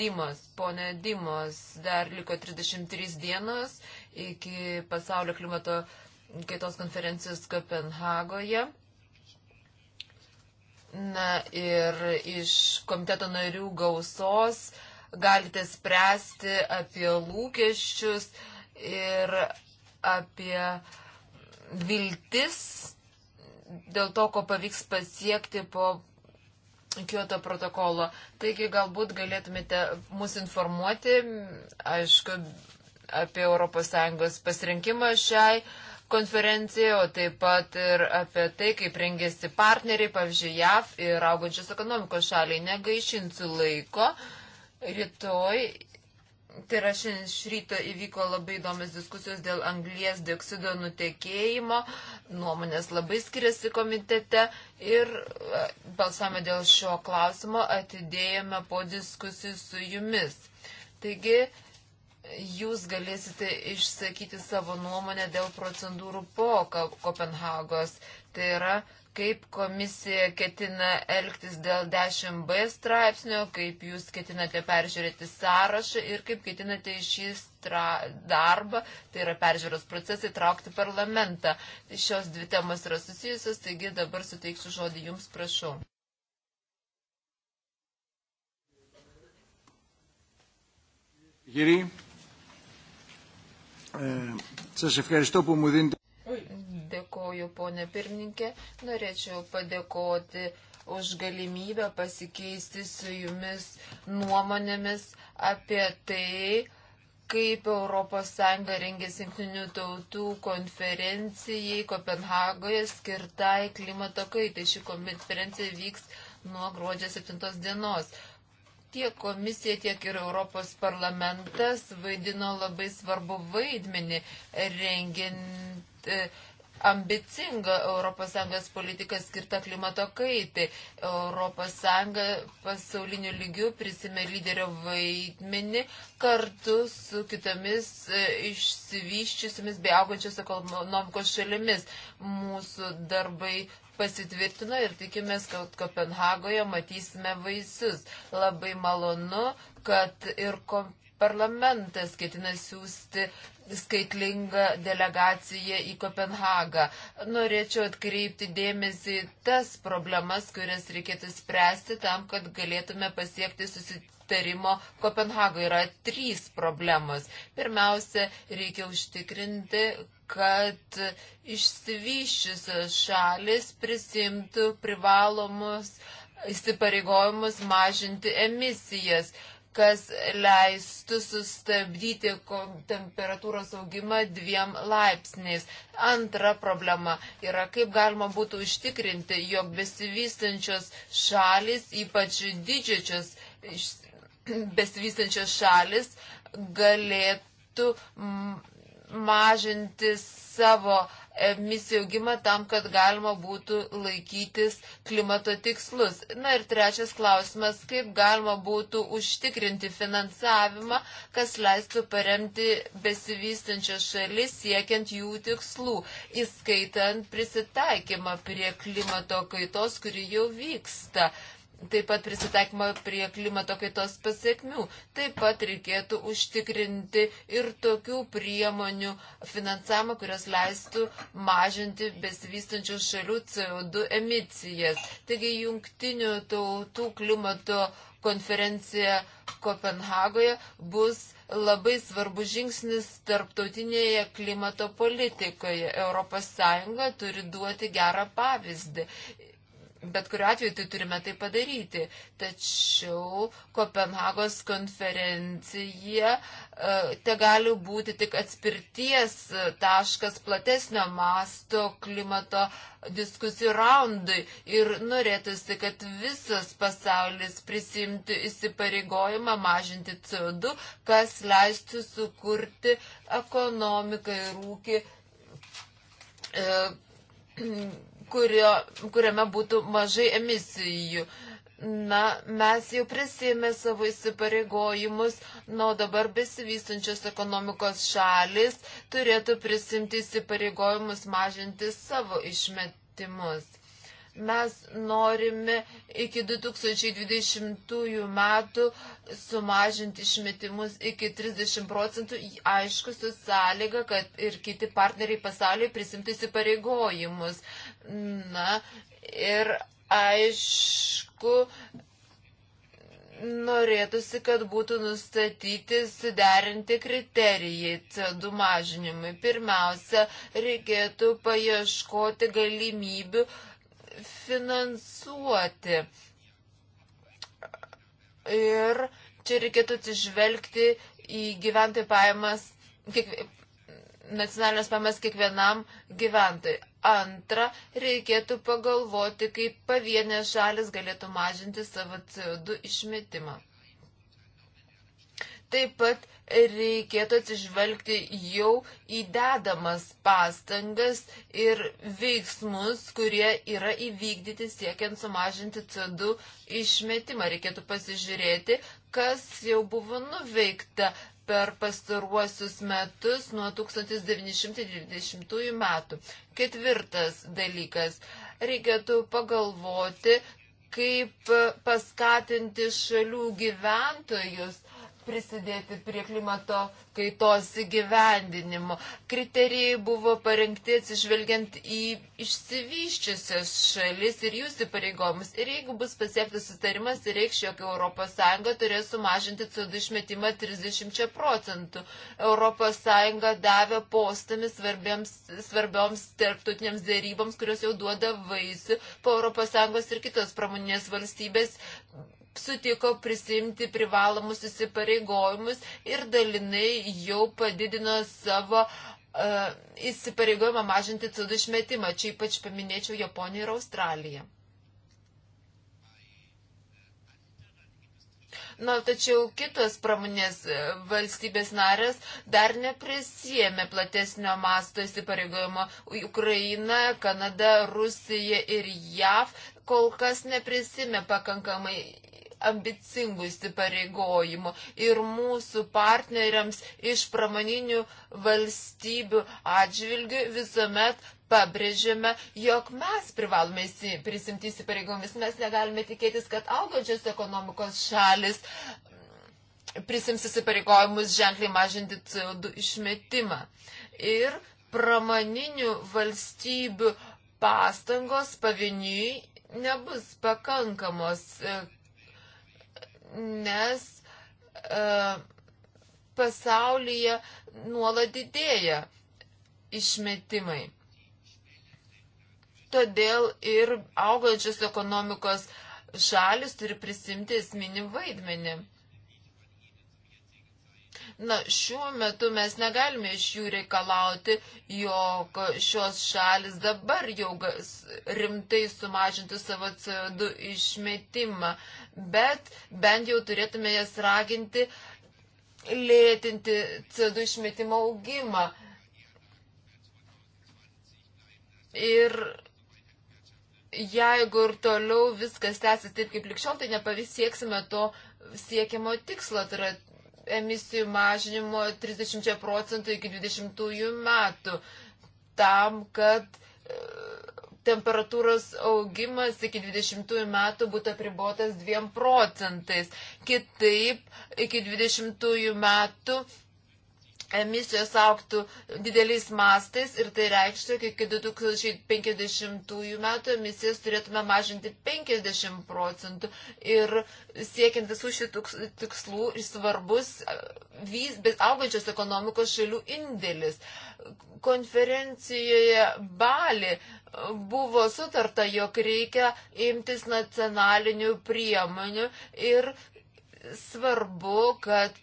Dimos. Pone Dimos, dar liko 33 dienos iki pasaulio klimato kaitos konferencijos Kopenhagoje. Na ir iš komiteto narių gausos galite spręsti apie lūkesčius ir apie viltis dėl to, ko pavyks pasiekti po Kyoto protokolo. Taigi galbūt galėtumėte mus informuoti, aišku, apie ES pasirinkimą šiai konferencijai, o taip pat ir apie tai, kaip rengėsi partneriai, pavyzdžiui, JAV ir augančios ekonomikos šaliai. Negaišinsiu laiko. Rytoj Tai yra šiandien iš ryto įvyko labai įdomios diskusijos dėl anglies dioksido nutekėjimo, nuomonės labai skiriasi komitete ir e, balsavome dėl šio klausimo, atidėjome po diskusijų su jumis. Taigi, jūs galėsite išsakyti savo nuomonę dėl procedūrų po Kopenhagos. Tai yra kaip komisija ketina elgtis dėl 10b straipsnio, kaip jūs ketinate peržiūrėti sąrašą ir kaip ketinate į šį darbą, tai yra peržiūros procesą, įtraukti parlamentą. Tai šios dvi temos yra susijusios, taigi dabar suteiksiu žodį jums, prašau. Κύριοι, ε, σας ευχαριστώ που μου δίνετε Dėkoju, ponė pirmininkė. Norėčiau padėkoti už galimybę pasikeisti su jumis nuomonėmis apie tai, kaip ES rengėsi jungtinių tautų konferencijai Kopenhagoje skirtai klimato kaitai. Ši konferencija vyks nuo gruodžio 7 dienos. Tiek komisija, tiek ir Europos parlamentas vaidino labai svarbu vaidmenį rengiant ambicingą ES politiką skirtą klimato kaitai. ES pasauliniu lygiu prisime lyderio vaidmenį kartu su kitomis e, išsivyščiusiamis bei augančios ekonomikos šalimis. Mūsų darbai pasitvirtino ir tikimės, kad Kopenhagoje matysime vaisius. Labai malonu, kad ir kom parlamentas ketina siūsti skaitlinga delegacija į Kopenhagą. Norėčiau atkreipti dėmesį tas problemas, kurias reikėtų spręsti tam, kad galėtume pasiekti susitarimo Kopenhagoje. Yra trys problemos. Pirmiausia, reikia užtikrinti, kad išsivyščiusios šalis prisimtų privalomus įsipareigojimus mažinti emisijas kas leistų sustabdyti temperatūros augimą dviem laipsniais. Antra problema yra, kaip galima būtų užtikrinti, jog besivystančios šalis, ypač didžiosios besivystančios šalis, galėtų mažinti savo uh, emisijų augimą tam, kad galima būtų laikytis klimato tikslus. Na ir trečias klausimas, kaip galima būtų užtikrinti finansavimą, kas leistų paremti besivystančias šalis siekiant jų tikslų, įskaitant prisitaikymą prie klimato kaitos, kuri jau vyksta taip pat prisitaikymą prie klimato kaitos pasiekmių. Taip pat reikėtų užtikrinti ir tokių priemonių finansavimą, kurios leistų mažinti besivystančių šalių CO2 emicijas. Taigi jungtinių tautų klimato konferencija Kopenhagoje bus labai svarbus žingsnis tarptautinėje klimato politikoje. ES turi duoti gerą pavyzdį Bet kuriu atveju tai turime tai padaryti. Tačiau Kopenhagos konferencija e, te gali būti tik atspirties e, taškas platesnio masto klimato diskusijų raundui. Ir norėtųsi, kad visas pasaulis prisimtų įsipareigojimą mažinti CO2, kas leistų sukurti ekonomiką ir ūkį. E, kurio, kuriame būtų mažai emisijų. Na, mes jau prisėmė savo įsipareigojimus, na, o dabar besivystančios ekonomikos šalis turėtų prisimti įsipareigojimus mažinti savo išmetimus. Mes norime iki 2020 metų sumažinti išmetimus iki 30 procentų, aišku, su sąlyga, kad ir kiti partneriai pasaulyje prisimtų įsipareigojimus. Na ir aišku, norėtųsi, kad būtų nustatyti suderinti kriterijai CO2 mažinimui. Pirmiausia, reikėtų paieškoti galimybių finansuoti. Ir čia reikėtų atsižvelgti į gyventojų pajamas, kiek, nacionalinės pajamas kiekvienam gyventojui. Antra, reikėtų pagalvoti, kaip pavienės šalis galėtų mažinti savo CO2 išmetimą. Taip pat reikėtų atsižvelgti jau įdedamas pastangas ir veiksmus, kurie yra įvykdyti siekiant sumažinti CO2 išmetimą. Reikėtų pasižiūrėti, kas jau buvo nuveikta per pastaruosius metus nuo 1920 metų. Ketvirtas dalykas. Reikėtų pagalvoti, kaip paskatinti šalių gyventojus prisidėti prie klimato kaitos įgyvendinimo. Kriterijai buvo parengti atsižvelgiant į išsivyščiusias šalis ir jų įsipareigomus. Ir jeigu bus pasiektas sutarimas, tai reikš, jog ES turės sumažinti CO2 išmetimą 30 procentų. ES davė postami svarbioms tarptautiniams dėryboms, kurios jau duoda vaisių po ES ir kitos pramoninės valstybės sutiko prisimti privalomus įsipareigojimus ir dalinai jau padidino savo uh, įsipareigojimą mažinti CO2 išmetimą. Čia ypač paminėčiau Japoniją ir Australiją. Na, tačiau kitos pramonės e, valstybės narės dar neprisėmė platesnio masto įsipareigojimo. Ukraina, Kanada, Rusija ir JAV kol kas neprisėmė pakankamai ambicingų įsipareigojimų ir mūsų partneriams iš pramoninių valstybių atžvilgių visuomet pabrėžiame, jog mes privalome prisimti įsipareigomis, mes negalime tikėtis, kad augančios ekonomikos šalis mm, prisims įsipareigojimus ženkliai mažinti CO2 išmetimą. Ir pramoninių valstybių pastangos pavieniui nebus pakankamos, e, nes e, pasaulyje nuolat didėja išmetimai. Todėl ir augančios ekonomikos šalis turi prisimti esminį vaidmenį. Na, šiuo metu mes negalime iš jų reikalauti, jog šios šalis dabar jau rimtai sumažintų savo CO2 išmetimą, bet bent jau turėtume jas raginti lėtinti CO2 išmetimo augimą. Ir jeigu ir toliau viskas tęsis taip kaip likščiau, tai nepavyks sieksime to siekiamo tikslo, tai yra emisijų mažinimo 30 procentų iki 20 metų, tam, kad temperatūros augimas iki 20 metų būtų apribotas 2 procentais. Kitaip, iki 20 metų emisijos auktų dideliais mastais ir tai reikštų, kad iki 2050 metų emisijas turėtume mažinti 50 procentų. Ir siekiant visų šių tikslų svarbus e, vis, augančios ekonomikos šalių indėlis. Konferencijoje Bali buvo sutarta, jog reikia imtis nacionalinių priemonių ir svarbu, kad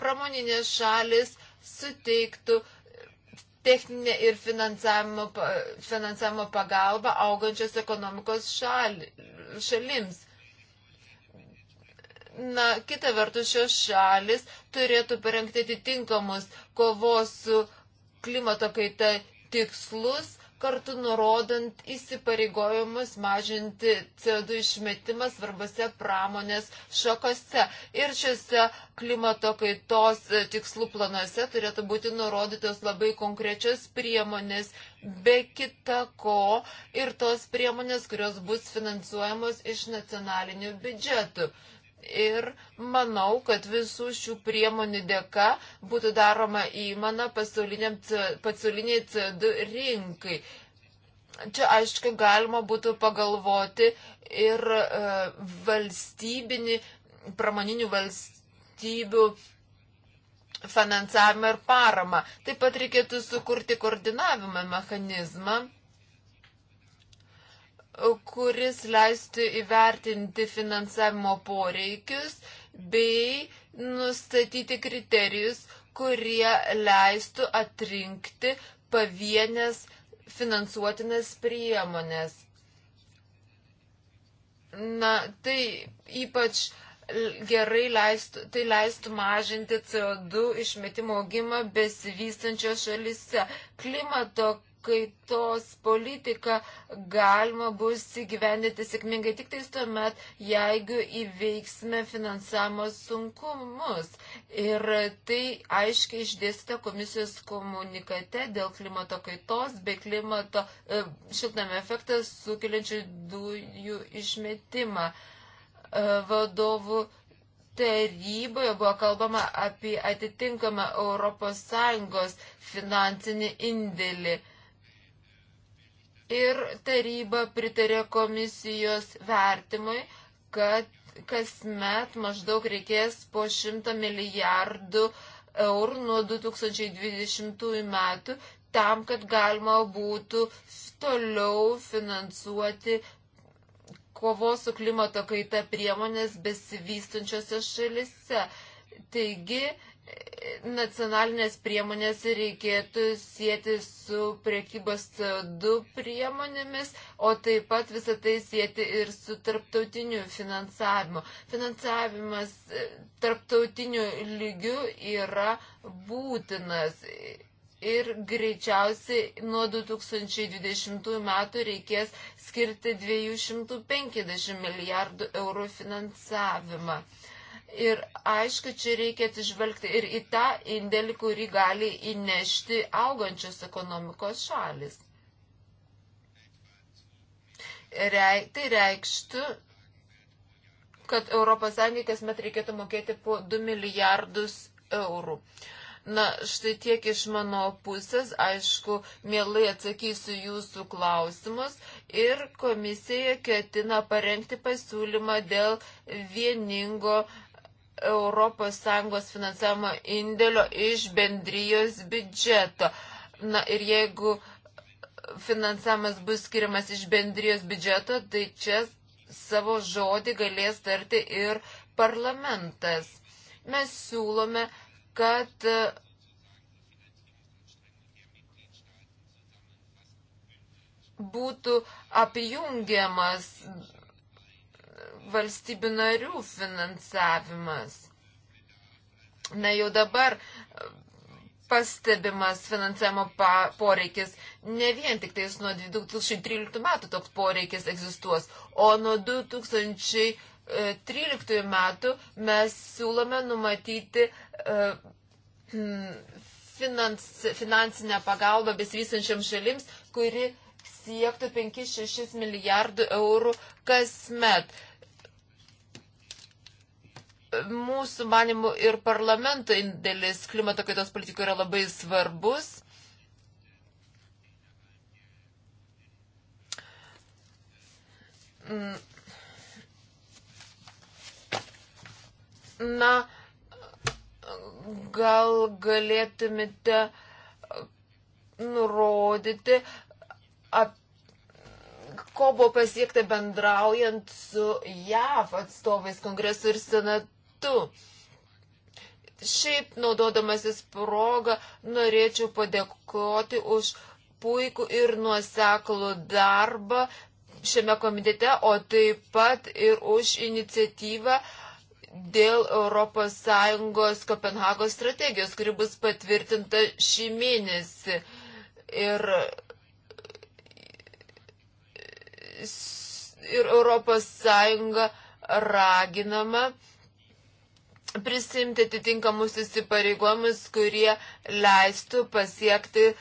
pramoninės šalis suteiktų techninę ir finansavimo, finansavimo pagalbą augančios ekonomikos šali, šalims. Na, kita vertus, šios šalis turėtų parengti atitinkamus kovos su klimato kaita tikslus kartu nurodant įsipareigojimus mažinti CO2 išmetimą svarbose pramonės šakose. Ir šiuose klimato kaitos e, tikslų planuose turėtų būti nurodytos labai konkrečios priemonės, be kita ko ir tos priemonės, kurios bus finansuojamos iš nacionalinių biudžetų ir manau, kad visų šių priemonių dėka būtų daroma įmana pasauliniai CO2 rinkai. Čia, aišku, galima būtų pagalvoti ir e, valstybinį, pramoninių valstybių finansavimą ir paramą. Taip pat reikėtų sukurti koordinavimą mechanizmą kuris leistų įvertinti finansavimo poreikius bei nustatyti kriterijus, kurie leistų atrinkti pavienės finansuotinas priemonės. Na, tai ypač gerai leistų, tai leistų mažinti CO2 išmetimo augimą besivystančios šalise. Klimato kaitos politiką galima bus įgyvendinti sėkmingai tik tais tuomet, jeigu įveiksime finansavimo sunkumus. Ir tai aiškiai išdėstė komisijos komunikate dėl klimato kaitos bei klimato e, šiltame efektą sukeliančių dujų išmetimą. E, vadovų taryboje buvo kalbama apie atitinkamą ES finansinį indėlį ir taryba pritarė komisijos vertimui, kad kasmet maždaug reikės po 100 milijardų eurų nuo 2020 metų tam, kad galima būtų toliau finansuoti kovos su klimato kaita priemonės besivystančiose šalise. Taigi nacionalinės priemonės reikėtų sieti su priekybos CO2 priemonėmis, o taip pat visą tai sieti ir su tarptautiniu finansavimu. Finansavimas e, tarptautiniu lygiu yra būtinas. Ir greičiausiai nuo 2020 metų reikės skirti 250 milijardų eurų finansavimą. Uh, Ir aišku, čia reikia atsižvelgti ir į tą indėlį, kurį gali įnešti augančios ekonomikos šalis. Reik, tai reikštų, kad ES kasmet reikėtų mokėti po 2 milijardus eurų. Na, štai tiek iš mano pusės, aišku, mielai atsakysiu jūsų klausimus ir komisija ketina parengti pasiūlymą dėl vieningo uh, ES finansavimo indėlio iš bendrijos biudžeto. Na ir jeigu finansavimas bus skiriamas iš bendrijos biudžeto, tai čia savo žodį galės tarti ir parlamentas. Mes siūlome, kad būtų apjungiamas valstybių narių finansavimas. Na jau dabar pastebimas finansavimo pa poreikis, ne vien tik tais nuo 2013 metų toks poreikis egzistuos, o nuo 2013 metų mes siūlome numatyti e, hmm, finans, finansinę pagalbą besivysančiam šalims, kuri siektų 5-6 milijardų eurų kasmet mūsų manimų ir parlamento indėlis klimato kaitos politikų yra labai svarbus. Na, gal galėtumėte nurodyti, apie ko buvo pasiekta bendraujant su JAV atstovais kongresu ir senatu metu. Šiaip, naudodamasis progą, norėčiau padėkoti už puikų ir nuoseklų darbą šiame komitete, o taip pat ir už iniciatyvą dėl ES Kopenhagos strategijos, kuri bus patvirtinta šį mėnesį. Ir, ir ES raginama prisimti atitinkamus įsipareigojimus, kurie leistų pasiekti e,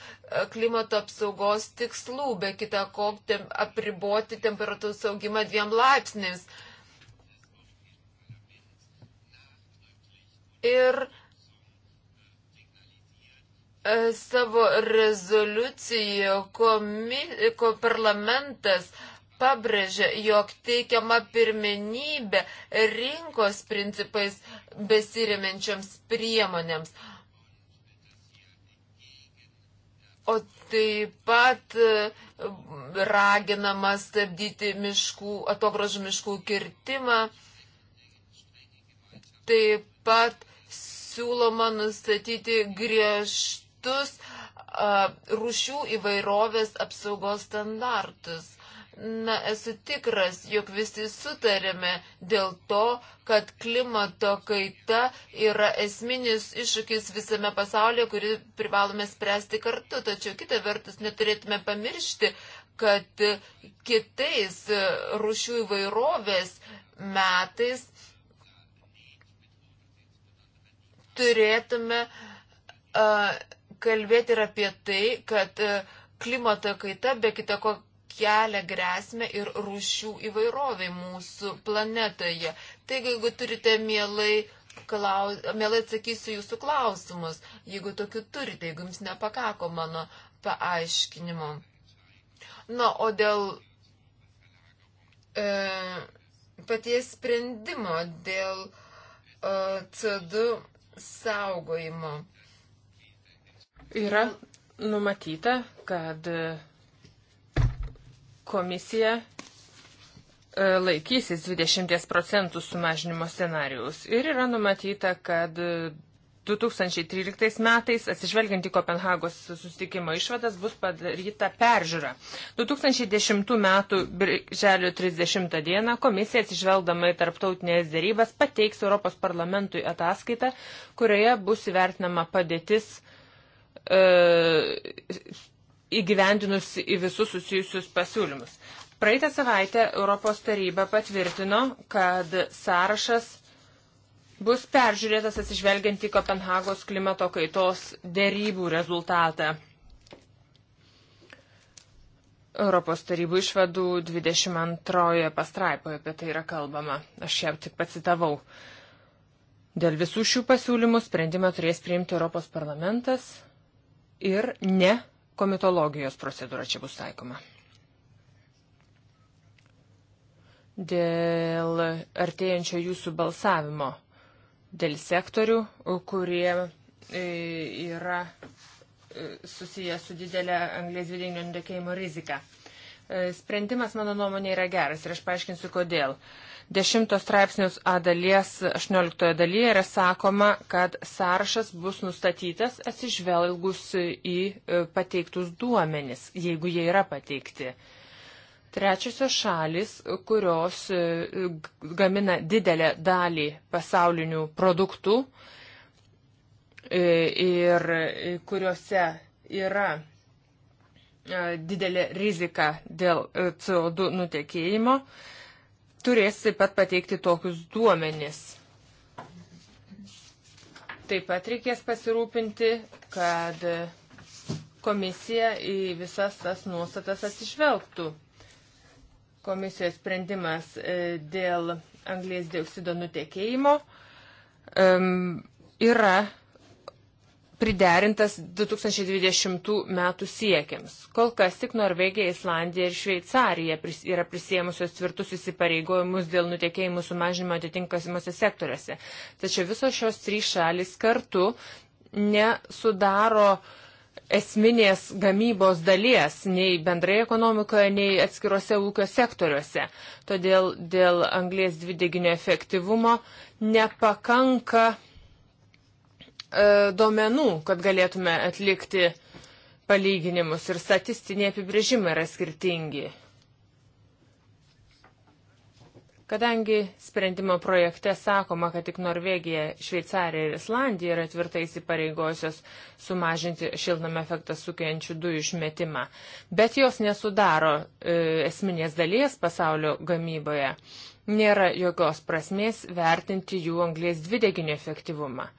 klimato apsaugos tikslų, be kita ko tem, apriboti temperatūros augimą dviem laipsniais. Ir e, savo rezoliuciją komi, ko parlamentas uh, pabrėžia, jog teikiama pirmenybė rinkos principais besirimenčiams priemonėms. O taip pat e, raginama stabdyti miškų, atogražų miškų kirtimą. Taip pat siūloma nustatyti griežtus rūšių įvairovės apsaugos standartus. Na, esu tikras, jog visi sutarėme dėl to, kad klimato kaita yra esminis iššūkis visame pasaulyje, kurį privalome spręsti kartu. Tačiau kitą vertus neturėtume pamiršti, kad kitais rušių įvairovės metais turėtume uh, kalbėti ir apie tai, kad uh, klimato kaita be kita ko kelia grėsmę ir rūšių įvairoviai mūsų planetoje. Taigi, jeigu turite mielai, klaus... mielai atsakysiu jūsų klausimus, jeigu tokių turite, jeigu jums nepakako mano paaiškinimo. Na, o dėl e, paties sprendimo, dėl e, CO2 saugojimo. Yra numatyta, kad Komisija e, laikysis 20 procentų sumažinimo scenarius ir yra numatyta, kad 2013 e, metais, atsižvelgiant į Kopenhagos sustikimo išvadas, bus padaryta peržiūra. 2010 metų birželio 30 dieną komisija atsižvelgdama į tarptautinės dėrybas pateiks Europos parlamentui ataskaitą, kurioje bus įvertinama padėtis e, įgyvendinus į visus susijusius pasiūlymus. Praeitą savaitę Europos taryba patvirtino, kad sąrašas bus peržiūrėtas atsižvelgiant į Kopenhagos klimato kaitos dėrybų rezultatą. Europos tarybų išvadų 22 pastraipoje apie tai yra kalbama. Aš jau tik pacitavau. Dėl visų šių pasiūlymų sprendimą turės priimti Europos parlamentas ir ne komitologijos procedūra čia bus taikoma. Dėl artėjančio jūsų balsavimo, dėl sektorių, kurie e, yra e, susijęs su didelė anglės dvideginio nudėkėjimo rizika. E, sprendimas, mano nuomonė, yra geras ir aš paaiškinsiu, kodėl. 10 straipsnius A dalies 18 dalyje yra sakoma, kad sąrašas bus nustatytas atsižvelgus į e, pateiktus duomenis, jeigu jie yra pateikti. Trečiosios šalis, kurios e, gamina didelę dalį pasaulinių produktų e, ir kuriuose yra didelė rizika dėl CO2 nutekėjimo, turės taip pat pateikti tokius duomenis. Taip pat reikės pasirūpinti, kad komisija į visas tas nuostatas atsižvelgtų. Komisijos sprendimas e, dėl anglės dioksido nutekėjimo um, yra priderintas 2020 metų siekiams. Kol kas tik Norvegija, Islandija ir Šveicarija yra prisėmusios tvirtus įsipareigojimus dėl nutekėjimų sumažinimo atitinkamuose sektoriuose. Tačiau visos šios trys šalis kartu nesudaro esminės gamybos dalies nei bendrai ekonomikoje, nei atskiruose ūkio sektoriuose. Todėl dėl anglės dvideginio efektyvumo nepakanka E, duomenų, kad galėtume atlikti palyginimus ir statistiniai apibrėžimai yra skirtingi. Kadangi sprendimo projekte sakoma, kad tik Norvegija, Šveicarija ir Islandija yra tvirtai įsipareigosios sumažinti šiltnamio efektą sukeliančių dujų išmetimą, bet jos nesudaro e, esminės dalies pasaulio gamyboje, nėra jokios prasmės vertinti jų anglės dvideginio efektyvumą.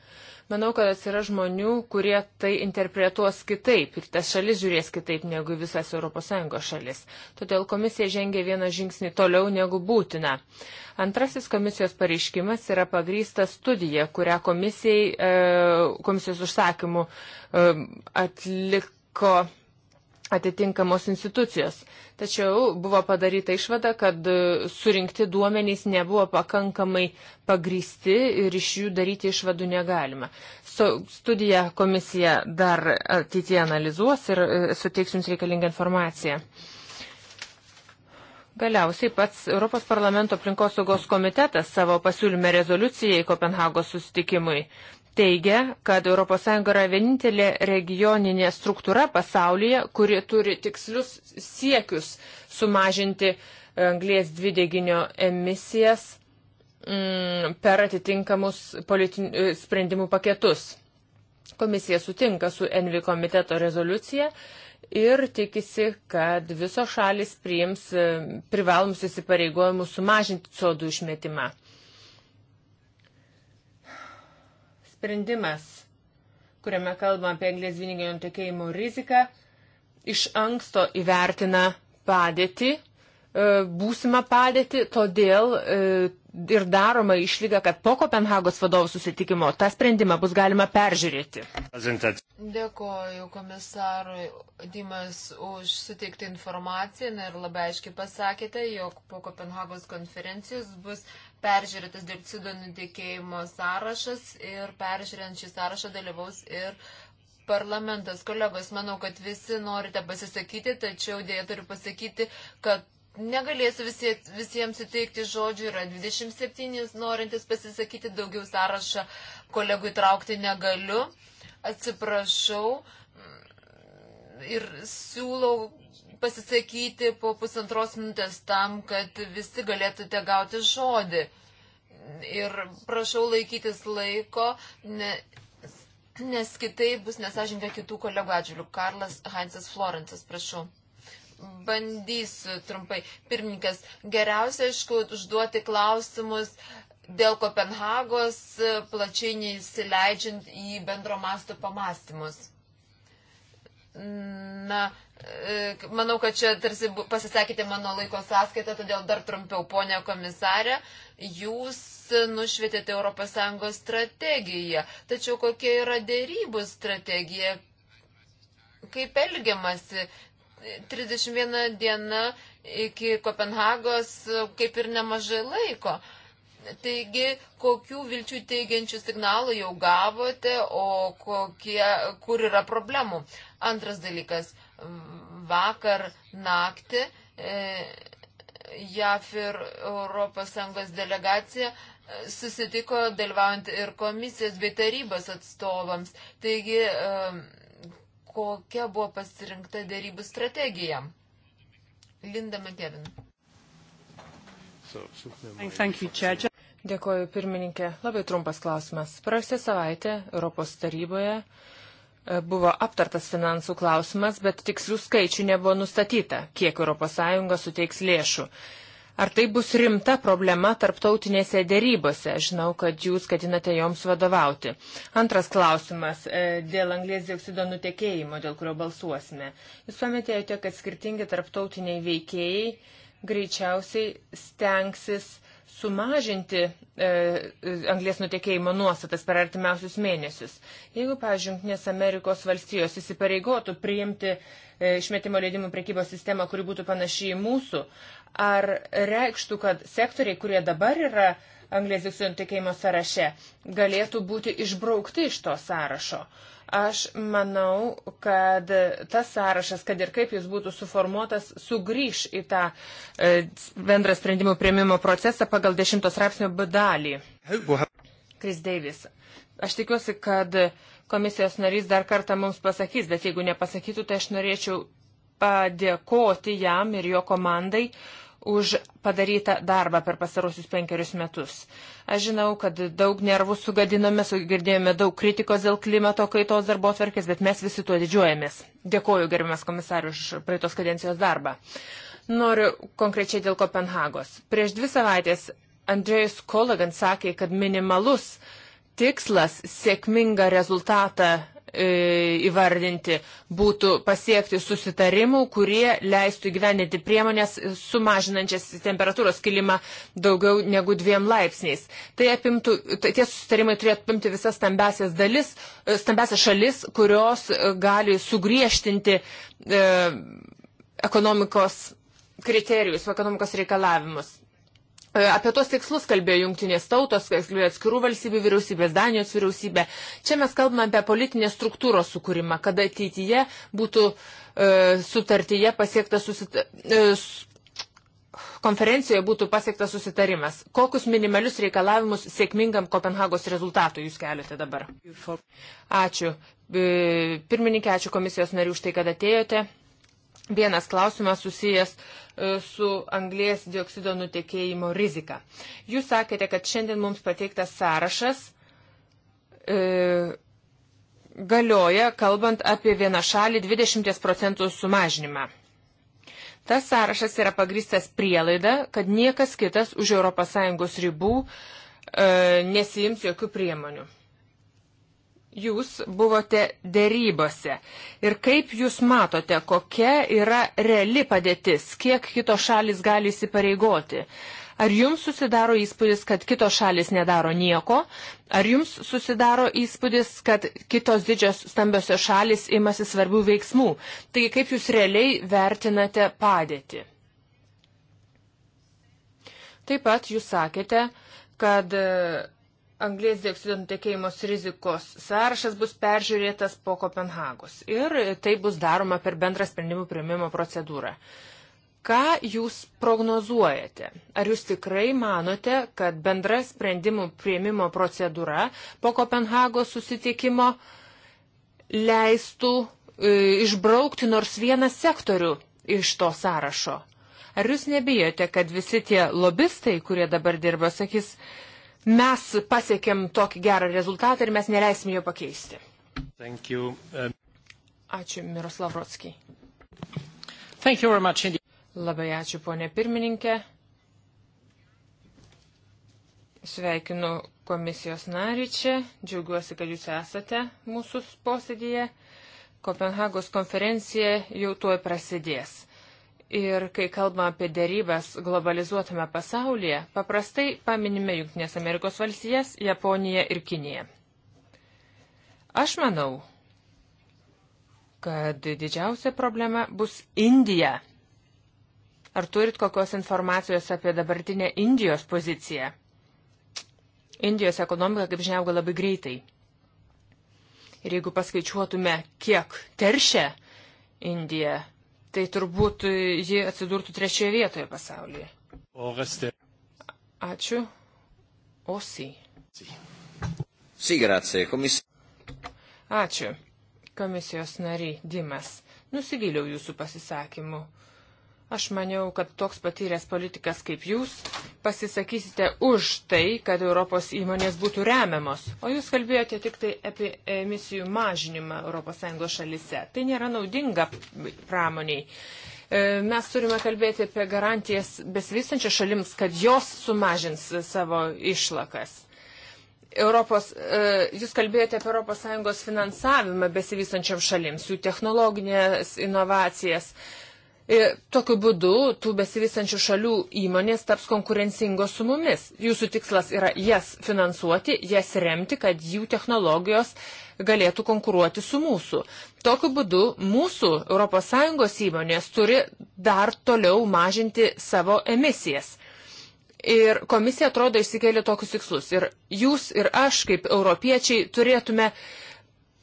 Manau, kad atsiras žmonių, kurie tai interpretuos kitaip ir tas šalis žiūrės kitaip negu visas ES šalis. Todėl komisija žengia vieną žingsnį toliau negu būtina. Antrasis komisijos pareiškimas yra pagrįsta studija, kurią komisijai, e, komisijos užsakymu e, atliko atitinkamos institucijos. Tačiau buvo padaryta išvada, kad surinkti duomenys nebuvo pakankamai pagristi ir iš jų daryti išvadų negalima. So, studiją komisija dar ateityje analizuos ir e, suteiks jums reikalingą informaciją. Galiausiai pats Europos parlamento aplinkosaugos komitetas savo pasiūlyme rezoliucijai Kopenhagos susitikimui teigia, kad ES yra vienintelė regioninė struktūra pasaulyje, kuri turi tikslius siekius sumažinti e, anglės dvideginio emisijas mm, per atitinkamus politinių e, sprendimų paketus. Komisija sutinka su Envi komiteto rezoliucija ir tikisi, kad visos šalis priims e, privalomus įsipareigojimus sumažinti CO2 išmetimą. sprendimas, kuriame kalbam apie anglės dvininio nutekėjimo riziką, iš anksto įvertina padėtį, e, būsimą padėtį, todėl e, ir daroma išlyga, kad po Kopenhagos vadovų susitikimo tą sprendimą bus galima peržiūrėti. Dėkoju komisarui Dimas už suteiktą informaciją ir labai aiškiai pasakėte, jog po Kopenhagos konferencijos bus peržiūrėtas dirbcido nutikėjimo sąrašas ir peržiūrint šį sąrašą dalyvaus ir parlamentas. Kolegos, manau, kad visi norite pasisakyti, tačiau dėja turiu pasakyti, kad Negalėsiu visie, visiems suteikti žodžių, yra 27 norintis pasisakyti, daugiau sąrašą kolegų įtraukti negaliu. Atsiprašau ir siūlau pasisakyti po pusantros minutės tam, kad visi galėtumėte gauti žodį. Ir prašau laikytis laiko, ne, nes kitaip bus nesažinga kitų kolegų atžvilgių. Karlas Heinzas Florencas, prašau. Bandysiu trumpai. Pirmininkas, geriausia, aišku, užduoti klausimus dėl Kopenhagos, plačiai neįsileidžiant į bendro mastų pamastymus. Na, e, manau, kad čia tarsi pasisekite mano laiko sąskaitą, todėl dar trumpiau, ponė komisarė, jūs nušvietėte ES strategiją. Tačiau kokia yra dėrybų strategija? Kaip elgiamasi 31 diena iki Kopenhagos kaip ir nemažai laiko. Taigi, kokių vilčių teigiančių signalų jau gavote, o kokie, kur yra problemų? Antras dalykas. Vakar naktį e, JAF ir ES delegacija e, susitiko dalyvaujant ir komisijos bei tarybos atstovams. Taigi, e, kokia buvo pasirinkta dėrybų strategija. Linda Makevin. Dėkoju, pirmininkė. Labai trumpas klausimas. Praėjusią savaitę Europos taryboje e, buvo aptartas finansų klausimas, bet tikslių skaičių nebuvo nustatyta, kiek ES suteiks lėšų. Ar tai bus rimta problema tarptautinėse dėrybose? Žinau, kad jūs ketinate joms vadovauti. Antras klausimas e, dėl anglės dioksido nutekėjimo, dėl kurio balsuosime. Jūs pametėjote, kad skirtingi tarptautiniai veikėjai greičiausiai stengsis sumažinti e, anglės nutekėjimo nuostatas per artimiausius mėnesius. Jeigu, pavyzdžiui, Junktinės Amerikos valstijos įsipareigotų priimti e, išmetimo leidimų prekybos sistemą, kuri būtų panaši į mūsų, ar reikštų, kad sektoriai, kurie dabar yra anglės dioksido nutekėjimo sąraše, galėtų būti išbraukti iš to sąrašo. Aš manau, kad tas sąrašas, kad ir kaip jis būtų suformuotas, sugrįž į tą e, bendrą sprendimų prieimimo procesą pagal dešimtos rapsnio badalį. Kris Deivis. Aš tikiuosi, kad komisijos narys dar kartą mums pasakys, bet jeigu nepasakytų, tai aš norėčiau padėkoti jam ir jo komandai už padarytą darbą per pasarosius penkerius metus. Aš žinau, kad daug nervų sugadinome, girdėjome daug kritikos dėl klimato kaitos darbo atverkės, bet mes visi tuo didžiuojamės. Dėkoju, gerbiamas komisarius, už praeitos kadencijos darbą. Noriu konkrečiai dėl Kopenhagos. Prieš dvi savaitės Andrėjus Kolagan sakė, kad minimalus tikslas sėkmingą rezultatą E, įvardinti, būtų pasiekti susitarimų, kurie leistų įgyvendinti priemonės sumažinančias temperatūros kilimą daugiau negu dviem laipsniais. Tai apimtų, tai tie susitarimai turėtų apimti visas stambesias dalis, e, stambesias šalis, kurios e, gali sugriežtinti e, ekonomikos kriterijus, ekonomikos reikalavimus. E, apie tos tikslus kalbėjo jungtinės tautos, kalbėjo atskirų valstybių vyriausybės, Danijos vyriausybė. Čia mes kalbame apie politinės struktūros sukūrimą, kad ateityje būtų e, sutartyje pasiektas susitarimas. E, konferencijoje būtų pasiektas susitarimas. Kokius minimalius reikalavimus sėkmingam Kopenhagos rezultatui jūs keliate dabar? Ačiū. E, pirmininkė, ačiū komisijos narių už tai, kad atėjote. Vienas klausimas susijęs e, su anglės dioksido nutekėjimo rizika. Jūs sakėte, kad šiandien mums pateiktas sąrašas e, galioja, kalbant apie vieną šalį, 20 procentų sumažinimą. Tas sąrašas yra pagristas prielaida, kad niekas kitas už ES ribų e, nesijims jokių priemonių jūs buvote dėrybose ir kaip jūs matote, kokia yra reali padėtis, kiek kitos šalis gali įsipareigoti. Ar jums susidaro įspūdis, kad kitos šalis nedaro nieko? Ar jums susidaro įspūdis, kad kitos didžios stambiosios šalis imasi svarbių veiksmų? Taigi kaip jūs realiai vertinate padėtį? Taip pat jūs sakėte, kad anglės dioksido nutekėjimos rizikos sąrašas bus peržiūrėtas po Kopenhagos ir tai bus daroma per bendrą sprendimų prieimimo procedūrą. Ką jūs prognozuojate? Ar jūs tikrai manote, kad bendra sprendimų prieimimo procedūra po Kopenhagos susitikimo leistų e, išbraukti nors vieną sektorių iš to sąrašo? Ar jūs nebijote, kad visi tie lobistai, kurie dabar dirba, sakys, mes pasiekėm tokį gerą rezultatą ir mes neleisim jo pakeisti. Um... Ačiū, Miroslav Rotskiai. Labai ačiū, ponė pirmininkė. Sveikinu komisijos narį čia. Džiaugiuosi, kad jūs esate mūsų posėdėje. Kopenhagos konferencija jau tuoj prasidės. Ir kai kalbame apie dėrybas globalizuotame pasaulyje, paprastai paminime Junktinės Amerikos valstijas, Japoniją ir Kiniją. Aš manau, kad didžiausia problema bus Indija. Ar turit kokios informacijos apie dabartinę Indijos poziciją? Indijos ekonomika, kaip žinia, auga labai greitai. Ir jeigu paskaičiuotume, kiek teršia Indija tai turbūt ji atsidurtų trečioje vietoje pasaulyje. O rasti. Ačiū. Osi. Sì, grazie. Komis... Ačiū, komisijos nariai Dimas. Nusivyliau jūsų pasisakymu. Aš maniau, kad toks patyręs politikas kaip jūs pasisakysite už tai, kad Europos įmonės būtų remiamos, o jūs kalbėjote tik tai apie emisijų mažinimą ES šalise. Tai nėra naudinga pramoniai. E, mes turime kalbėti apie garantijas besivystančias šalims, kad jos sumažins savo išlakas. Europos, e, jūs kalbėjote apie ES finansavimą besivystančiam šalims, jų technologinės inovacijas. E, tokiu būdu tų besivysančių šalių įmonės taps konkurencingos su mumis. Jūsų tikslas yra jas finansuoti, jas remti, kad jų technologijos galėtų konkuruoti su mūsų. Tokiu būdu mūsų ES įmonės turi dar toliau mažinti savo emisijas. Ir komisija atrodo išsikėlė tokius tikslus. Ir jūs ir aš, kaip europiečiai, turėtume uh,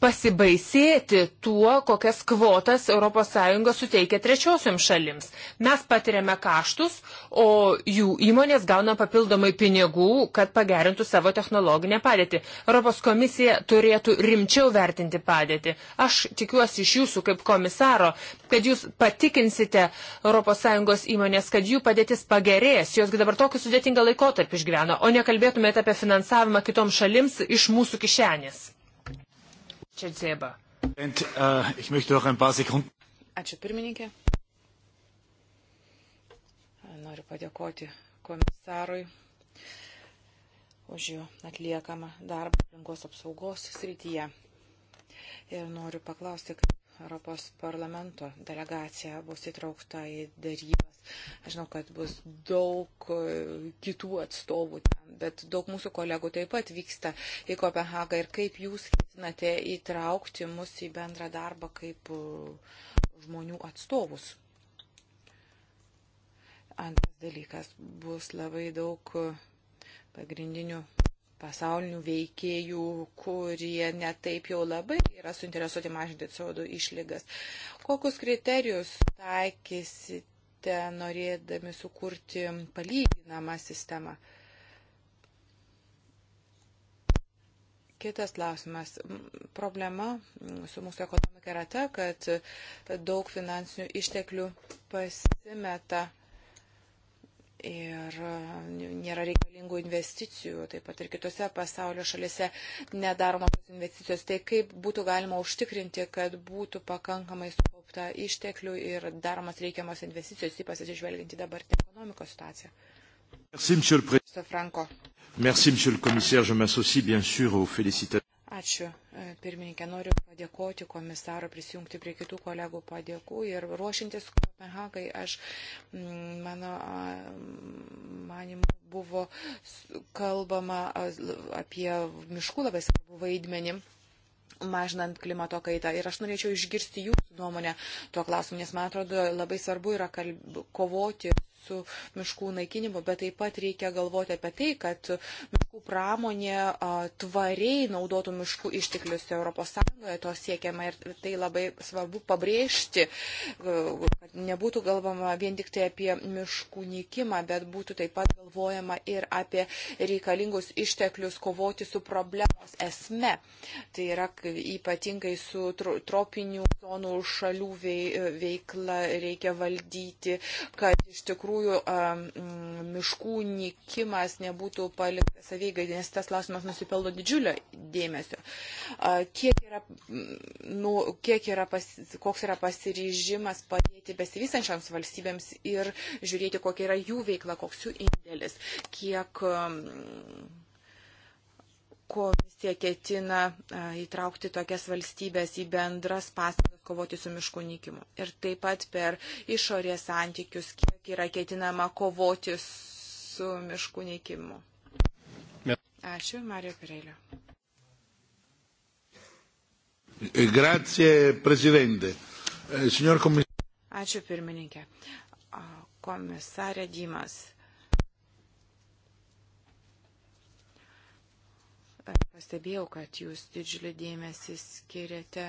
pasibaisėti tuo, kokias kvotas ES suteikia trečiosiam šalims. Mes patiriame kaštus, o jų įmonės gauna papildomai pinigų, kad pagerintų savo technologinę padėtį. Europos komisija turėtų rimčiau vertinti padėtį. Aš tikiuosi iš jūsų kaip komisaro, kad jūs patikinsite ES įmonės, kad jų padėtis pagerės, jos dabar tokį sudėtingą laikotarpį išgyvena, o nekalbėtumėte apie finansavimą kitoms šalims iš mūsų kišenės. Čia dzėba. Uh, Ačiū pirmininkė. Noriu padėkoti komisarui už jų atliekamą darbą aplinkos apsaugos srityje. Ir noriu paklausti, kaip Europos parlamento delegacija bus įtraukta į darybą Aš žinau, kad bus daug e, kitų atstovų ten, bet daug mūsų kolegų taip pat vyksta į Kopenhagą. Ir kaip jūs ketinate įtraukti mus į bendrą darbą kaip e, žmonių atstovus? Antras dalykas, bus labai daug e, pagrindinių pasaulinių veikėjų, kurie netaip jau labai yra suinteresuoti mažinti CO2 išlygas. Kokius kriterijus taikysite? te norėdami sukurti palyginamą sistemą. Kitas klausimas. Problema su mūsų ekonomika yra ta, kad daug finansinių išteklių pasimeta ir nėra reikalingų investicijų, taip pat ir kitose pasaulio šalise nedaromos investicijos. Tai kaip būtų galima užtikrinti, kad būtų pakankamai su sukaupta išteklių ir daromas reikiamos investicijos, ypač atsižvelgiant į dabartinę ekonomikos situaciją. Merci, Monsieur le Président. Merci, Monsieur le Commissaire. Je m'associe bien sûr aux félicitations. Ačiū, e, pirmininkė. Noriu padėkoti komisaro, prisijungti prie kitų kolegų padėkų ir ruošintis Kopenhagai, aš, mano manimu, buvo kalbama apie miškų labai svarbu vaidmenį mažinant klimato kaitą. Ir aš norėčiau išgirsti jūsų nuomonę tuo klausimu, nes man atrodo labai svarbu yra kalb... kovoti su miškų naikinimu, bet taip pat reikia galvoti apie tai, kad miškų pramonė tvariai naudotų miškų išteklius ES, to siekiama ir tai labai svarbu pabrėžti, kad nebūtų galvama vien tik tai apie miškų nykimą, bet būtų taip pat galvojama ir apie reikalingus išteklius kovoti su problemos esme. Tai yra ypatingai su tropinių zonų šalių veikla reikia valdyti, kad iš tikrųjų tikrųjų miškų nikimas nebūtų paliktas savygai, nes tas klausimas nusipelno didžiulio dėmesio. Kiek yra, nu, kiek yra pas, koks yra pasiryžimas padėti besivysančiams valstybėms ir žiūrėti, kokia yra jų veikla, koks jų indėlis, kiek komisija ketina įtraukti tokias valstybės į bendras pastangas kovoti su miškų nykimu. Ir taip pat per išorės santykius, kiek yra ketinama kovoti su miškų nykimu. Ačiū, Mario Pirelio. Grazie, prezidente. Eh, signor komisarė. Ačiū, pirmininkė. Komisarė Dimas Pastebėjau, kad jūs didžiulį dėmesį skiriate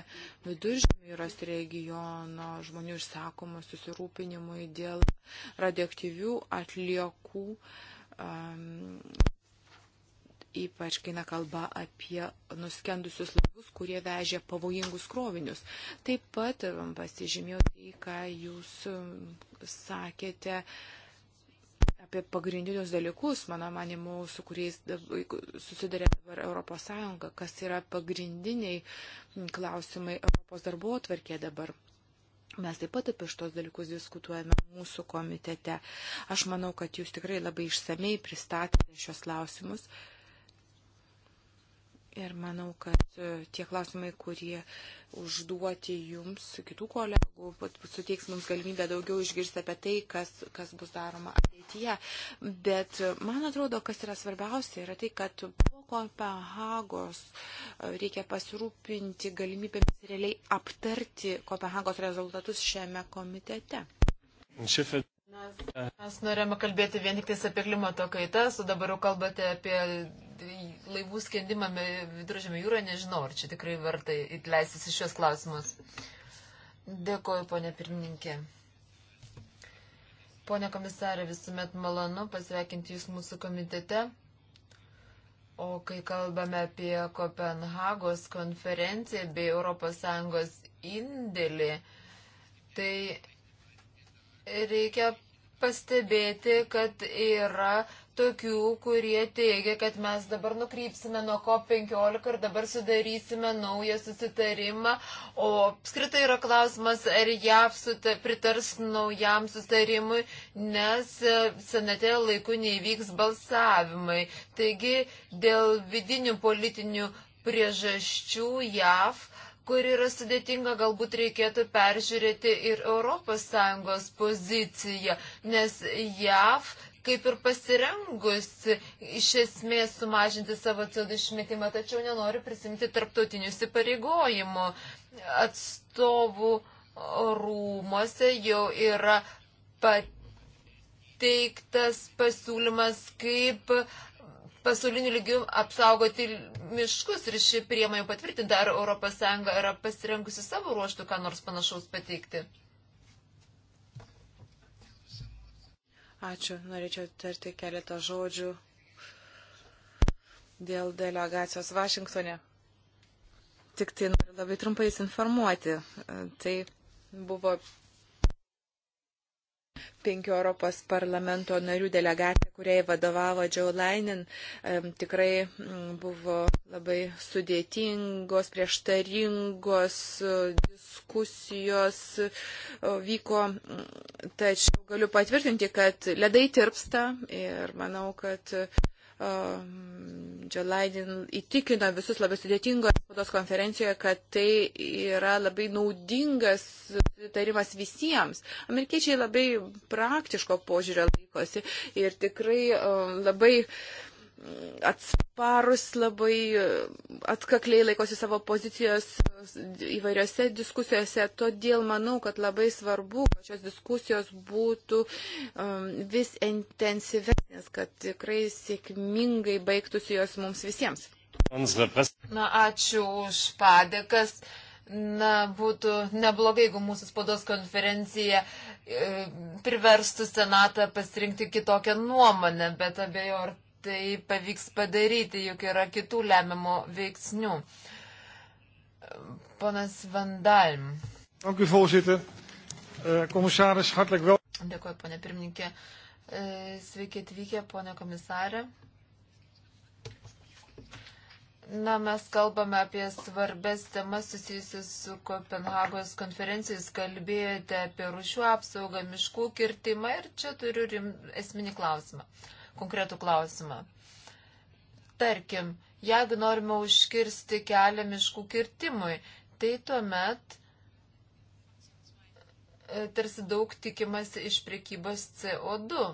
viduržėmio jūros regiono žmonių išsakomų susirūpinimui dėl radioaktyvių atliekų, um, ypač kai nekalba apie nuskendusius laivus, kurie vežė pavojingus krovinius. Taip pat um, pasižymėjau tai, ką jūs um, sakėte. Um, apie pagrindinius dalykus, mano manimu, su kuriais susidarė dabar Europos Sąjunga, kas yra pagrindiniai klausimai Europos darbo atvarkė dabar. Mes taip pat apie šitos dalykus diskutuojame mūsų komitete. Aš manau, kad jūs tikrai labai išsamei pristatėte šios klausimus. Uh, Ir manau, kad e, tie klausimai, kurie užduoti jums, kitų kolegų, suteiks mums galimybę daugiau išgirsti apie tai, kas, kas bus daroma ateityje. Bet e, man atrodo, kas yra svarbiausia, yra tai, kad po Kopenhagos e, reikia pasirūpinti galimybėmis realiai aptarti Kopenhagos rezultatus šiame komitete. Šifet. Mes, mes norėjome kalbėti vien tik apie klimato kaitą, o dabar jau kalbate apie laivų skendimą viduržėmio jūroje, nežinau, ar čia tikrai verta įleistis į šios klausimus. Dėkoju, ponė pirmininkė. Pone komisarė, visuomet malonu pasveikinti Jūs mūsų komitete. O kai kalbame apie Kopenhagos konferenciją bei ES indėlį, tai reikia pastebėti, kad yra tokių, kurie teigia, kad mes dabar nukrypsime nuo COP15 ir dabar sudarysime naują susitarimą, o apskritai yra klausimas, ar JAV pritars naujam susitarimui, nes e, senate laiku neįvyks balsavimai. Taigi dėl vidinių politinių priežasčių JAV kur yra sudėtinga, galbūt reikėtų peržiūrėti ir ES poziciją, nes JAV kaip ir pasirengusi iš esmės sumažinti savo CO2 išmetimą, tačiau nenori prisimti tarptautinių įsipareigojimų. Atstovų rūmose jau yra pateiktas pasiūlymas, kaip pasauliniu lygiu apsaugoti miškus ir ši priemonė patvirtinta, ar ES yra pasirengusi savo ruoštų ką nors panašaus pateikti. Ačiū. Norėčiau tarti keletą žodžių dėl delegacijos Vašingtone. Tik tai noriu labai trumpai informuoti. E, tai buvo Penkių Europos parlamento narių delegacija, kuriai vadovavo Džiau Lainin, tikrai buvo labai sudėtingos, prieštaringos e, diskusijos e, vyko, tačiau galiu patvirtinti, kad ledai tirpsta ir manau, kad Dželaidin ehm, įtikino visus labai sudėtingoje spaudos konferencijoje, kad tai yra labai naudingas sutarimas visiems. Amerikiečiai labai praktiško požiūrio laikosi ir tikrai ehm, labai uh, atsparus, labai atkakliai laikosi savo pozicijos įvairiose diskusijose. Todėl manau, kad labai svarbu, kad šios diskusijos būtų um, vis intensyvesnės, kad tikrai sėkmingai baigtųsi jos mums visiems. Na, ačiū už padėkas. Na, būtų neblogai, jeigu mūsų spaudos konferencija e, priverstų Senatą pasirinkti kitokią nuomonę, bet abejo, ar tai pavyks padaryti, juk yra kitų lemiamų veiksnių. Ponas Vandalm. Dank u, voorzitter. Uh, commissaris, hartelijk wel. Dėkuoju, ponė pirmininkė. E, sveiki atvykę, ponė komisarė. Na, mes kalbame apie svarbės temas susijusius su Kopenhagos konferencijais. Kalbėjote apie rušių apsaugą, miškų kirtimą ir čia turiu rim, esminį klausimą. Uh, konkretų klausimą. Tarkim, jeigu norime užkirsti kelią miškų kirtimui, tai tuomet e, tarsi daug tikimasi iš prekybos CO2.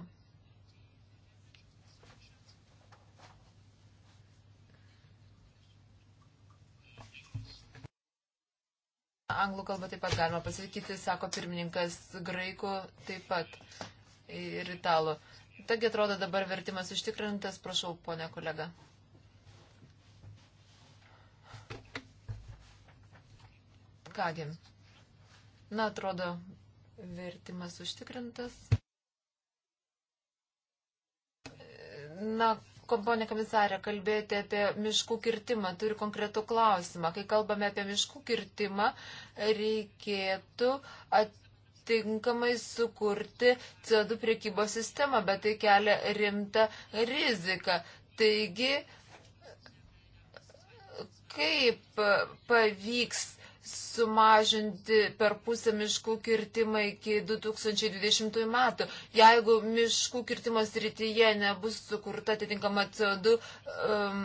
Anglų kalbą taip pat galima pasakyti, sako pirmininkas graikų taip pat ir italų. Taigi atrodo dabar vertimas užtikrintas, prašau, ponė kolega. Kągi, na atrodo, vertimas užtikrintas. Na, ponė komisarė, kalbėjote apie miškų kirtimą. Turiu konkretų klausimą. Kai kalbame apie miškų kirtimą, reikėtų at, tinkamai sukurti CO2 priekybos sistemą, bet tai kelia rimtą riziką. Taigi, kaip pavyks sumažinti per pusę miškų kirtimą iki 2020 metų. Jeigu miškų kirtimo srityje nebus sukurta atitinkama CO2 um,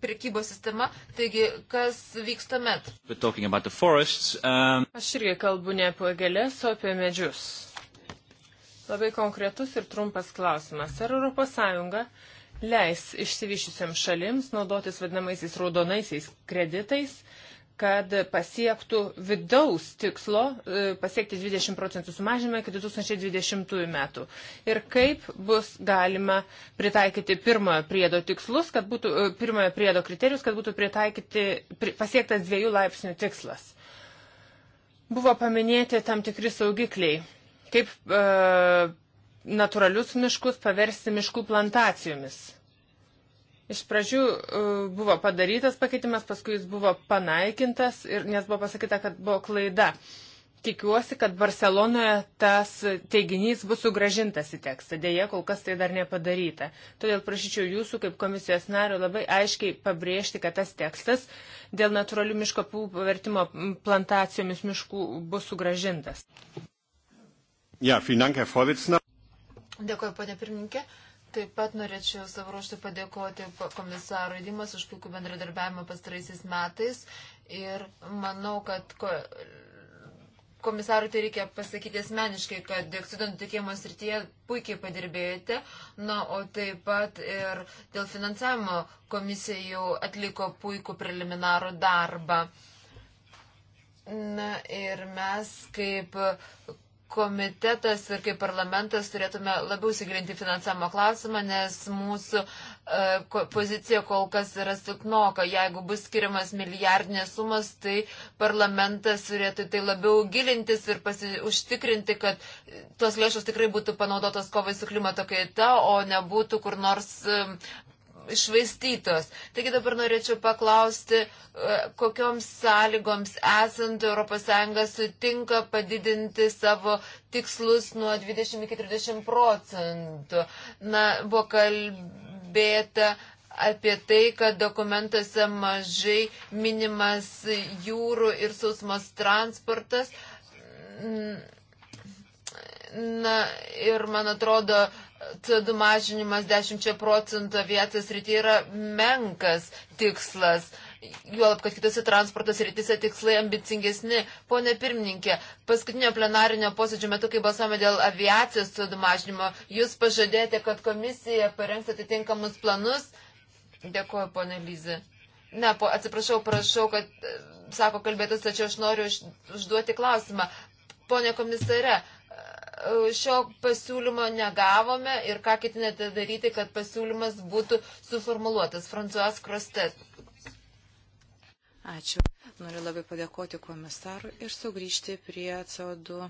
prekybos sistema, taigi kas vyks tuomet? Forests, um... Aš irgi kalbu ne apie gėlės, o apie medžius. Labai konkretus ir trumpas klausimas. Ar ES leis išsivyščiusiam šalims naudotis vadinamaisiais raudonaisiais kreditais? Uh, kad pasiektų vidaus tikslo e, pasiekti 20 procentų sumažinimą iki 2020 metų. Ir kaip bus galima pritaikyti pirmojo priedo tikslus, kad būtų e, pirmojo priedo kriterijus, kad būtų pritaikyti, pri, pasiektas dviejų laipsnių tikslas. Buvo paminėti tam tikri saugikliai, kaip e, natūralius miškus paversti miškų plantacijomis Iš pradžių e, buvo padarytas pakeitimas, paskui jis buvo panaikintas, ir, nes buvo pasakyta, kad buvo klaida. Tikiuosi, kad Barcelonoje tas teiginys bus sugražintas į tekstą. Deja, kol kas tai dar nepadaryta. Todėl prašyčiau jūsų, kaip komisijos nario, labai aiškiai pabrėžti, kad tas tekstas dėl natūralių miško pavertimo plantacijomis miškų bus sugražintas. Ja, dank, Dėkuoju, ponė pirmininkė. Uh, Taip pat norėčiau savo ruoštų padėkoti komisarui Dimas už puikų bendradarbiavimą pastaraisiais metais ir manau, kad ko, komisarui tai reikia pasakyti asmeniškai, kad dioksido nutikėjimo srityje puikiai padirbėjote, na, o taip pat ir dėl finansavimo komisija jau atliko puikų preliminarų darbą. Na ir mes kaip komitetas ir kaip parlamentas turėtume labiau įsigilinti finansavimo klausimą, nes mūsų e, pozicija kol kas yra silpnoka. Jeigu bus skiriamas milijardinės sumas, tai parlamentas turėtų tai labiau gilintis ir užtikrinti, kad tos lėšos tikrai būtų panaudotos kovai su klimato kaita, o nebūtų kur nors e, išvaistytos. Taigi dabar norėčiau paklausti, e, kokioms sąlygoms esant ES sutinka padidinti savo tikslus nuo 20 iki 30 procentų. Na, buvo kalbėta apie tai, kad dokumentuose mažai minimas jūrų ir sausmos transportas. Na ir man atrodo, CO2 mažinimas 10 procentų aviacijos rytyje yra menkas tikslas. Juolab, kad kitose transporto srityse tikslai ambicingesni. Pone pirmininkė, paskutinio plenarinio posėdžio metu, kai balsuome dėl aviacijos CO2 mažinimo, jūs pažadėjote, kad komisija parengs atitinkamus planus. Dėkuoju, pone Lyzi. Ne, po, atsiprašau, prašau, kad e, sako kalbėtas, tačiau aš noriu užduoti klausimą. Pone komisare, šio pasiūlymo negavome ir ką ketinate daryti, kad pasiūlymas būtų suformuluotas. Fransuas Krostet. Ačiū. Noriu labai padėkoti komisarui ir sugrįžti prie CO2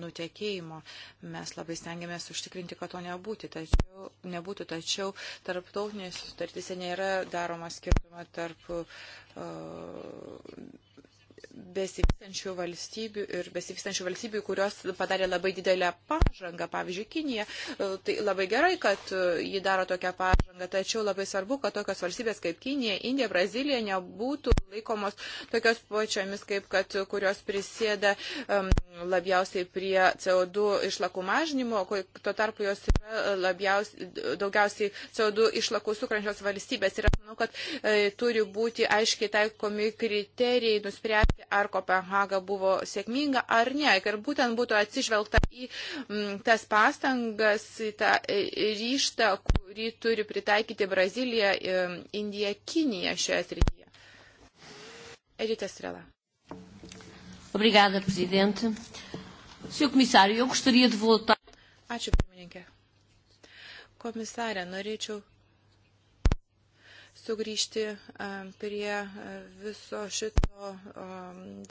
nutekėjimo. Mes labai stengiamės užtikrinti, kad to nebūti, tačiau, nebūtų, tačiau tarptautinėse sutartyse nėra daroma skirtuma tarp uh, besivystančių valstybių ir besivystančių valstybių, kurios padarė labai didelę pažangą, pavyzdžiui, Kinija. E, tai labai gerai, kad e, ji daro tokią pažangą, tačiau labai svarbu, kad tokios valstybės kaip Kinija, Indija, Brazilija nebūtų laikomos tokios pačiomis, kaip kad kurios prisėda um, labiausiai prie CO2 išlakų mažnymo, kai tuo tarpu jos yra daugiausiai CO2 išlakų sukrančios valstybės. Ir aš manau, kad e, turi būti aiškiai taikomi kriterijai nuspręsti ar Kopenhaga buvo sėkminga ar ne, ir būtent būtų atsižvelgta į m, mm, tas pastangas, į tą e, e, ryštą, kurį turi pritaikyti Brazilija, e, Indija, Kinija šioje srityje. Edita Strela. Obrigada, prezidente. Senhor Comissário, eu gostaria de voltar. Ačiū, pirmininkė. Komisarė, norėčiau sugrįžti prie viso šito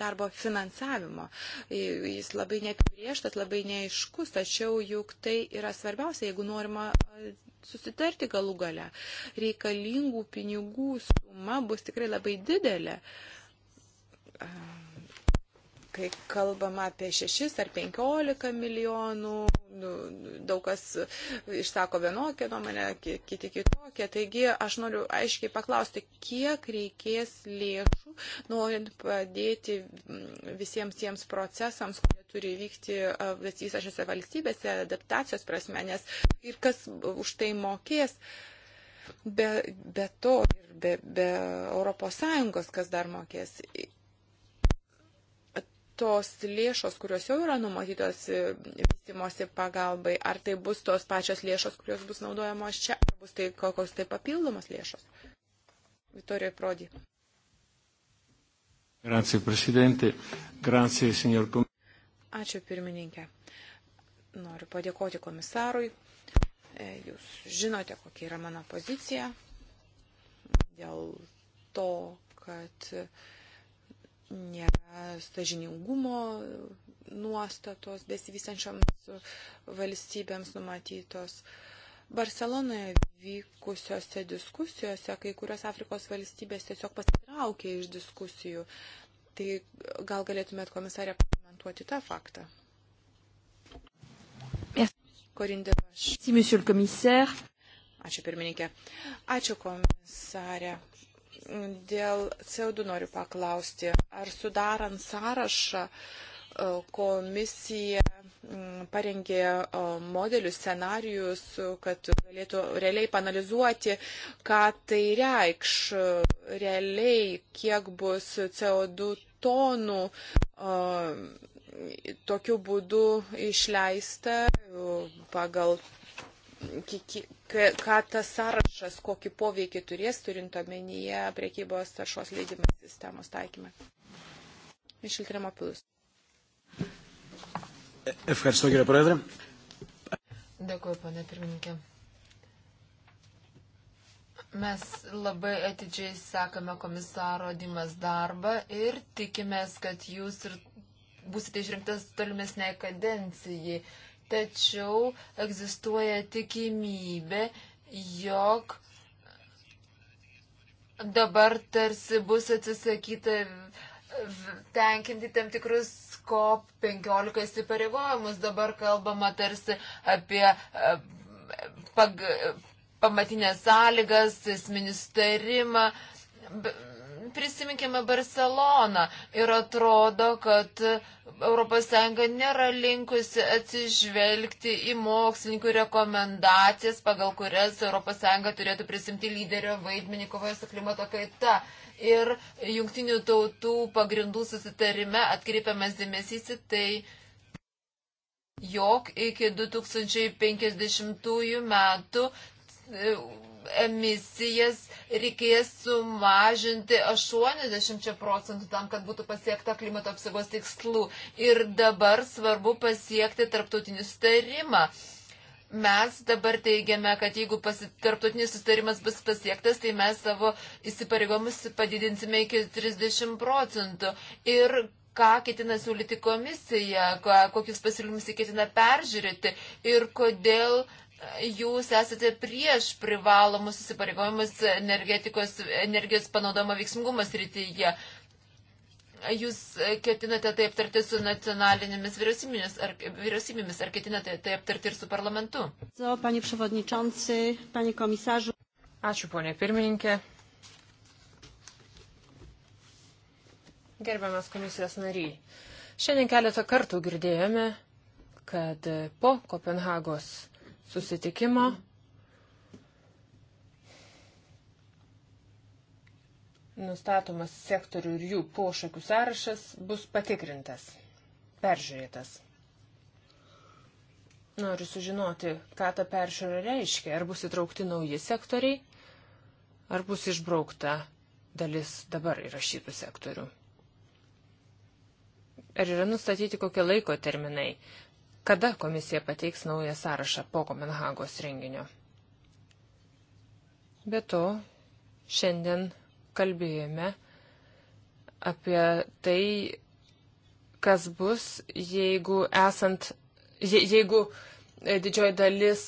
darbo finansavimo. Jis labai neapibrieštas, labai neaiškus, tačiau juk tai yra svarbiausia, jeigu norima susitarti galų gale. Reikalingų pinigų suma bus tikrai labai didelė. Um kai kalbam apie 6 ar 15 milijonų, nu, nu, daug kas išsako vienokią nuomonę, kiti kitokią. Taigi aš noriu aiškiai paklausti, kiek reikės lėšų, norint padėti visiems tiems procesams, kurie turi vykti visose šiose valstybėse, adaptacijos prasme, nes ir kas už tai mokės. Be, be to ir be, be Europos Sąjungos, kas dar mokės tos lėšos, kurios jau yra numatytos e, vystimosi pagalbai, ar tai bus tos pačios lėšos, kurios bus naudojamos čia, ar bus tai kokios tai papildomos lėšos? Vittorio Prodi. Grazie, Presidente. Grazie, signor Komisarė. Ačiū, pirmininkė. Noriu padėkoti komisarui. E, jūs žinote, kokia yra mano pozicija dėl to, kad uh, nėra stažiningumo nuostatos besivystančioms valstybėms numatytos. Barcelonoje vykusiose diskusijose kai kurios Afrikos valstybės tiesiog pasitraukė iš diskusijų. Tai gal galėtumėt komisarė pakomentuoti tą faktą? Korinde Baš. Ačiū pirmininkė. Ačiū komisarė dėl CO2 noriu paklausti, ar sudarant sąrašą e, komisija parengė e, modelius, scenarius, kad galėtų realiai panalizuoti, ką tai reikš realiai, kiek bus CO2 tonų e, tokiu būdu išleista pagal ką tas sąrašas, kokį poveikį turės turint omenyje priekybos taršos leidimų sistemos taikymą. Išiltrimo pilus. Ευχαριστώ κύριε Πρόεδρε. Dėkuoju, pane pirmininkė. Mes labai atidžiai sekame komisaro Dimas darbą ir tikimės, kad jūs ir būsite išrinktas tolimesnei kadencijai tačiau egzistuoja tikimybė, jog dabar tarsi bus atsisakyta tenkinti tam tikrus COP15 įsipareigojimus. Dabar kalbama tarsi apie e, pag, pamatinės sąlygas, esminį starimą prisiminkime Barceloną ir atrodo, kad ES nėra linkusi atsižvelgti į mokslininkų rekomendacijas, pagal kurias ES turėtų prisimti lyderio vaidmenį kovoje su klimato kaita. Ir jungtinių tautų pagrindų susitarime atkreipiamas dėmesys į tai, jog iki 2050 metų emisijas reikės sumažinti 80 procentų tam, kad būtų pasiekta klimato apsaugos tikslų. Ir dabar svarbu pasiekti tarptautinį sutarimą. Mes dabar teigiame, kad jeigu pasi, tarptautinis sustarimas bus pasiektas, tai mes savo įsipareigomus padidinsime iki 30 procentų. Ir ką ketina siūlyti komisija, kokius pasiūlymus ketina peržiūrėti ir kodėl uh, jūs esate prieš privalomus įsipareigojimus energijos panaudojimo veiksmingumas rytyje. Jūs ketinate tai aptarti su nacionalinėmis vyriausybėmis ar, vyriausybėmis, ar ketinate tai aptarti ir su parlamentu? Ačiū, ponė pirmininkė. Gerbiamas komisijos nariai, šiandien keletą kartų girdėjome, kad po Kopenhagos susitikimo. Nustatomas sektorių ir jų pošakių sąrašas bus patikrintas, peržiūrėtas. Noriu sužinoti, ką ta peržiūra reiškia. Ar bus įtraukti nauji sektoriai, ar bus išbraukta dalis dabar įrašytų sektorių. Ar yra nustatyti kokie laiko terminai? Kada komisija pateiks naują sąrašą po Kopenhagos renginio? Be to, šiandien kalbėjome apie tai, kas bus, jeigu esant, je, jeigu e, didžioji dalis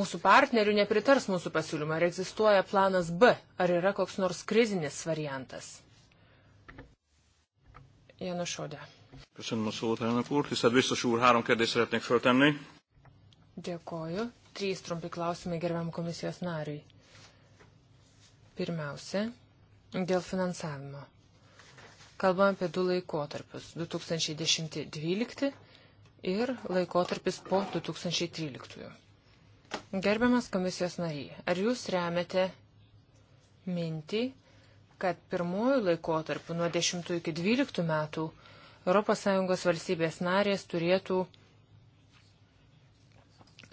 mūsų partnerių nepritars mūsų pasiūlymą, ar egzistuoja planas B, ar yra koks nors krizinis variantas. Janušodė. Köszönöm a szót, elnök úr. Tisztelt biztos úr, három kérdést szeretnék föltenni. Dėkoju. Trys trumpi klausimai gerbiam komisijos nariui. Pirmiausia, dėl finansavimo. Kalbam apie du laikotarpius - 2010-2012 ir laikotarpis po 2013. Gerbiamas komisijos nariai, ar jūs remiate mintį, kad pirmojų laikotarpių nuo 10 iki 12 metų ES valstybės narės turėtų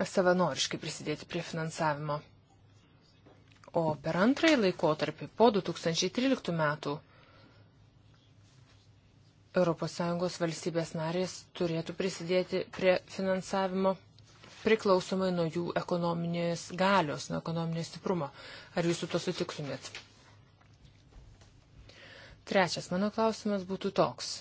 savanoriškai prisidėti prie finansavimo. O per antrąjį laikotarpį po 2013 metų ES valstybės narės turėtų prisidėti prie finansavimo priklausomai nuo jų ekonominės galios, nuo ekonominio stiprumo. Ar jūs su to sutiktumėt? Trečias mano klausimas būtų toks.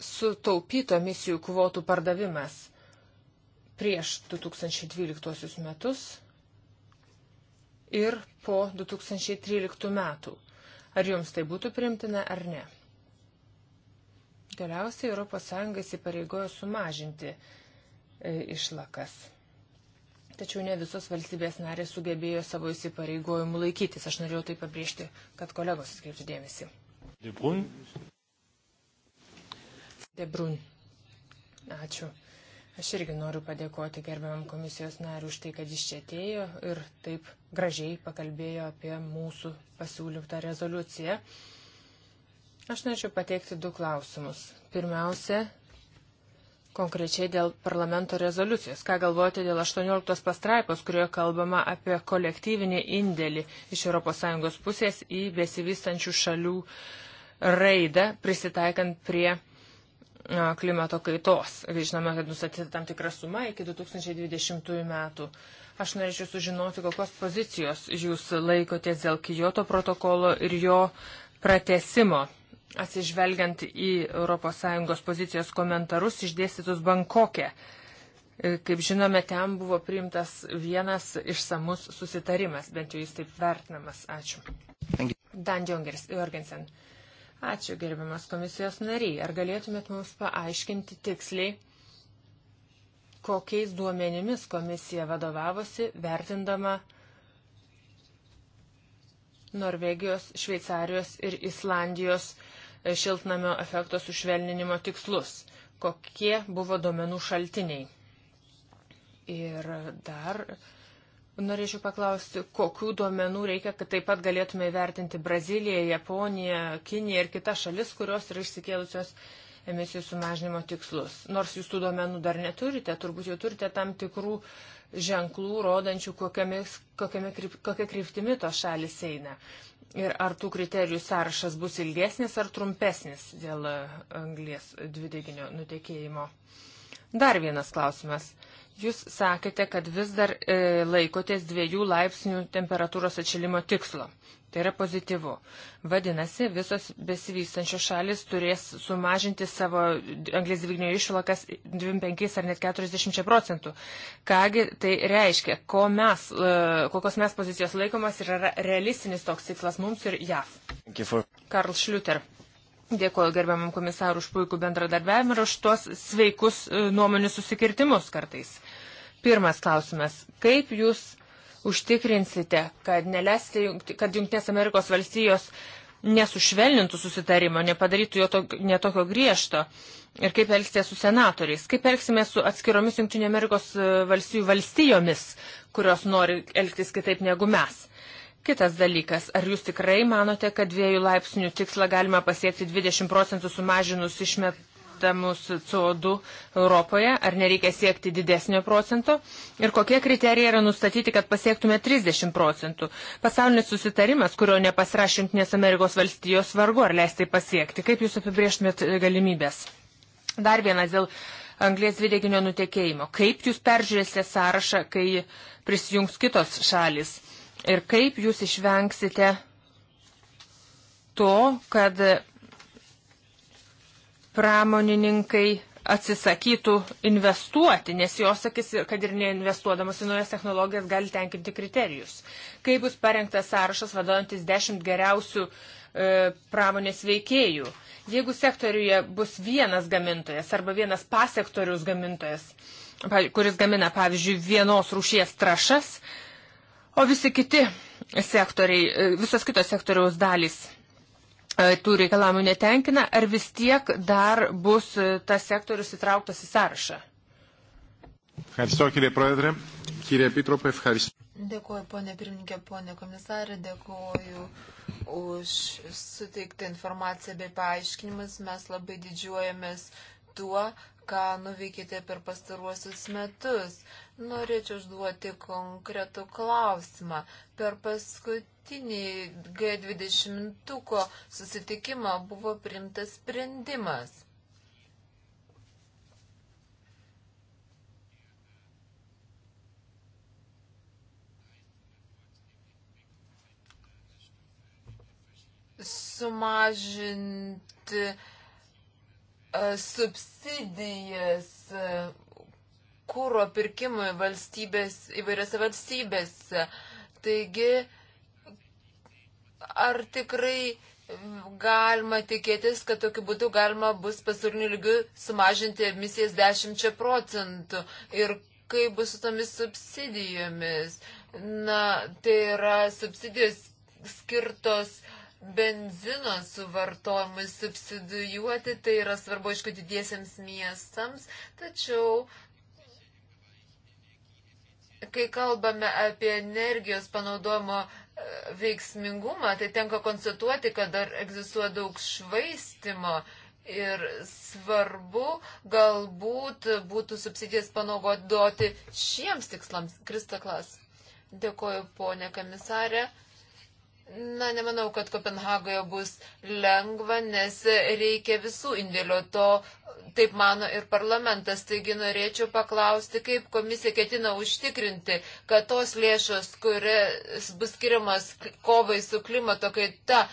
sutaupyto emisijų kvotų pardavimas prieš 2012 metus ir po 2013 metų. Ar jums tai būtų primtina ar ne? Galiausiai ES įpareigojo sumažinti e, išlakas. Tačiau ne visos valstybės narės sugebėjo savo įsipareigojimų laikytis. Aš norėjau tai pabrėžti, kad kolegos atkreiptų dėmesį. Dėkui. Debrun. Ačiū. Aš irgi noriu padėkoti gerbiamam komisijos nariu už tai, kad jis čia atėjo ir taip gražiai pakalbėjo apie mūsų pasiūlytą rezoliuciją. Aš norėčiau pateikti du klausimus. Pirmiausia, konkrečiai dėl parlamento rezoliucijos. Ką galvojate dėl 18 pastraipos, kurioje kalbama apie kolektyvinį indėlį iš ES pusės į besivystančių šalių raidą, prisitaikant prie klimato kaitos. Žinome, kad nustatyta tam tikra suma iki 2020 metų. Aš norėčiau sužinoti, kokios pozicijos jūs laikotės dėl Kijoto protokolo ir jo pratesimo, atsižvelgiant į ES pozicijos komentarus išdėstytus Bankokė. E, kaip žinome, ten buvo priimtas vienas išsamus susitarimas, bent jau jis taip vertinamas. Ačiū. Dan Jongeris, Jorgensen. Uh, Ačiū, gerbiamas komisijos nariai. Ar galėtumėt mums paaiškinti tiksliai, kokiais duomenimis komisija vadovavosi, vertindama Norvegijos, Šveicarijos ir Islandijos e, šiltnamio efekto sušvelninimo tikslus? Kokie buvo duomenų šaltiniai? Ir dar Norėčiau paklausti, kokių duomenų reikia, kad taip pat galėtume įvertinti Braziliją, Japoniją, Kiniją ir kitas šalis, kurios yra išsikėlusios emisijų sumažinimo tikslus. Nors jūs tų duomenų dar neturite, turbūt jau turite tam tikrų ženklų, rodančių, kokiame, kokiame, kokia kryptimi tos šalis eina. Ir ar tų kriterijų sąrašas bus ilgesnis ar trumpesnis dėl anglės dvideginio nutekėjimo. Dar vienas klausimas. Jūs sakėte, kad vis dar e, laikotės dviejų laipsnių temperatūros atšilimo tikslo. Tai yra pozityvu. Vadinasi, visos besivystančios šalis turės sumažinti savo anglės dvignio išlakas 25 ar net 40 procentų. Kągi tai reiškia, ko mes, e, kokios mes pozicijos laikomas ir yra realistinis toks tikslas mums ir JAV. Karl Šliuter. Dėkuoju gerbiamam komisarui už puikų bendradarbiavimą ir už tuos sveikus e, nuomonių susikirtimus kartais. Pirmas klausimas. Kaip jūs užtikrinsite, kad, nelesti, kad Junktinės Amerikos valstijos nesušvelnintų susitarimo, nepadarytų jo to, netokio griežto? Ir kaip elgsite su senatoriais? Kaip elgsime su atskiromis Junktinės Amerikos e, valstijų valstijomis, kurios nori elgtis kitaip negu mes? Kitas dalykas, ar jūs tikrai manote, kad dviejų laipsnių tikslą galima pasiekti 20 procentų sumažinus išmetamus CO2 Europoje, ar nereikia siekti didesnio procento ir kokie kriterijai yra nustatyti, kad pasiektume 30 procentų. Pasaulinis susitarimas, kurio nepasirašė Junktinės Amerikos valstijos vargu, ar leistai pasiekti. Kaip jūs apibrieštumėt e, galimybės? Dar vienas dėl anglės dvideginio nutekėjimo. Kaip jūs peržiūrėsite sąrašą, kai prisijungs kitos šalis? Ir kaip jūs išvengsite to, kad pramonininkai atsisakytų investuoti, nes jos sakys, kad ir neinvestuodamas į naujas technologijas gali tenkinti kriterijus. Kai bus parengtas sąrašas vadovantis 10 geriausių e, pramonės veikėjų, jeigu sektoriuje bus vienas gamintojas arba vienas pasektorius gamintojas, kuris gamina, pavyzdžiui, vienos rūšies trašas, e, O visi kiti sektoriai, e, visos kitos sektoriaus dalys e, tų reikalavimų netenkina, ar vis tiek dar bus e, tas sektorius įtrauktas į sąrašą? Ευχαριστώ κύριε Πρόεδρε. Κύριε Επίτροπε, ευχαριστώ. Dėkuoju, ponė pirmininkė, ponė komisarė, dėkuoju už suteiktą informaciją bei paaiškinimus. Mes labai didžiuojamės tuo, ką nuveikėte per pastaruosius metus. Norėčiau užduoti konkretų klausimą. Per paskutinį G20 susitikimą buvo primtas sprendimas. sumažinti subsidijas kūro pirkimui valstybės, įvairiose valstybėse. Taigi, ar tikrai galima tikėtis, kad tokiu būdu galima bus pasauliniu lygiu sumažinti emisijas 10 procentų ir kaip bus su tomis subsidijomis? Na, tai yra subsidijos skirtos uh, benzino suvartojimui subsidijuoti, tai yra svarbu, aišku, didiesiems miestams, tačiau kai kalbame apie energijos panaudojimo e, veiksmingumą, tai tenka konstatuoti, kad dar egzistuoja daug švaistimo. Ir svarbu galbūt būtų subsidijas panaudoti šiems tikslams. Kristaklas. Dėkoju, ponė komisarė. Na, nemanau, kad Kopenhagoje bus lengva, nes reikia visų indėlio to, taip mano ir parlamentas. Taigi norėčiau paklausti, kaip komisija ketina užtikrinti, kad tos lėšos, kurias bus skiriamas kovai su klimato kaita,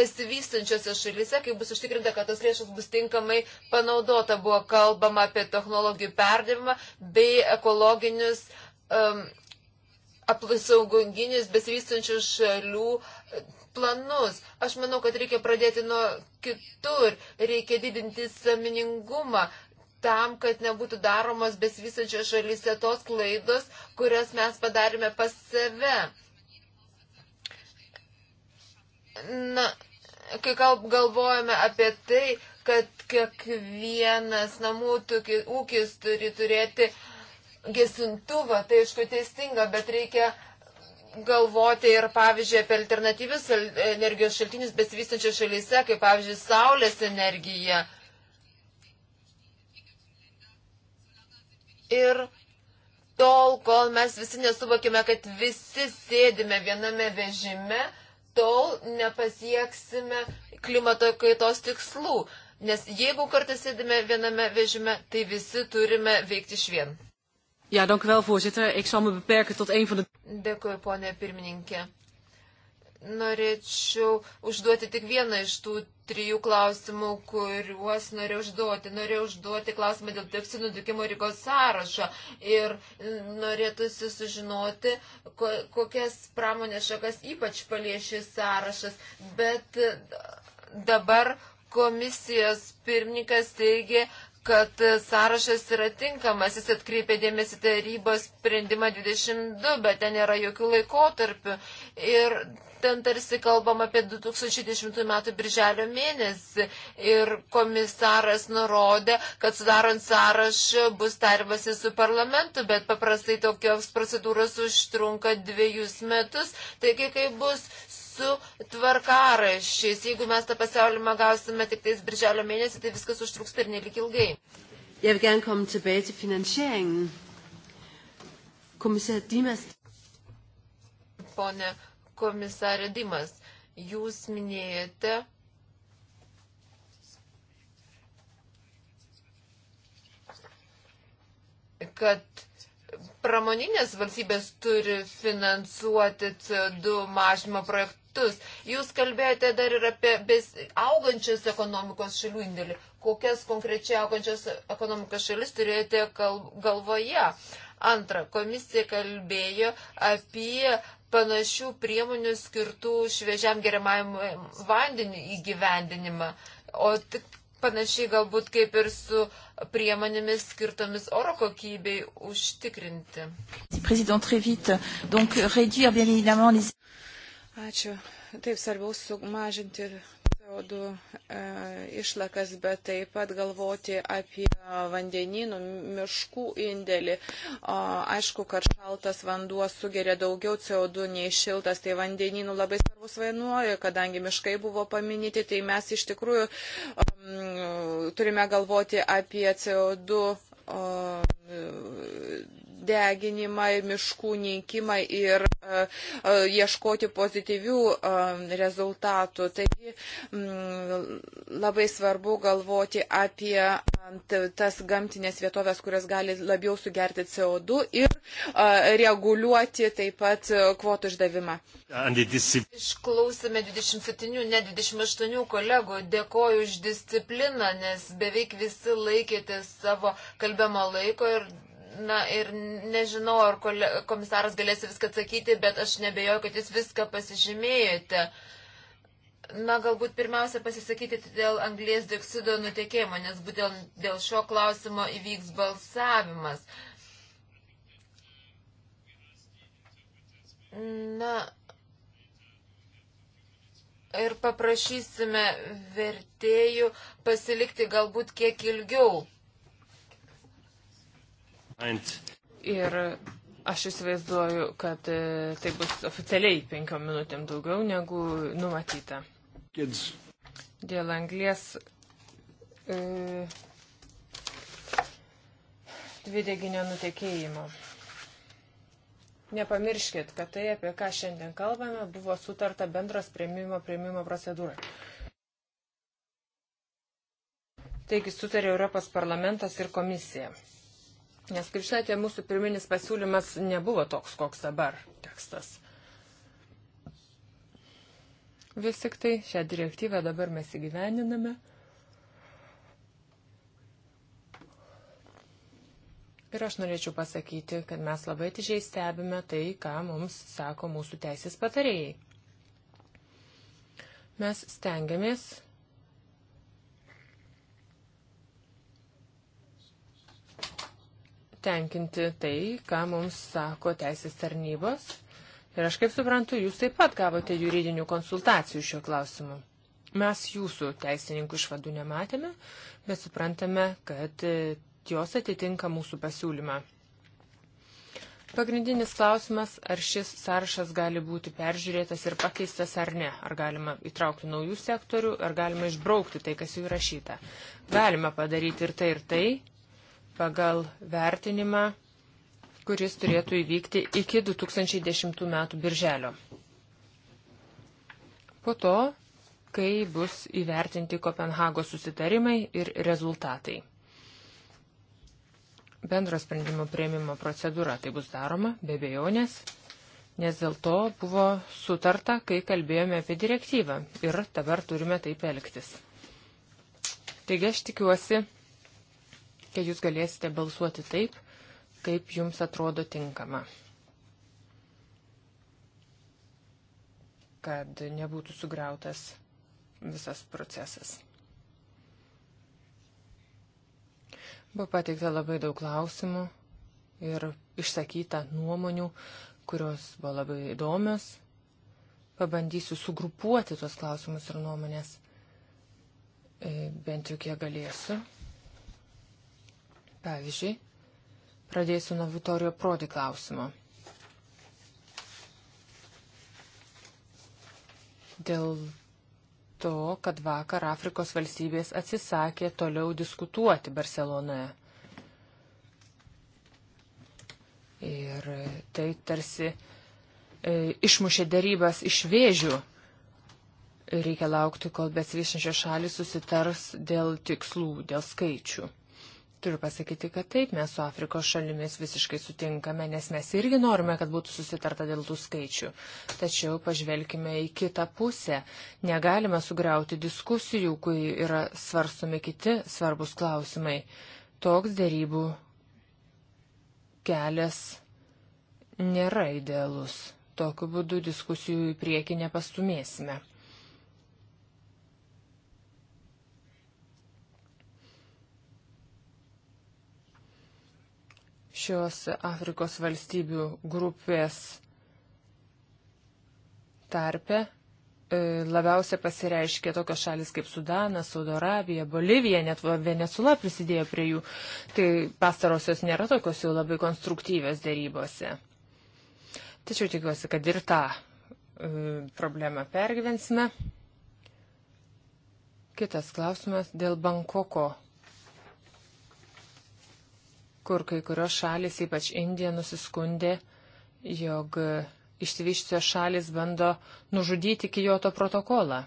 besivystančiose šalyse, kaip bus užtikrinta, kad tas lėšas bus tinkamai panaudota, buvo kalbama apie technologijų perdavimą bei ekologinius um, apsaugoginius besivystančių šalių planus. Aš manau, kad reikia pradėti nuo kitur, reikia didinti saminingumą tam, kad nebūtų daromos besivystančios šalyse tos klaidos, kurias mes padarėme pas save. Na, kai galvojame apie tai, kad kiekvienas namų ūkis turi turėti uh, gesintuvą, tai aišku teisinga, bet reikia galvoti ir, pavyzdžiui, apie alternatyvius energijos šaltinius besivystančios šalyse, kaip, pavyzdžiui, saulės energija. Ir tol, kol mes visi nesuvokime, kad visi sėdime viename vežime, tol nepasieksime klimato kaitos tikslų. Nes jeigu kartais sėdime viename vežime, tai visi turime veikti iš vien. Ja, dank u wel, voorzitter. Ik zal me beperken tot een van de. Dėkui, ponė pirmininkė. Norėčiau užduoti tik vieną iš tų trijų klausimų, kuriuos norėjau užduoti. Norėjau užduoti klausimą dėl toksinų dukimo rygos sąrašo ir norėtųsi sužinoti, ko, kokias pramonės šakas ypač paliešis sąrašas. Bet dabar komisijos pirmininkas teigia, kad sąrašas yra tinkamas, jis atkreipė dėmesį tarybos sprendimą 22, bet ten nėra jokių laikotarpių. Ir ten tarsi kalbam apie 2010 m. birželio mėnesį. Ir komisaras nurodė, kad sudarant sąrašą bus tarvasi su parlamentu, bet paprastai tokios procedūros užtrunka dviejus metus. Taigi, kai bus su tvarkaraščiais. Jeigu mes tą pasiūlymą gausime tik tais birželio mėnesį, tai viskas užtruks per nelik ilgai. Jeg vil gerne komme tilbage til finansieringen. Kommissær Dimas. Pone komisarė Dimas, jūs minėjote, kad pramoninės valstybės turi finansuoti CO2 mažimo projektų aspektus. Jūs kalbėjote dar ir apie augančios ekonomikos šalių indėlį. Kokias konkrečiai augančios ekonomikos šalis turėjote galvoje? Antra, komisija kalbėjo apie panašių priemonių skirtų šviežiam geriamajam vandeniu įgyvendinimą. O tik panašiai galbūt kaip ir su priemonėmis skirtomis oro kokybei užtikrinti. Ačiū. Taip svarbiau sumažinti CO2 e, išlakas, bet taip pat galvoti apie vandeninų, miškų indėlį. O, aišku, kad šaltas vanduo sugeria daugiau CO2 nei šiltas, tai vandeninų labai svarbus vainuoja, kadangi miškai buvo paminyti, tai mes iš tikrųjų um, turime galvoti apie CO2 um, deginimą, miškų neikimą ir e, e, ieškoti pozityvių e, rezultatų. Taigi mm, labai svarbu galvoti apie tas gamtinės vietovės, kurios gali labiau sugerti CO2 ir reguliuoti taip pat kvotų išdavimą. Išklausėme 27, ne 28 kolegų. Dėkoju už discipliną, nes beveik visi laikėte savo kalbėmo laiko ir Na ir nežinau, ar komisaras galės viską atsakyti, bet aš nebejoju, kad jūs viską pasižymėjote. Na, galbūt pirmiausia pasisakyti dėl anglės dioksido nutekėjimo, nes būtent dėl šio klausimo įvyks balsavimas. Na, ir paprašysime vertėjų pasilikti galbūt kiek ilgiau Ir aš įsivaizduoju, kad e, tai bus oficialiai penkiom minutėm daugiau negu numatyta. Kids. Dėl anglės e, dvideginio nutekėjimo. Nepamirškit, kad tai, apie ką šiandien kalbame, buvo sutarta bendros prieimimo prieimimo procedūra. Taigi sutarė Europos parlamentas ir komisija. Nes, kaip žinote, mūsų pirminis pasiūlymas nebuvo toks, koks dabar tekstas. Vis tik tai šią direktyvą dabar mes įgyveniname. Ir aš norėčiau pasakyti, kad mes labai atidžiai stebime tai, ką mums sako mūsų teisės patarėjai. Mes stengiamės tenkinti tai, ką mums sako teisės tarnybos. Ir aš kaip suprantu, jūs taip pat gavote juridinių konsultacijų šiuo klausimu. Mes jūsų teisininkų išvadų nematėme, bet suprantame, kad e, jos atitinka mūsų pasiūlymą. Pagrindinis klausimas, ar šis sąrašas gali būti peržiūrėtas ir pakeistas ar ne. Ar galima įtraukti naujų sektorių, ar galima išbraukti tai, kas jau įrašyta. Galima padaryti ir tai, ir tai, pagal vertinimą, kuris turėtų įvykti iki 2010 metų birželio. Po to, kai bus įvertinti Kopenhagos susitarimai ir rezultatai. Bendro sprendimo prieimimo procedūra tai bus daroma, be bejonės, nes dėl to buvo sutarta, kai kalbėjome apie direktyvą ir dabar turime taip elgtis. Taigi aš tikiuosi, kai jūs galėsite balsuoti taip, kaip jums atrodo tinkama. Kad nebūtų sugriautas visas procesas. Buvo pateikta labai daug klausimų ir išsakyta nuomonių, kurios buvo labai įdomios. Pabandysiu sugrupuoti tuos klausimus ir nuomonės, e, bent jau kiek galėsiu. Pavyzdžiui, pradėsiu nuo Vitorijo Prodi klausimo. Dėl to, kad vakar Afrikos valstybės atsisakė toliau diskutuoti Barcelonoje. Ir tai tarsi e, išmušė darybas iš vėžių. Reikia laukti, kol besvyšančios šalis susitars dėl tikslų, dėl skaičių. Turiu pasakyti, kad taip, mes su Afrikos šalimis visiškai sutinkame, nes mes irgi norime, kad būtų susitarta dėl tų skaičių. Tačiau pažvelkime į kitą pusę. Negalime sugriauti diskusijų, kai yra svarstomi kiti svarbus klausimai. Toks dėrybų kelias nėra idealus. Tokiu būdu diskusijų į priekį nepastumėsime. šios Afrikos valstybių grupės tarpe e, labiausia pasireiškė tokios šalis kaip Sudanas, Saudo Arabija, Bolivija, net Venezuela prisidėjo prie jų. Tai pastarosios nėra tokios jau labai konstruktyvios dėrybose. Tačiau tikiuosi, kad ir tą e, problemą pergyvensime. Kitas klausimas dėl Bankoko kur kai kurios šalis, ypač Indija, nusiskundė, jog išsivyščiusios šalis bando nužudyti Kijoto protokolą.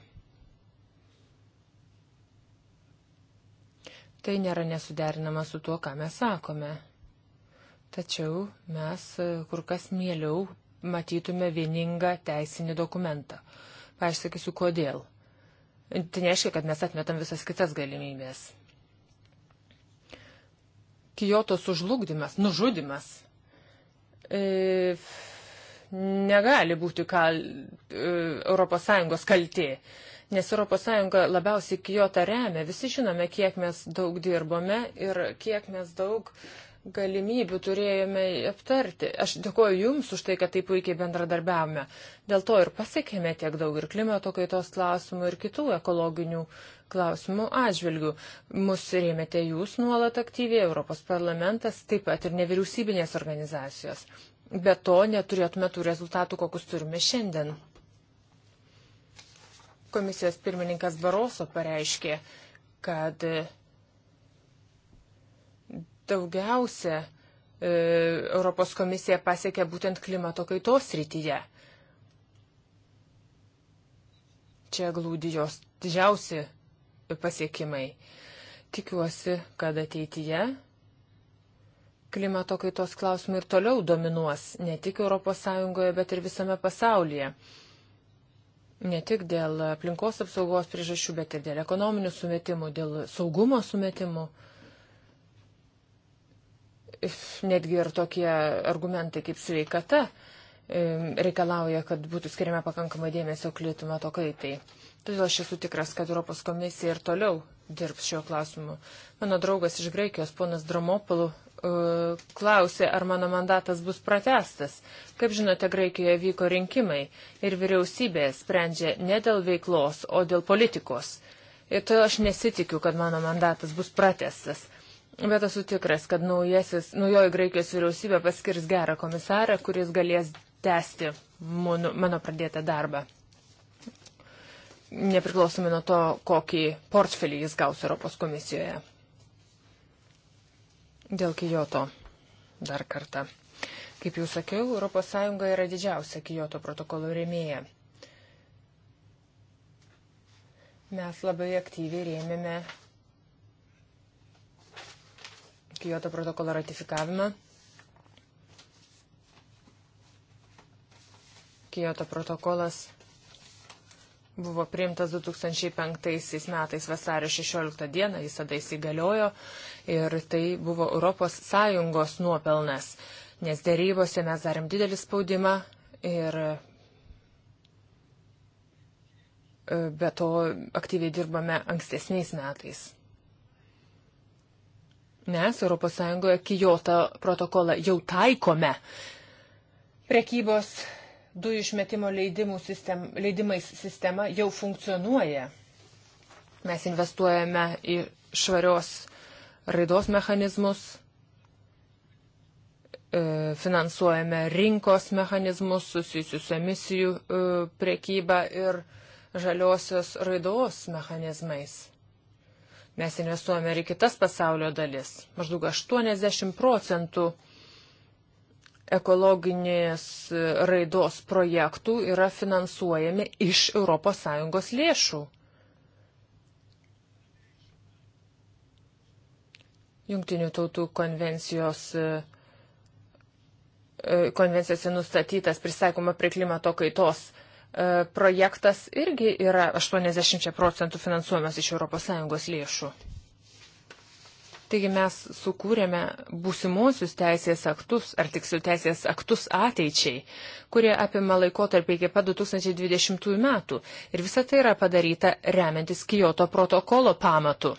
Tai nėra nesuderinama su tuo, ką mes sakome. Tačiau mes e, kur kas mieliau matytume vieningą teisinį dokumentą. Paaiškinsiu, kodėl. Tai neaiškia, kad mes atmetam visas kitas galimybės. Kyoto sužlugdymas, nužudimas e, negali būti kal, e, ES kaltė, nes ES labiausiai Kyoto remia. Visi žinome, kiek mes daug dirbome ir kiek mes daug e, galimybių turėjome aptarti. Aš dėkoju Jums už tai, kad taip puikiai bendradarbiavome. Dėl to ir pasiekėme tiek daug ir klimato kaitos klausimų, ir kitų ekologinių klausimų atžvilgių. Mūsų rėmėte Jūs nuolat aktyviai, Europos parlamentas, taip pat ir nevyriausybinės organizacijos. Be to neturėtume tų rezultatų, kokius turime šiandien. Komisijos pirmininkas Baroso pareiškė, kad daugiausia e, Europos komisija pasiekė būtent klimato kaitos rytyje. Čia glūdi jos didžiausi pasiekimai. Tikiuosi, kad ateityje klimato kaitos klausimai ir toliau dominuos ne tik ES, bet ir visame pasaulyje. Ne tik dėl aplinkos apsaugos priežasčių, bet ir dėl ekonominių sumetimų, dėl saugumo sumetimų netgi ir tokie argumentai kaip sveikata reikalauja, kad būtų skiriama pakankamai dėmesio klimato kaitai. Todėl aš esu tikras, kad Europos komisija ir toliau dirbs šio klausimu. Mano draugas iš Graikijos, ponas Dromopolų, e, klausė, ar mano mandatas bus pratestas. Kaip žinote, Graikijoje vyko rinkimai ir vyriausybė sprendžia ne dėl veiklos, o dėl politikos. Ir to aš nesitikiu, kad mano mandatas bus pratestas. Bet esu tikras, kad naujasis, naujoji Graikijos vyriausybė paskirs gerą komisarą, kuris galės tęsti mano, mano pradėtą darbą. Nepriklausomai nuo to, kokį portfelį jis gaus Europos komisijoje. Dėl Kijoto dar kartą. Kaip jau sakiau, ES yra didžiausia Kijoto protokolo rėmėja. Mes labai aktyviai rėmėme Kyoto protokolo ratifikavimą. Kyoto protokolas buvo priimtas 2005 metais vasario 16 dieną, jis tada įsigaliojo ir tai buvo ES nuopelnas, nes dėrybose mes darėm didelį spaudimą ir e, be to aktyviai dirbame ankstesniais metais. Mes ES Kijoto protokolą jau taikome. Prekybos dujų išmetimo sistem, leidimais sistema jau funkcionuoja. Mes investuojame į švarios raidos mechanizmus, e, finansuojame rinkos mechanizmus susijusius emisijų e, priekybą ir žaliosios raidos mechanizmais. Mes investuojame ir į kitas pasaulio dalis. Maždaug 80 procentų ekologinės raidos projektų yra finansuojami iš ES lėšų. Jungtinių tautų konvencijos, e, e, konvencijose nustatytas prisaikoma prie klimato kaitos E, projektas irgi yra 80 procentų finansuojamas iš ES lėšų. Taigi mes sukūrėme būsimuosius teisės aktus, ar tiksliau teisės aktus ateičiai, kurie apima laikotarpį iki pat 2020 metų. Ir visa tai yra padaryta remiantis Kyoto protokolo pamatu.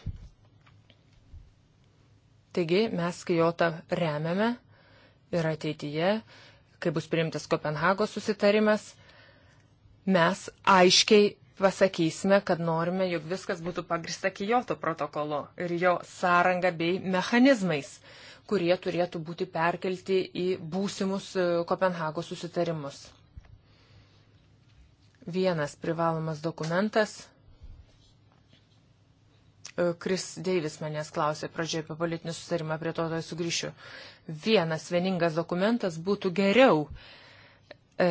Taigi mes Kyoto remiame ir ateityje, kai bus priimtas Kopenhagos susitarimas, mes aiškiai pasakysime, kad norime, jog viskas būtų pagrista Kijoto protokolu ir jo sąranga bei mechanizmais, kurie turėtų būti perkelti į būsimus e, Kopenhagos susitarimus. Vienas privalomas dokumentas. Kris e, Deivis manęs klausė pradžioje apie politinį susitarimą, prie to to sugrįšiu. Vienas vieningas dokumentas būtų geriau, e,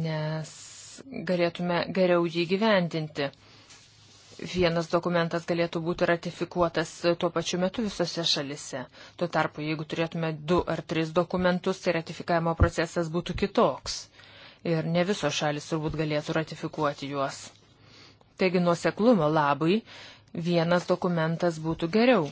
nes galėtume geriau jį gyvendinti. Vienas dokumentas galėtų būti ratifikuotas tuo pačiu metu visose šalise. Tuo tarpu, jeigu turėtume du ar tris dokumentus, tai ratifikavimo procesas būtų kitoks. Ir ne visos šalis turbūt galėtų ratifikuoti juos. Taigi nuoseklumo labai vienas dokumentas būtų geriau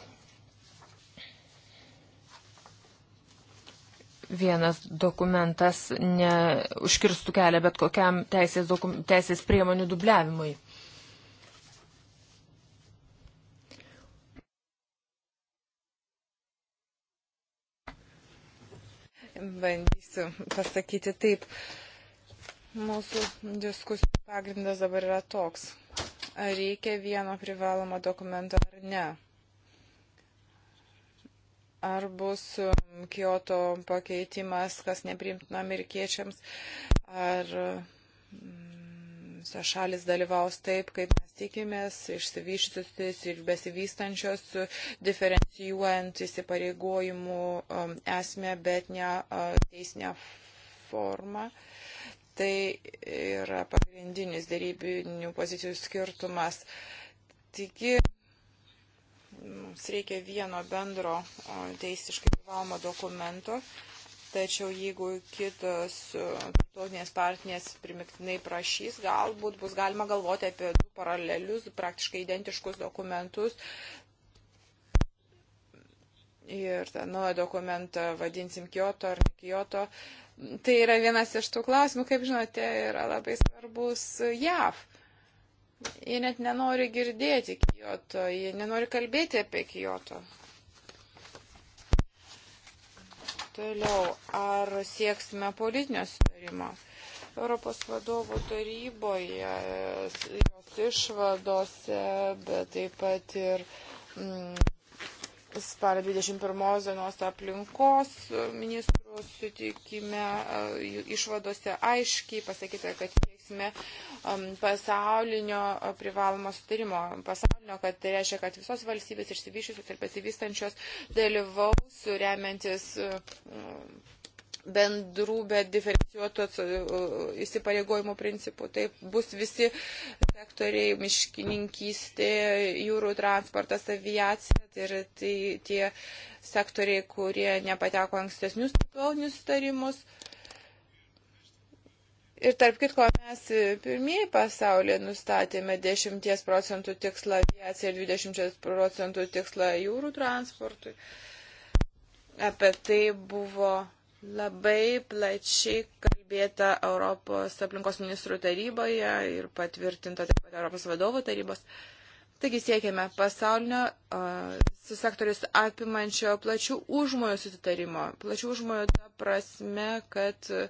vienas dokumentas neužkirstų kelią bet kokiam teisės, dokum, teisės priemonių dubliavimui. Bandysiu pasakyti taip. Mūsų diskusijų pagrindas dabar yra toks. Ar reikia vieno privalomo dokumento ar ne? ar bus um, Kyoto pakeitimas, kas neprimtina amerikiečiams, ar visos mm, šalis dalyvaus taip, kaip mes tikimės, išsivyščiusius ir besivystančios, diferencijuojant įsipareigojimų um, esmę, bet ne teisinę formą. Tai yra pagrindinis dėrybinių pozicijų skirtumas. Taigi mums reikia vieno bendro teisiškai privalomo dokumento, tačiau jeigu kitos tautinės partinės primiktinai prašys, galbūt bus galima galvoti apie du paralelius, praktiškai identiškus dokumentus. Ir tą naują dokumentą vadinsim Kyoto ar Kyoto. Tai yra vienas iš tų klausimų, kaip žinote, yra labai svarbus e, JAV. Jie net nenori girdėti Kyoto, jie nenori kalbėti apie Kyoto. Toliau, ar sieksime politinio sutarimo? Europos vadovų taryboje, jos išvadose, bet taip pat ir mm, spalio 21 dienos aplinkos ministrų sutikime išvadose aiškiai pasakyta, kad sieksime um, pasaulinio uh, privalomo sutarimo. Pasaulinio, kad tai reiškia, kad visos valstybės išsivyščiusios ir pasivystančios dalyvaus remiantis uh, bendrų, bet diferencijuotų uh, įsipareigojimų principų. Taip bus visi sektoriai, miškininkystė, jūrų transportas, aviacija ir tai, tai tie sektoriai, kurie nepateko ankstesnius tarptautinius starimus. Ir tarp kitko mes pirmieji pasaulyje nustatėme 10 procentų tikslą aviacijai ir 20 procentų tikslą jūrų transportui. Apie tai buvo labai plačiai kalbėta Europos aplinkos ministrų taryboje ir patvirtinta taip pat Europos vadovų tarybos. Taigi siekiame pasaulinio uh, su sektorius apimančio plačių užmojų susitarimo. Plačių užmojų ta prasme, kad uh,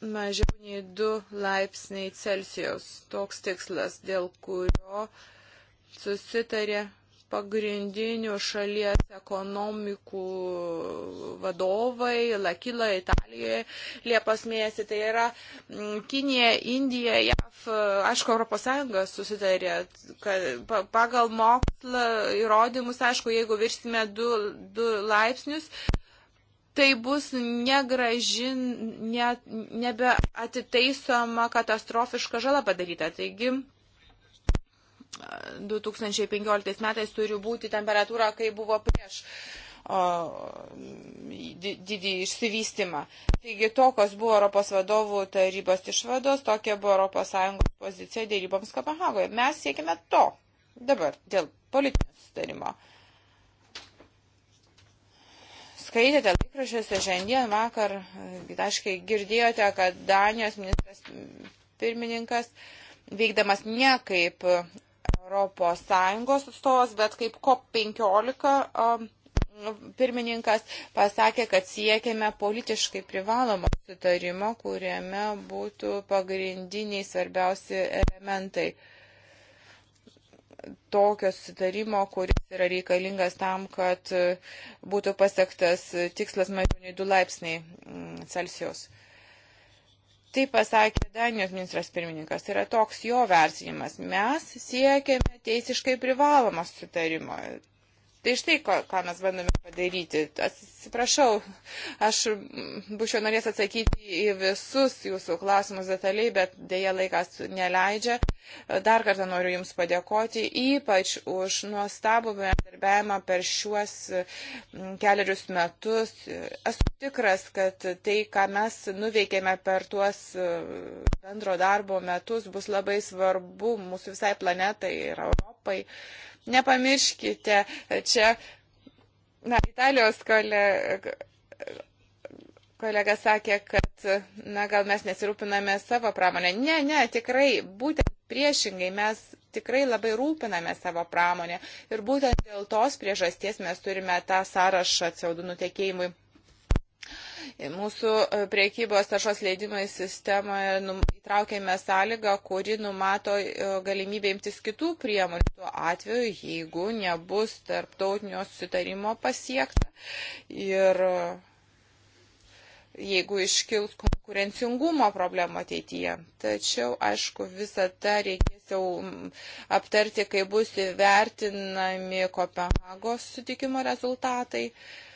mažiau nei 2 laipsniai Celsijaus. Toks tikslas, dėl kurio susitarė pagrindinių šalies ekonomikų vadovai Lakilo Italijoje Liepos mėnesį. Tai yra mm, Kinija, Indija, JAF, aišku, ES susitarė, kad pagal mokslą įrodymus, aišku, jeigu virsime 2 laipsnius, tai bus negražin, ne, nebeatitaisoma katastrofiška žala padaryta. Taigi 2015 metais turi būti temperatūra, kai buvo prieš didį išsivystimą. Taigi tokios buvo Europos vadovų tarybos išvados, tokia buvo ES pozicija dėryboms Kopenhagoje. Mes siekime to dabar dėl politinio sustarimo. Uh, skaitėte laikrašiuose šiandien, vakar, e, aiškiai girdėjote, kad Danijos ministras pirmininkas, veikdamas ne kaip e, Europos Sąjungos atstovas, bet kaip COP15 e, pirmininkas pasakė, kad siekėme politiškai privalomo sutarimo, kuriame būtų pagrindiniai svarbiausi elementai tokio sutarimo, kuris yra reikalingas tam, kad e, būtų pasiektas e, tikslas mažiau nei 2 laipsniai mm, Celsius. Tai pasakė Danijos ministras pirmininkas, tai yra toks jo versinimas. Mes siekėme teisiškai privalomą sutarimo. Tai štai, ko, ką mes bandome padaryti. Atsiprašau, aš būčiau norės atsakyti į visus jūsų klausimus detaliai, bet dėja laikas neleidžia. Dar kartą noriu Jums padėkoti, ypač už nuostabų bendarbiavimą per šiuos mm, keliarius metus. Esu tikras, kad tai, ką mes nuveikėme per tuos mm, bendro darbo metus, bus labai svarbu mūsų visai planetai ir Europai. Nepamirškite, čia na, Italijos kolega, kolega sakė, kad na, gal mes nesirūpiname savo pramonę. Ne, ne, tikrai, būtent priešingai mes tikrai labai rūpiname savo pramonę. Ir būtent dėl tos priežasties mes turime tą sąrašą CO2 nutekėjimui Mūsų e, priekybos taršos leidimai sistemoje įtraukėme sąlygą, kuri numato e, galimybę imtis kitų priemonių tuo atveju, jeigu nebus tarptautinio sutarimo pasiekta. Ir e, jeigu iškils konkurencingumo problemo ateityje. Tačiau, aišku, visą tą reikės jau aptarti, kai bus įvertinami Kopenhagos sutikimo rezultatai. Uh,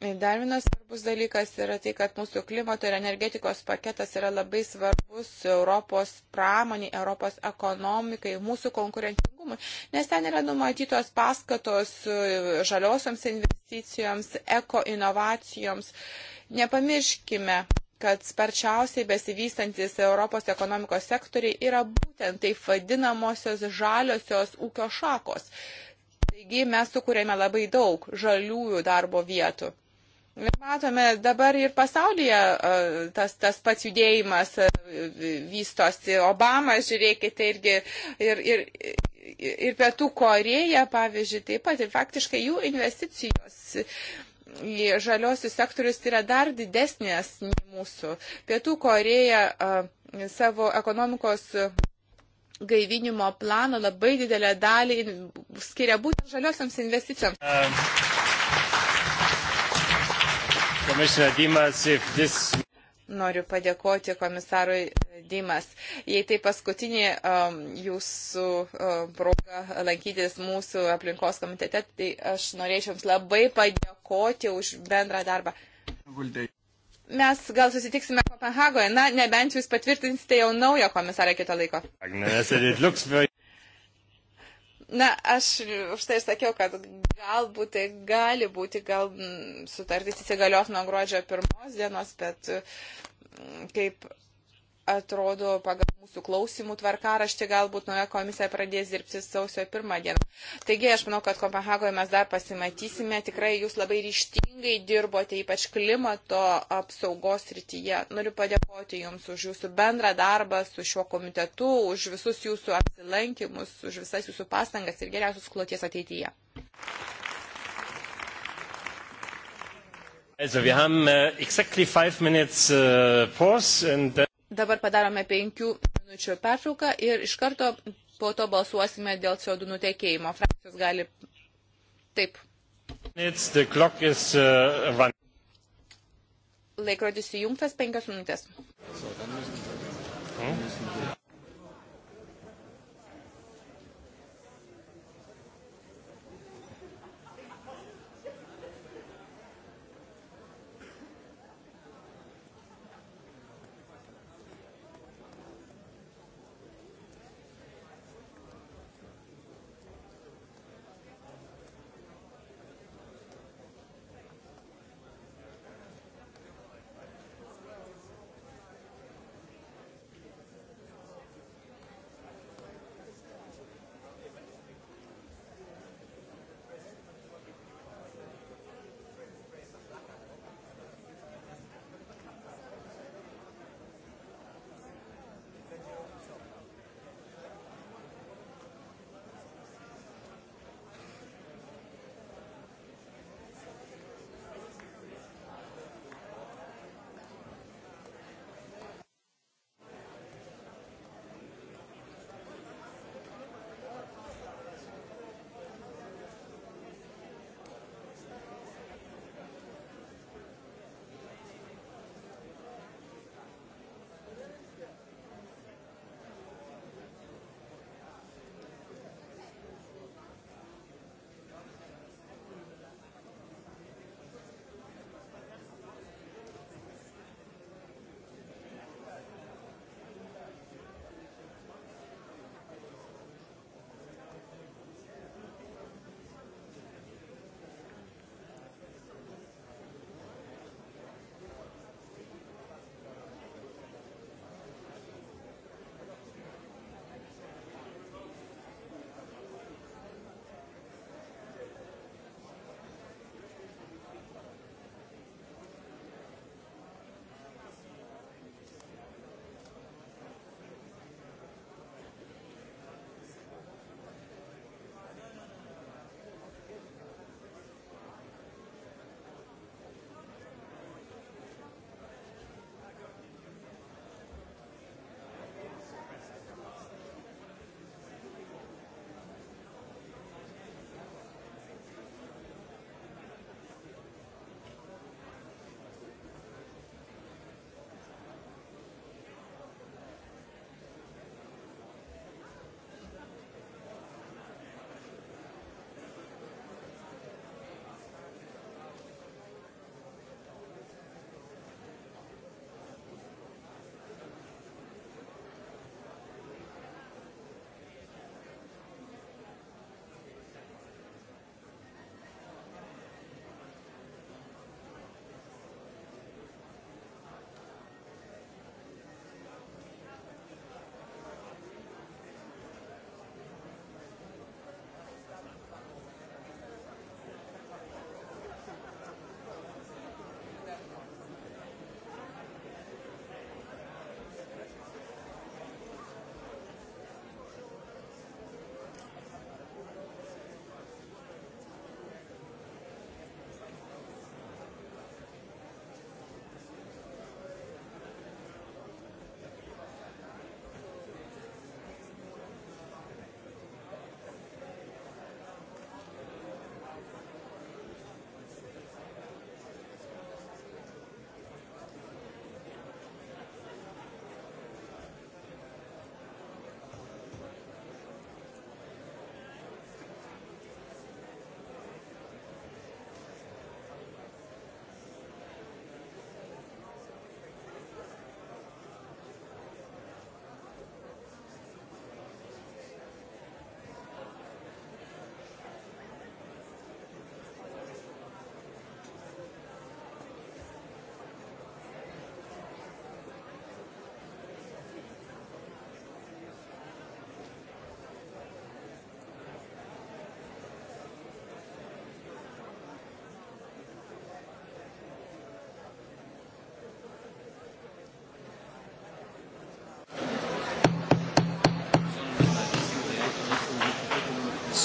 Dar vienas svarbus dalykas yra tai, kad mūsų klimato ir energetikos paketas yra labai svarbus Europos pramoniai, Europos ekonomikai, mūsų konkurencingumui, nes ten yra numatytos paskatos žaliosioms investicijoms, eko inovacijoms. Nepamirškime, kad sparčiausiai besivystantis Europos ekonomikos sektoriai yra būtent taip vadinamosios žaliosios ūkio šakos. Taigi mes sukūrėme labai daug žaliųjų darbo vietų. Matome dabar ir pasaulyje e, tas, tas pats judėjimas e, vystosi. Obama, žiūrėkite, irgi ir, ir, ir Pietų Koreja, pavyzdžiui, taip pat. Ir faktiškai jų investicijos į žaliosius sektorius yra dar didesnės nei mūsų. Pietų Koreja e, savo ekonomikos gaivinimo plano labai didelę dalį skiria būtent žaliosioms investicijoms. Um. Commissioner Dimas if this Noriu padėkoti komisarui Dimas. Jei tai paskutinė um, jūsų um, proga lankytis mūsų aplinkos komitete, tai aš norėčiau Jums labai padėkoti už bendrą darbą. Mes gal susitiksime Kopenhagoje, na, nebent Jūs patvirtinsite jau naują komisarą kito laiko. Na, aš štai sakiau, kad galbūt tai gali būti, gal mm, sutartis įsigalios nuo gruodžio pirmos dienos, bet mm, kaip atrodo, pagal mūsų klausimų tvarkaraštį galbūt nauja komisija pradės dirbti sausio pirmą dieną. Taigi aš manau, kad Kopenhagoje mes dar pasimatysime. Tikrai jūs labai ryštingai dirbote, ypač klimato apsaugos rytyje. Noriu padėkoti Jums už Jūsų bendrą darbą su šiuo komitetu, už visus Jūsų apsilankimus, už visas Jūsų pastangas ir geriausius kloties ateityje. Also, wir haben äh, exactly five minutes äh, pause and then äh, Dabar padarome penkių minučių pertrauką ir iš karto po to balsuosime dėl CO2 nutekėjimo. Frakcijos gali. Taip. Is, uh, Laikrodis įjungtas penkias minutės. So,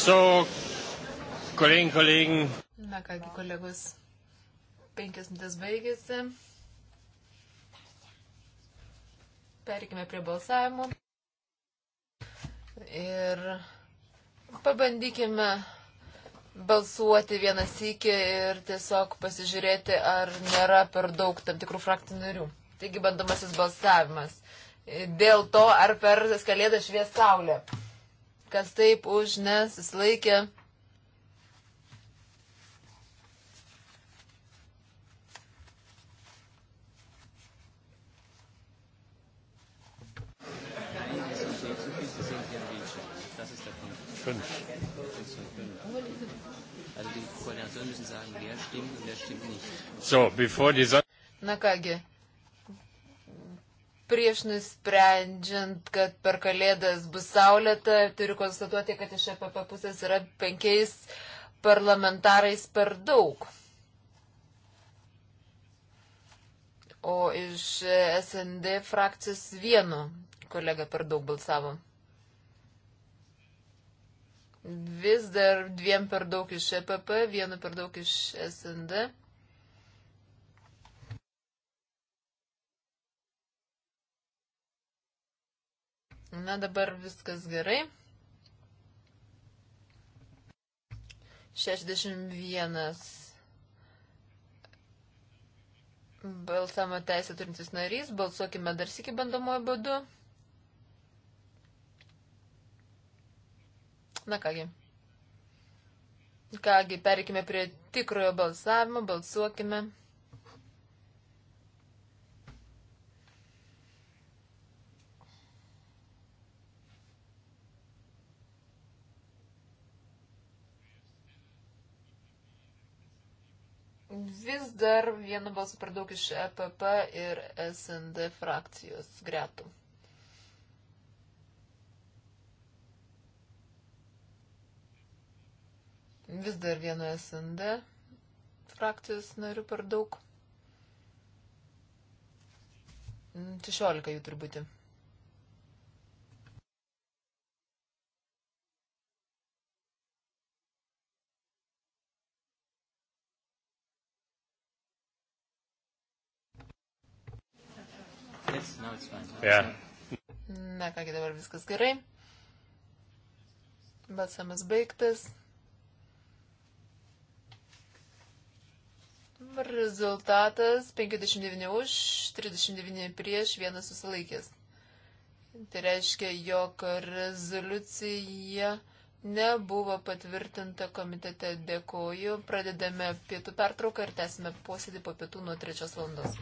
So, kolegin, kolegin. Na kągi, kolegos, penkias minutės baigėsi. Perikime prie balsavimo. Ir pabandykime balsuoti vieną sykį ir tiesiog pasižiūrėti, ar nėra per daug tam tikrų frakcijų narių. Taigi bandomasis balsavimas. Dėl to, ar per skalėdą švies saulė kas taip už nesusilaikė. Fünf. Also die Koalition müssen sagen, wer stimmt und wer stimmt nicht. So, bevor die Sonne. Na kągi, Prieš nusprendžiant, kad per kalėdas bus saulėta, turiu konstatuoti, kad iš APP pusės yra penkiais parlamentarais per daug. O iš SND frakcijos vienu kolega per daug balsavo. Vis dar dviem per daug iš EPP, vienu per daug iš SND. Na dabar viskas gerai. 61 balsamo teisę turintis narys. Balsuokime dar sėki bandomojo būdu. Na kągi. Kągi, perikime prie tikrojo balsavimo. Balsuokime. vis dar vienu balsu per daug iš EPP ir SND frakcijos gretų. Vis dar vienu SND frakcijos nariu per daug. 16 jų turi būti. Yes, no, it's fine. Yeah. Na kągi dabar viskas gerai. Balsamas baigtas. Rezultatas 59 už, 39 prieš, vienas susilaikęs. Tai reiškia, jog rezoliucija nebuvo patvirtinta komitete. Dėkoju. Pradedame pietų pertrauką ir tęsime posėdį po pietų nuo 3 valandos.